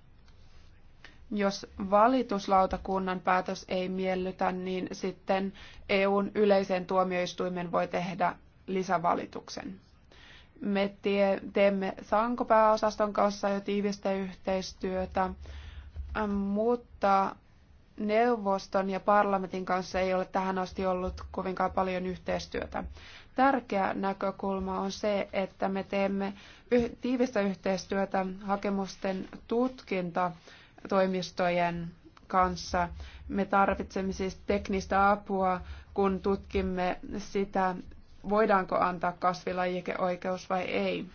Jos valituslautakunnan päätös ei miellytä, niin sitten EUn yleisen tuomioistuimen voi tehdä lisävalituksen. Me tie, teemme Sankopääosaston kanssa jo tiivistä yhteistyötä, mutta neuvoston ja parlamentin kanssa ei ole tähän asti ollut kovinkaan paljon yhteistyötä. Tärkeä näkökulma on se, että me teemme tiivistä yhteistyötä hakemusten tutkinta toimistojen kanssa. Me tarvitsemme siis teknistä apua, kun tutkimme sitä, voidaanko antaa kasvilajikeoikeus vai ei.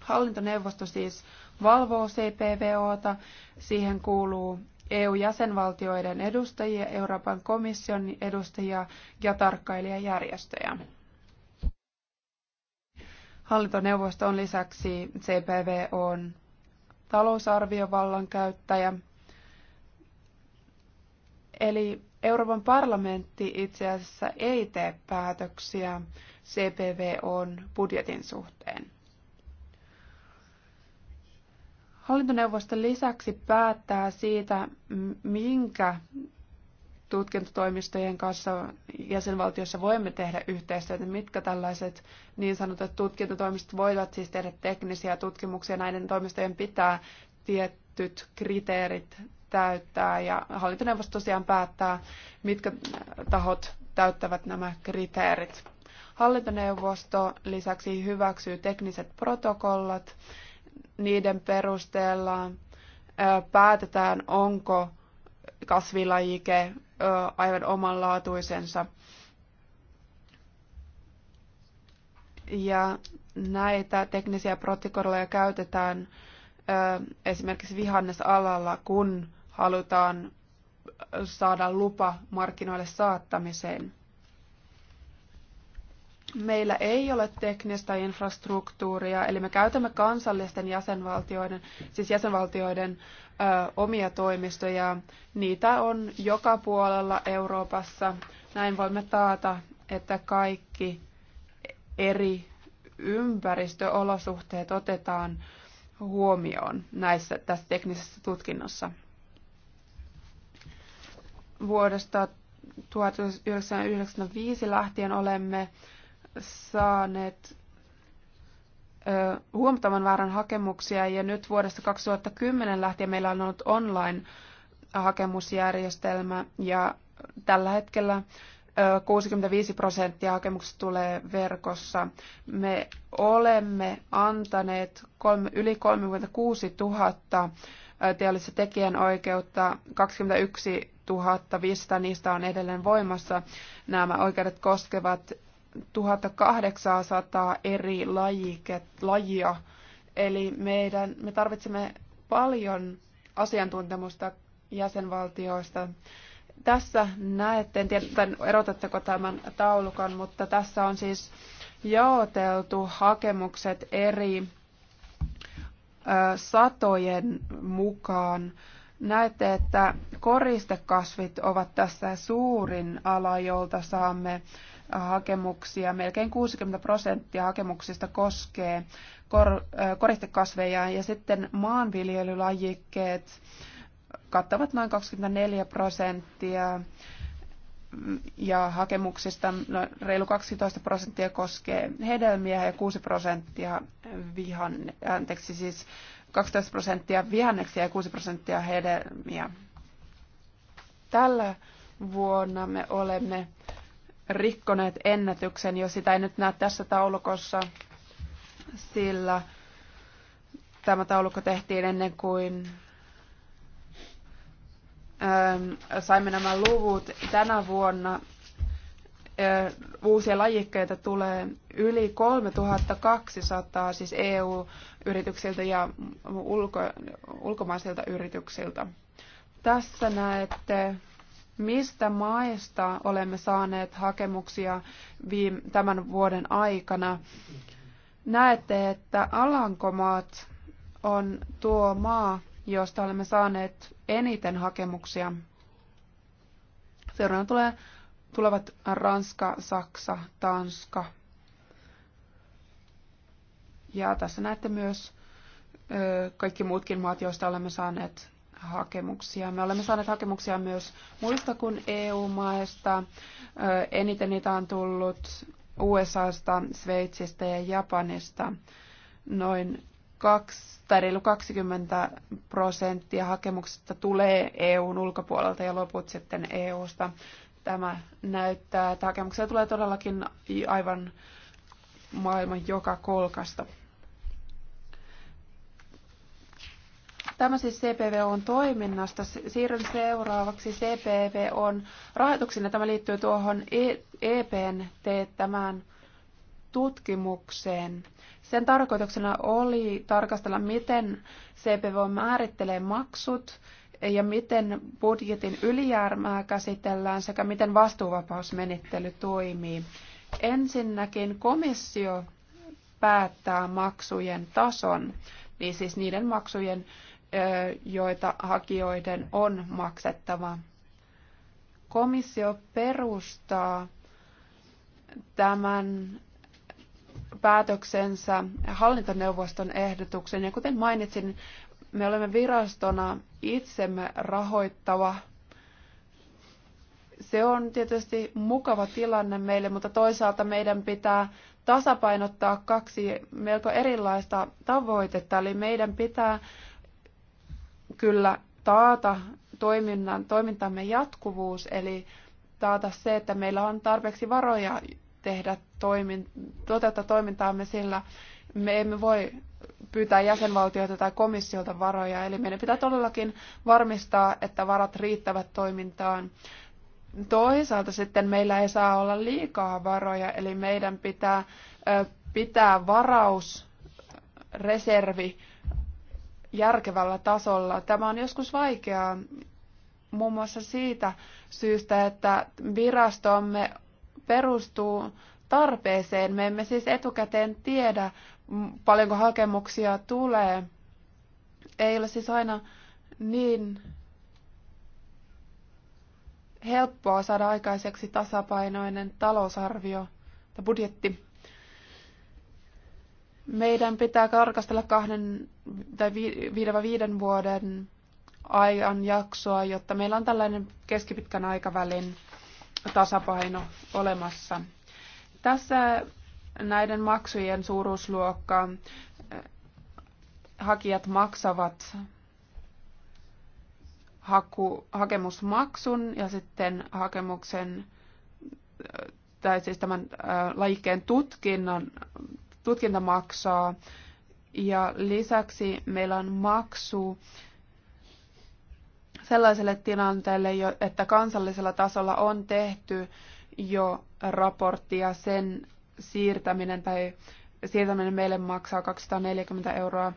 Hallintoneuvosto siis valvoo CPVOta. Siihen kuuluu EU-jäsenvaltioiden edustajia, Euroopan komission edustajia ja tarkkailijajärjestöjä. Hallintoneuvosto on lisäksi CPVOn talousarviovallan käyttäjä. Eli Euroopan parlamentti itse asiassa ei tee päätöksiä CPVOn budjetin suhteen. Hallintoneuvosto lisäksi päättää siitä, minkä tutkintotoimistojen kanssa jäsenvaltiossa voimme tehdä yhteistyötä, mitkä tällaiset niin sanotut tutkintotoimistot voivat siis tehdä teknisiä tutkimuksia. Näiden toimistojen pitää tietyt kriteerit täyttää ja hallintoneuvosto tosiaan päättää, mitkä tahot täyttävät nämä kriteerit. Hallintoneuvosto lisäksi hyväksyy tekniset protokollat. Niiden perusteella päätetään, onko kasvilajike aivan omanlaatuisensa. Ja näitä teknisiä protokolleja käytetään esimerkiksi vihannesalalla, kun halutaan saada lupa markkinoille saattamiseen meillä ei ole teknistä infrastruktuuria, eli me käytämme kansallisten jäsenvaltioiden, siis jäsenvaltioiden ö, omia toimistoja. Niitä on joka puolella Euroopassa. Näin voimme taata, että kaikki eri ympäristöolosuhteet otetaan huomioon näissä tässä teknisessä tutkinnossa. Vuodesta 1995 lähtien olemme saaneet huomattavan määrän hakemuksia ja nyt vuodesta 2010 lähtien meillä on ollut online-hakemusjärjestelmä ja tällä hetkellä 65 prosenttia hakemuksista tulee verkossa. Me olemme antaneet kolme, yli 36 000 teollista tekijänoikeutta, 21 500 niistä on edelleen voimassa. Nämä oikeudet koskevat 1800 eri lajike, lajia. Eli meidän, me tarvitsemme paljon asiantuntemusta jäsenvaltioista. Tässä näette, en tiedä erotatteko tämän taulukon, mutta tässä on siis jaoteltu hakemukset eri satojen mukaan. Näette, että koristekasvit ovat tässä suurin ala, jolta saamme hakemuksia. Melkein 60 prosenttia hakemuksista koskee kor- koristekasveja ja sitten maanviljelylajikkeet kattavat noin 24 prosenttia ja hakemuksista no, reilu 12 prosenttia koskee hedelmiä ja 6 prosenttia vihan, anteeksi siis 12 prosenttia vihanneksia ja 6 prosenttia hedelmiä. Tällä vuonna me olemme rikkoneet ennätyksen, jos sitä ei nyt näe tässä taulukossa, sillä tämä taulukko tehtiin ennen kuin ähm, saimme nämä luvut. Tänä vuonna äh, uusia lajikkeita tulee yli 3200 siis EU-yrityksiltä ja ulko, ulkomaisilta yrityksiltä. Tässä näette mistä maista olemme saaneet hakemuksia viime, tämän vuoden aikana. Näette, että Alankomaat on tuo maa, josta olemme saaneet eniten hakemuksia. Seuraavana tulee, tulevat Ranska, Saksa, Tanska. Ja tässä näette myös ö, kaikki muutkin maat, joista olemme saaneet hakemuksia. Me olemme saaneet hakemuksia myös muista kuin EU-maista. Eniten niitä on tullut USAsta, Sveitsistä ja Japanista. Noin kaksi, tai reilu 20 prosenttia hakemuksista tulee EUn ulkopuolelta ja loput sitten EUsta. Tämä näyttää, että hakemuksia tulee todellakin aivan maailman joka kolkasta. Tämä siis CPV on toiminnasta. Siirryn seuraavaksi CPV on rahoituksen ja tämä liittyy tuohon EPn e teettämään tutkimukseen. Sen tarkoituksena oli tarkastella, miten CPV määrittelee maksut ja miten budjetin ylijäämää käsitellään sekä miten vastuuvapausmenettely toimii. Ensinnäkin komissio päättää maksujen tason, niin siis niiden maksujen, joita hakijoiden on maksettava. Komissio perustaa tämän päätöksensä hallintoneuvoston ehdotuksen. Ja kuten mainitsin, me olemme virastona itsemme rahoittava. Se on tietysti mukava tilanne meille, mutta toisaalta meidän pitää tasapainottaa kaksi melko erilaista tavoitetta. Eli meidän pitää kyllä taata toiminnan, toimintamme jatkuvuus, eli taata se, että meillä on tarpeeksi varoja tehdä toimin, toteuttaa toimintaamme sillä, me emme voi pyytää jäsenvaltioita tai komissiolta varoja, eli meidän pitää todellakin varmistaa, että varat riittävät toimintaan. Toisaalta sitten meillä ei saa olla liikaa varoja, eli meidän pitää pitää varausreservi järkevällä tasolla. Tämä on joskus vaikeaa muun muassa siitä syystä, että virastomme perustuu tarpeeseen. Me emme siis etukäteen tiedä, paljonko hakemuksia tulee. Ei ole siis aina niin helppoa saada aikaiseksi tasapainoinen talousarvio tai budjetti. Meidän pitää tarkastella kahden tai viiden, viiden vuoden ajan jaksoa, jotta meillä on tällainen keskipitkän aikavälin tasapaino olemassa. Tässä näiden maksujen suuruusluokka eh, hakijat maksavat haku, hakemusmaksun ja sitten hakemuksen eh, tai siis tämän eh, lajikkeen tutkinnon tutkinta maksaa. Ja lisäksi meillä on maksu sellaiselle tilanteelle, että kansallisella tasolla on tehty jo ja sen siirtäminen tai siirtäminen meille maksaa 240 euroa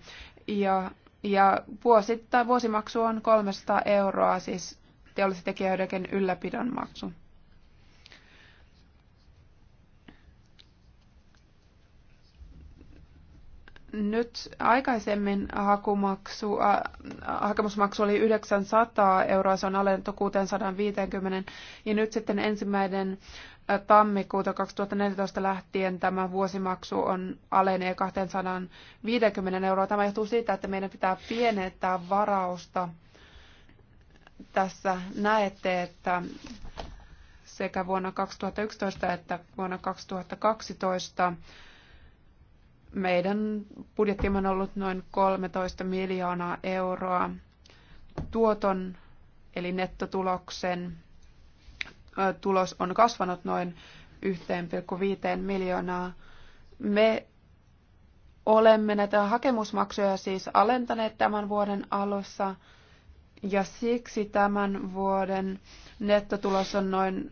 ja, ja vuosittain, vuosimaksu on 300 euroa, siis teollisen tekijöiden ylläpidon maksu. nyt aikaisemmin hakumaksu, äh, hakemusmaksu oli 900 euroa, se on alennettu 650, ja nyt sitten ensimmäinen äh, tammikuuta 2014 lähtien tämä vuosimaksu on alenee 250 euroa. Tämä johtuu siitä, että meidän pitää pienentää varausta. Tässä näette, että sekä vuonna 2011 että vuonna 2012 meidän budjettimme on ollut noin 13 miljoonaa euroa. Tuoton eli nettotuloksen tulos on kasvanut noin 1,5 miljoonaa. Me olemme näitä hakemusmaksuja siis alentaneet tämän vuoden alussa ja siksi tämän vuoden nettotulos on noin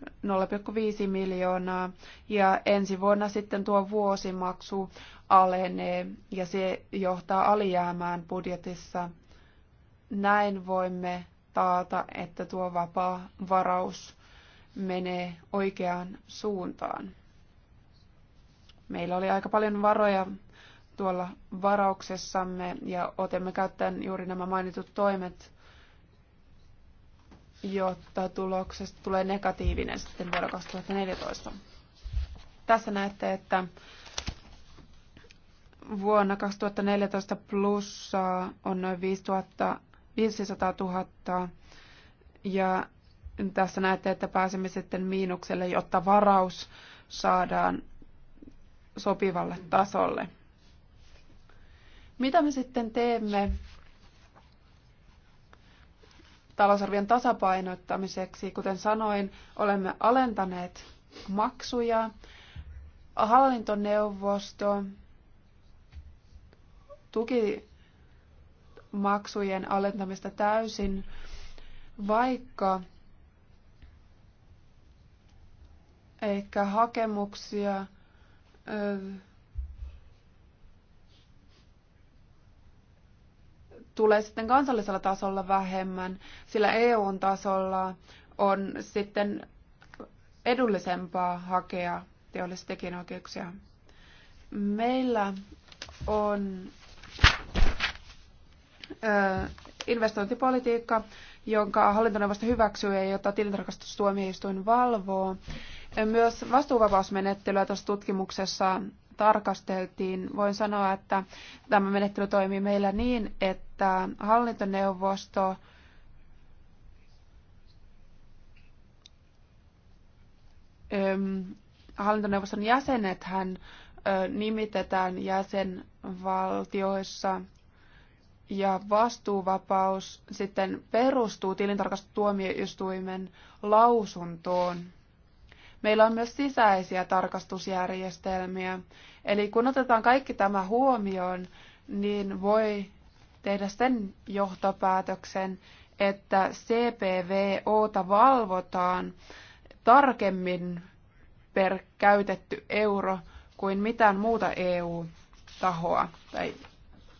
0,5 miljoonaa ja ensi vuonna sitten tuo vuosimaksu alenee ja se johtaa alijäämään budjetissa. Näin voimme taata, että tuo vapaa varaus menee oikeaan suuntaan. Meillä oli aika paljon varoja tuolla varauksessamme ja otemme käyttäen juuri nämä mainitut toimet jotta tuloksesta tulee negatiivinen sitten vuonna 2014. Tässä näette, että vuonna 2014 plussaa on noin 500 000 ja tässä näette, että pääsemme sitten miinukselle, jotta varaus saadaan sopivalle tasolle. Mitä me sitten teemme talousarvion tasapainottamiseksi. Kuten sanoin, olemme alentaneet maksuja. Hallintoneuvosto tuki maksujen alentamista täysin, vaikka eikä hakemuksia tulee sitten kansallisella tasolla vähemmän, sillä EUn tasolla on sitten edullisempaa hakea teollisia tekijänoikeuksia. Meillä on investointipolitiikka, jonka hallintoneuvosto hyväksyy ja jota tilintarkastustuomioistuin valvoo. Myös vastuuvapausmenettelyä tässä tutkimuksessa tarkasteltiin. Voin sanoa, että tämä menettely toimii meillä niin, että että hallintoneuvosto hallintoneuvoston jäsenet hän nimitetään jäsenvaltioissa ja vastuuvapaus sitten perustuu tilintarkastustuomioistuimen lausuntoon. Meillä on myös sisäisiä tarkastusjärjestelmiä. Eli kun otetaan kaikki tämä huomioon, niin voi tehdä sen johtopäätöksen, että CPVOta valvotaan tarkemmin per käytetty euro kuin mitään muuta EU-tahoa tai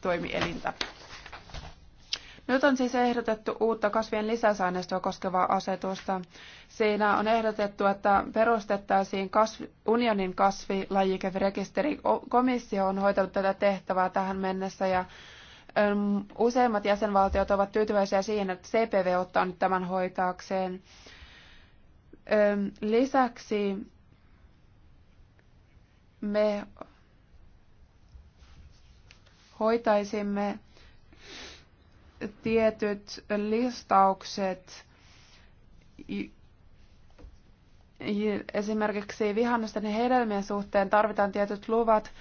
toimielintä. Nyt on siis ehdotettu uutta kasvien lisäsäännöstöä koskevaa asetusta. Siinä on ehdotettu, että perustettaisiin kasvi, unionin kasvilajikerekisteri. Komissio on hoitanut tätä tehtävää tähän mennessä ja Useimmat jäsenvaltiot ovat tyytyväisiä siihen, että CPV ottaa nyt tämän hoitaakseen. Lisäksi me hoitaisimme tietyt listaukset, esimerkiksi vihannesten ja hedelmien suhteen tarvitaan tietyt luvat,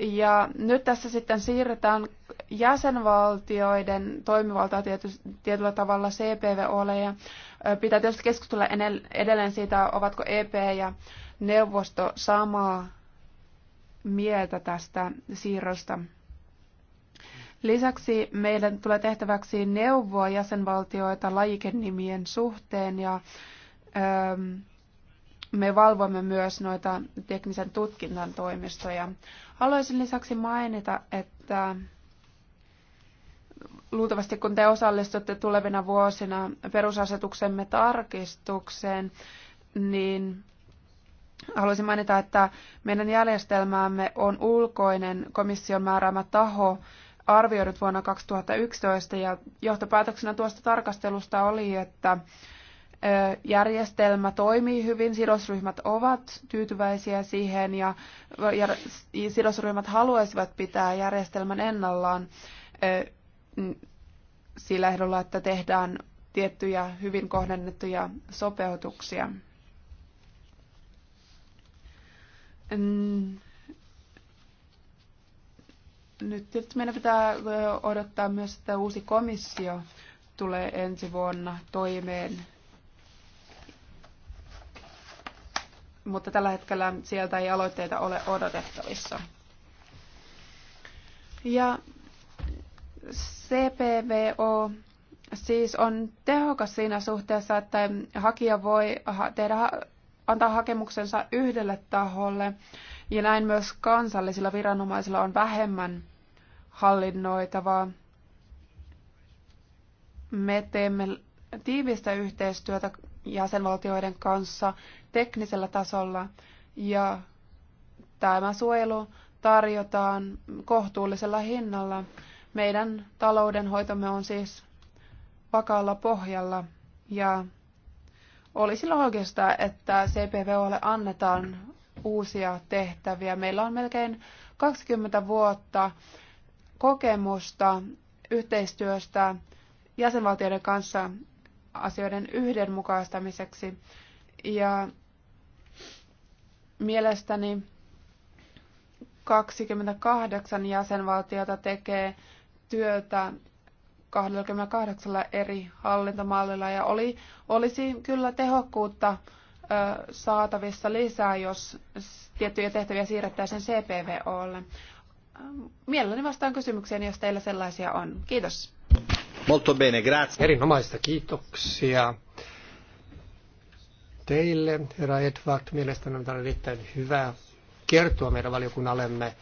ja nyt tässä sitten siirretään jäsenvaltioiden toimivaltaa tiety, tietyllä tavalla CPVOlle ja pitää tietysti keskustella edelleen siitä, ovatko EP ja neuvosto samaa mieltä tästä siirrosta. Lisäksi meidän tulee tehtäväksi neuvoa jäsenvaltioita lajikennimien suhteen ja me valvomme myös noita teknisen tutkinnan toimistoja. Haluaisin lisäksi mainita, että luultavasti kun te osallistutte tulevina vuosina perusasetuksemme tarkistukseen, niin haluaisin mainita, että meidän järjestelmäämme on ulkoinen komission määräämä taho arvioinut vuonna 2011 ja johtopäätöksenä tuosta tarkastelusta oli, että järjestelmä toimii hyvin, sidosryhmät ovat tyytyväisiä siihen ja, sidosryhmät haluaisivat pitää järjestelmän ennallaan sillä ehdolla, että tehdään tiettyjä hyvin kohdennettuja sopeutuksia. Nyt tietysti meidän pitää odottaa myös, että uusi komissio tulee ensi vuonna toimeen mutta tällä hetkellä sieltä ei aloitteita ole odotettavissa. Ja CPVO siis on tehokas siinä suhteessa, että hakija voi tehdä, antaa hakemuksensa yhdelle taholle ja näin myös kansallisilla viranomaisilla on vähemmän hallinnoitavaa. Me teemme tiivistä yhteistyötä jäsenvaltioiden kanssa teknisellä tasolla ja tämä suojelu tarjotaan kohtuullisella hinnalla. Meidän taloudenhoitomme on siis vakaalla pohjalla ja olisi loogista, että CPVOlle annetaan uusia tehtäviä. Meillä on melkein 20 vuotta kokemusta yhteistyöstä jäsenvaltioiden kanssa asioiden yhdenmukaistamiseksi. Ja mielestäni 28 jäsenvaltiota tekee työtä 28 eri hallintomallilla ja oli, olisi kyllä tehokkuutta ö, saatavissa lisää, jos tiettyjä tehtäviä siirrettäisiin CPVOlle. Mielelläni vastaan kysymykseen, jos teillä sellaisia on. Kiitos. Molto bene, grazie. Erinomaista kiitoksia teille, herra Edward. Mielestäni on erittäin hyvä kertoa meidän valiokunnallemme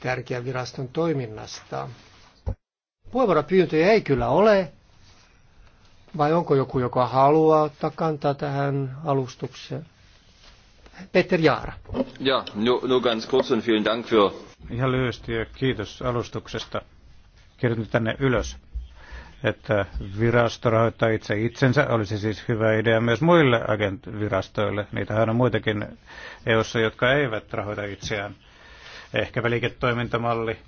tärkeän viraston toiminnasta. Puheenvuoropyyntöjä ei kyllä ole, vai onko joku, joka haluaa ottaa kantaa tähän alustukseen? Peter Jaara. Ja, nu, nu ganz kurz und vielen Dank für... Ihan lyhyesti ja kiitos alustuksesta. Kirjoitin tänne ylös että virasto rahoittaa itse itsensä, olisi siis hyvä idea myös muille agent- virastoille. Niitähän on muitakin eu jotka eivät rahoita itseään. Ehkäpä liiketoimintamalli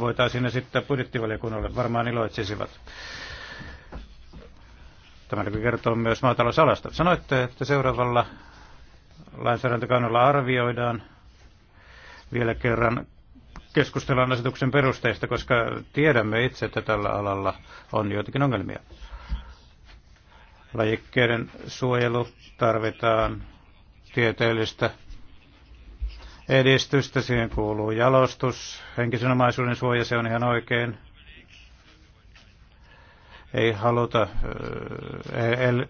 voitaisiin esittää budjettivaliokunnalle, varmaan iloitsisivat. Tämä kertoo myös maatalousalasta. Sanoitte, että seuraavalla lainsäädäntökannalla arvioidaan vielä kerran keskustellaan asetuksen perusteista, koska tiedämme itse, että tällä alalla on joitakin ongelmia. Lajikkeiden suojelu tarvitaan tieteellistä edistystä, siihen kuuluu jalostus, henkisen omaisuuden suoja, se on ihan oikein. Ei haluta e- el-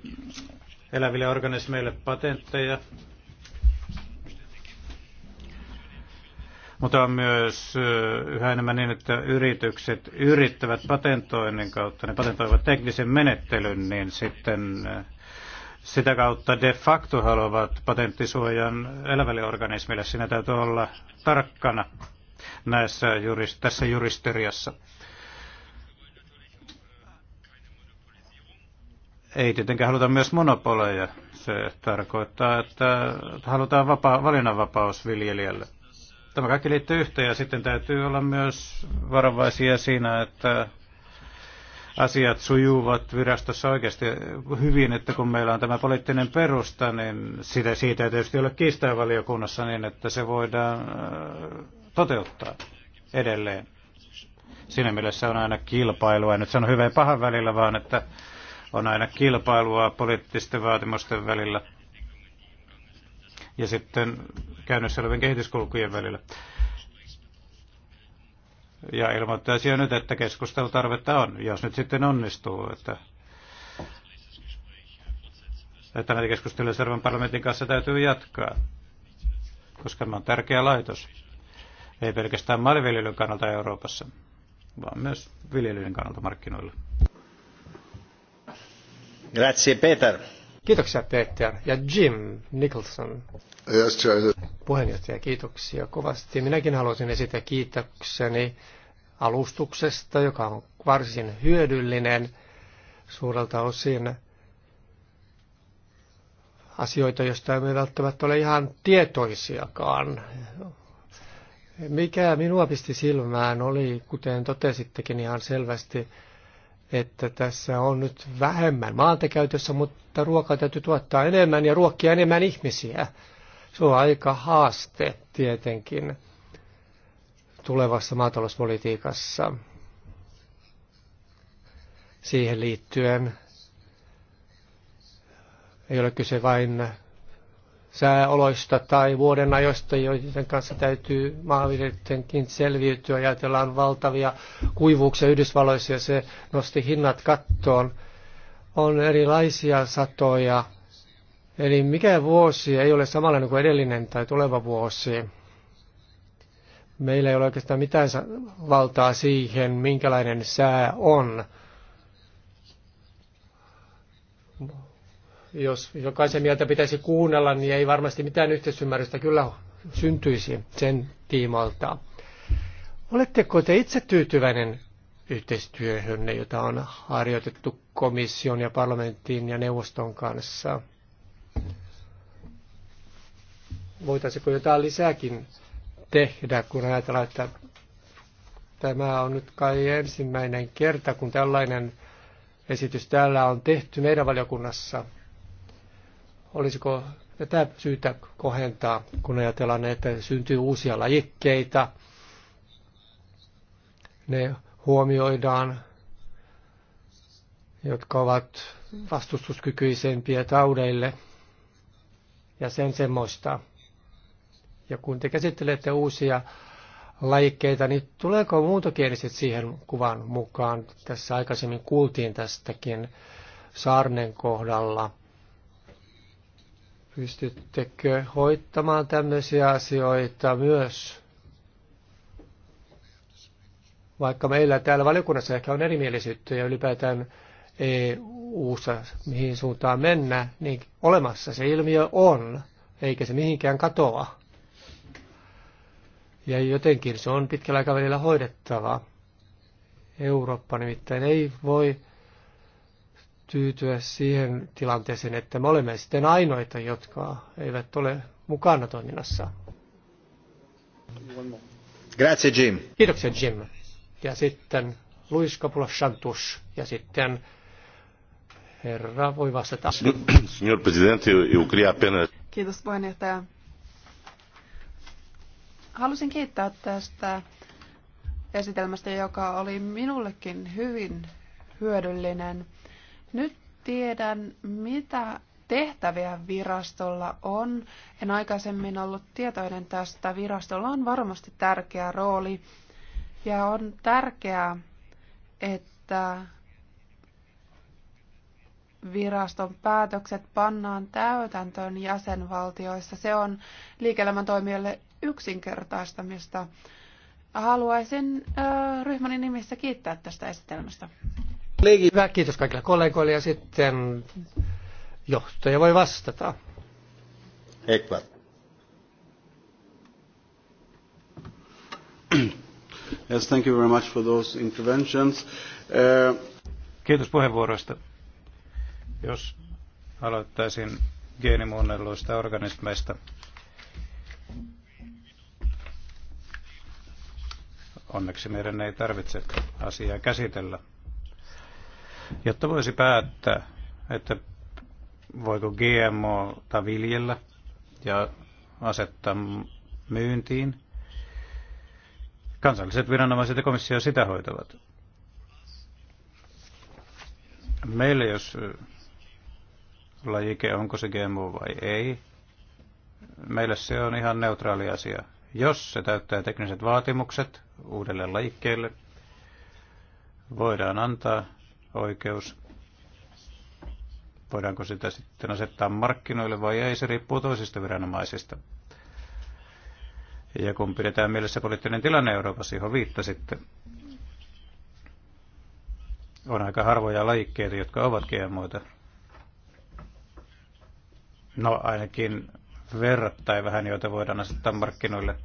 eläville organismeille patentteja, mutta on myös yhä enemmän niin, että yritykset yrittävät patentoinnin kautta, ne patentoivat teknisen menettelyn, niin sitten sitä kautta de facto haluavat patenttisuojan elävälle organismille. Siinä täytyy olla tarkkana näissä, tässä juristeriassa. ei tietenkään haluta myös monopoleja. Se tarkoittaa, että halutaan vapaa, valinnanvapaus viljelijälle. Tämä kaikki liittyy yhteen ja sitten täytyy olla myös varovaisia siinä, että asiat sujuvat virastossa oikeasti hyvin, että kun meillä on tämä poliittinen perusta, niin siitä, siitä ei tietysti ole kiistää valiokunnassa niin, että se voidaan äh, toteuttaa edelleen. Siinä mielessä on aina kilpailua, en nyt sano hyvän ja pahan välillä, vaan että on aina kilpailua poliittisten vaatimusten välillä ja sitten käynnissä olevien kehityskulkujen välillä. Ja ilmoittaisi jo nyt, että keskustelutarvetta on, jos nyt sitten onnistuu, että, että näitä keskusteluja Servan parlamentin kanssa täytyy jatkaa, koska tämä on tärkeä laitos. Ei pelkästään maaliviljelyn kannalta Euroopassa, vaan myös viljelyn kannalta markkinoilla. Grazie Peter. Kiitoksia Peter ja Jim Nicholson. Yes, Puheenjohtaja, kiitoksia kovasti. Minäkin haluaisin esittää kiitokseni alustuksesta, joka on varsin hyödyllinen suurelta osin asioita, joista emme välttämättä ole ihan tietoisiakaan. Mikä minua pisti silmään oli, kuten totesittekin ihan selvästi, että tässä on nyt vähemmän maalta käytössä, mutta ruokaa täytyy tuottaa enemmän ja ruokkia enemmän ihmisiä. Se on aika haaste tietenkin tulevassa maatalouspolitiikassa. Siihen liittyen ei ole kyse vain sääoloista tai vuoden ajoista, joiden kanssa täytyy maanviljelijöidenkin selviytyä. Ajatellaan valtavia kuivuuksia Yhdysvalloissa ja se nosti hinnat kattoon. On erilaisia satoja. Eli mikä vuosi ei ole samanlainen kuin edellinen tai tuleva vuosi. Meillä ei ole oikeastaan mitään valtaa siihen, minkälainen sää on jos jokaisen mieltä pitäisi kuunnella, niin ei varmasti mitään yhteisymmärrystä kyllä syntyisi sen tiimalta. Oletteko te itse tyytyväinen yhteistyöhönne, jota on harjoitettu komission ja parlamenttiin ja neuvoston kanssa? Voitaisiko jotain lisääkin tehdä, kun ajatellaan, että tämä on nyt kai ensimmäinen kerta, kun tällainen esitys täällä on tehty meidän valiokunnassa. Olisiko tätä syytä kohentaa, kun ajatellaan, että syntyy uusia lajikkeita, ne huomioidaan, jotka ovat vastustuskykyisempiä taudeille ja sen semmoista. Ja kun te käsittelette uusia lajikkeita, niin tuleeko muutokieliset siihen kuvan mukaan? Tässä aikaisemmin kuultiin tästäkin Saarnen kohdalla. Pystyttekö hoittamaan tämmöisiä asioita myös? Vaikka meillä täällä valiokunnassa ehkä on erimielisyyttä ja ylipäätään EU-ssa, mihin suuntaan mennä, niin olemassa se ilmiö on, eikä se mihinkään katoa. Ja jotenkin se on pitkällä aikavälillä hoidettava. Eurooppa nimittäin ei voi tyytyä siihen tilanteeseen, että me olemme sitten ainoita, jotka eivät ole mukana toiminnassa. Grazie Jim. Kiitoksia Jim. Ja sitten Luis Capula Santos ja sitten herra voi vastata. Signor Presidente, io crea appena... Kiitos puheenjohtaja. Halusin kiittää tästä esitelmästä, joka oli minullekin hyvin hyödyllinen. Nyt tiedän, mitä tehtäviä virastolla on. En aikaisemmin ollut tietoinen tästä. Virastolla on varmasti tärkeä rooli ja on tärkeää, että viraston päätökset pannaan täytäntöön jäsenvaltioissa. Se on liike toimijoille yksinkertaistamista. Haluaisin ö, ryhmäni nimissä kiittää tästä esitelmästä. Hyvä, kiitos kaikille kollegoille ja sitten johtaja voi vastata. Ekvart. Yes, thank you very much for those interventions. Uh... Kiitos puheenvuorosta. Jos aloittaisin geenimuunnelluista organismeista. Onneksi meidän ei tarvitse asiaa käsitellä jotta voisi päättää, että voiko GMOta viljellä ja asettaa myyntiin. Kansalliset viranomaiset ja komissio sitä hoitavat. Meille, jos äh, lajike, onko se GMO vai ei, meille se on ihan neutraali asia. Jos se täyttää tekniset vaatimukset uudelle lajikkeelle, voidaan antaa oikeus. Voidaanko sitä sitten asettaa markkinoille vai ei, se riippuu toisista viranomaisista. Ja kun pidetään mielessä poliittinen tilanne Euroopassa, johon viittasitte, on aika harvoja lajikkeita, jotka ovat GMOita. No ainakin verrattain vähän, joita voidaan asettaa markkinoille –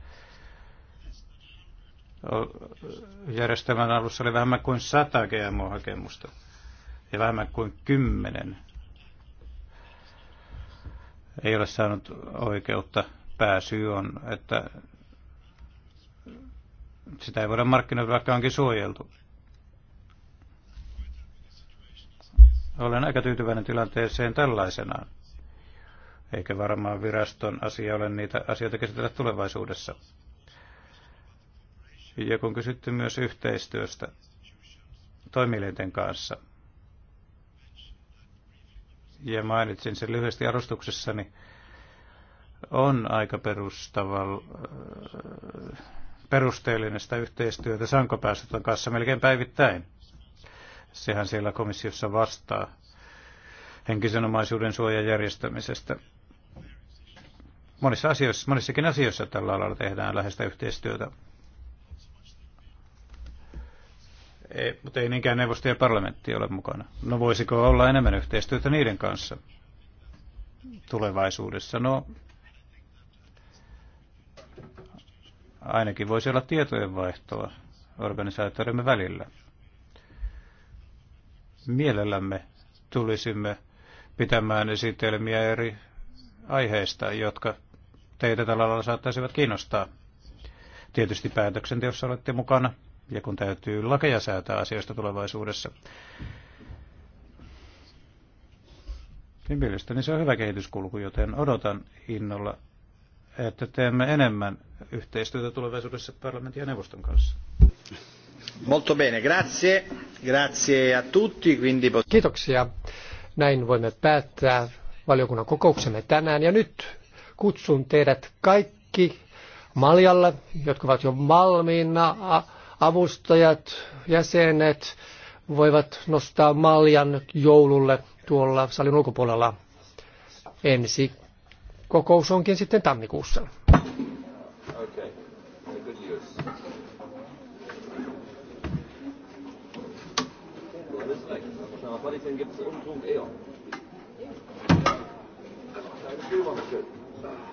järjestelmän alussa oli vähemmän kuin 100 GMO-hakemusta ja vähemmän kuin 10 ei ole saanut oikeutta. Pääsyy on, että sitä ei voida markkinoida, vaikka onkin suojeltu. Olen aika tyytyväinen tilanteeseen tällaisenaan. Eikä varmaan viraston asia ole niitä asioita käsitellä tulevaisuudessa. Ja kun kysytty myös yhteistyöstä toimielinten kanssa, ja mainitsin sen lyhyesti arvostuksessani, on aika perustava, perusteellinen sitä yhteistyötä sankopäästötön kanssa melkein päivittäin. Sehän siellä komissiossa vastaa henkisen omaisuuden suojan järjestämisestä. Monissa asioissa, monissakin asioissa tällä alalla tehdään läheistä yhteistyötä. ei, mutta ei niinkään neuvosto ja parlamentti ole mukana. No voisiko olla enemmän yhteistyötä niiden kanssa tulevaisuudessa? No ainakin voisi olla tietojenvaihtoa organisaatioidemme välillä. Mielellämme tulisimme pitämään esitelmiä eri aiheista, jotka teitä tällä lailla saattaisivat kiinnostaa. Tietysti päätöksenteossa olette mukana – ja kun täytyy lakeja säätää asioista tulevaisuudessa. Niin mielestäni se on hyvä kehityskulku, joten odotan innolla, että teemme enemmän yhteistyötä tulevaisuudessa parlamentin ja neuvoston kanssa. Molto bene, grazie. Grazie a tutti. Quindi... Kiitoksia. Näin voimme päättää valiokunnan kokouksemme tänään. Ja nyt kutsun teidät kaikki Maljalle, jotka ovat jo valmiina avustajat, jäsenet voivat nostaa maljan joululle tuolla salin ulkopuolella. Ensi kokous onkin sitten tammikuussa. Okay. Good news. Well,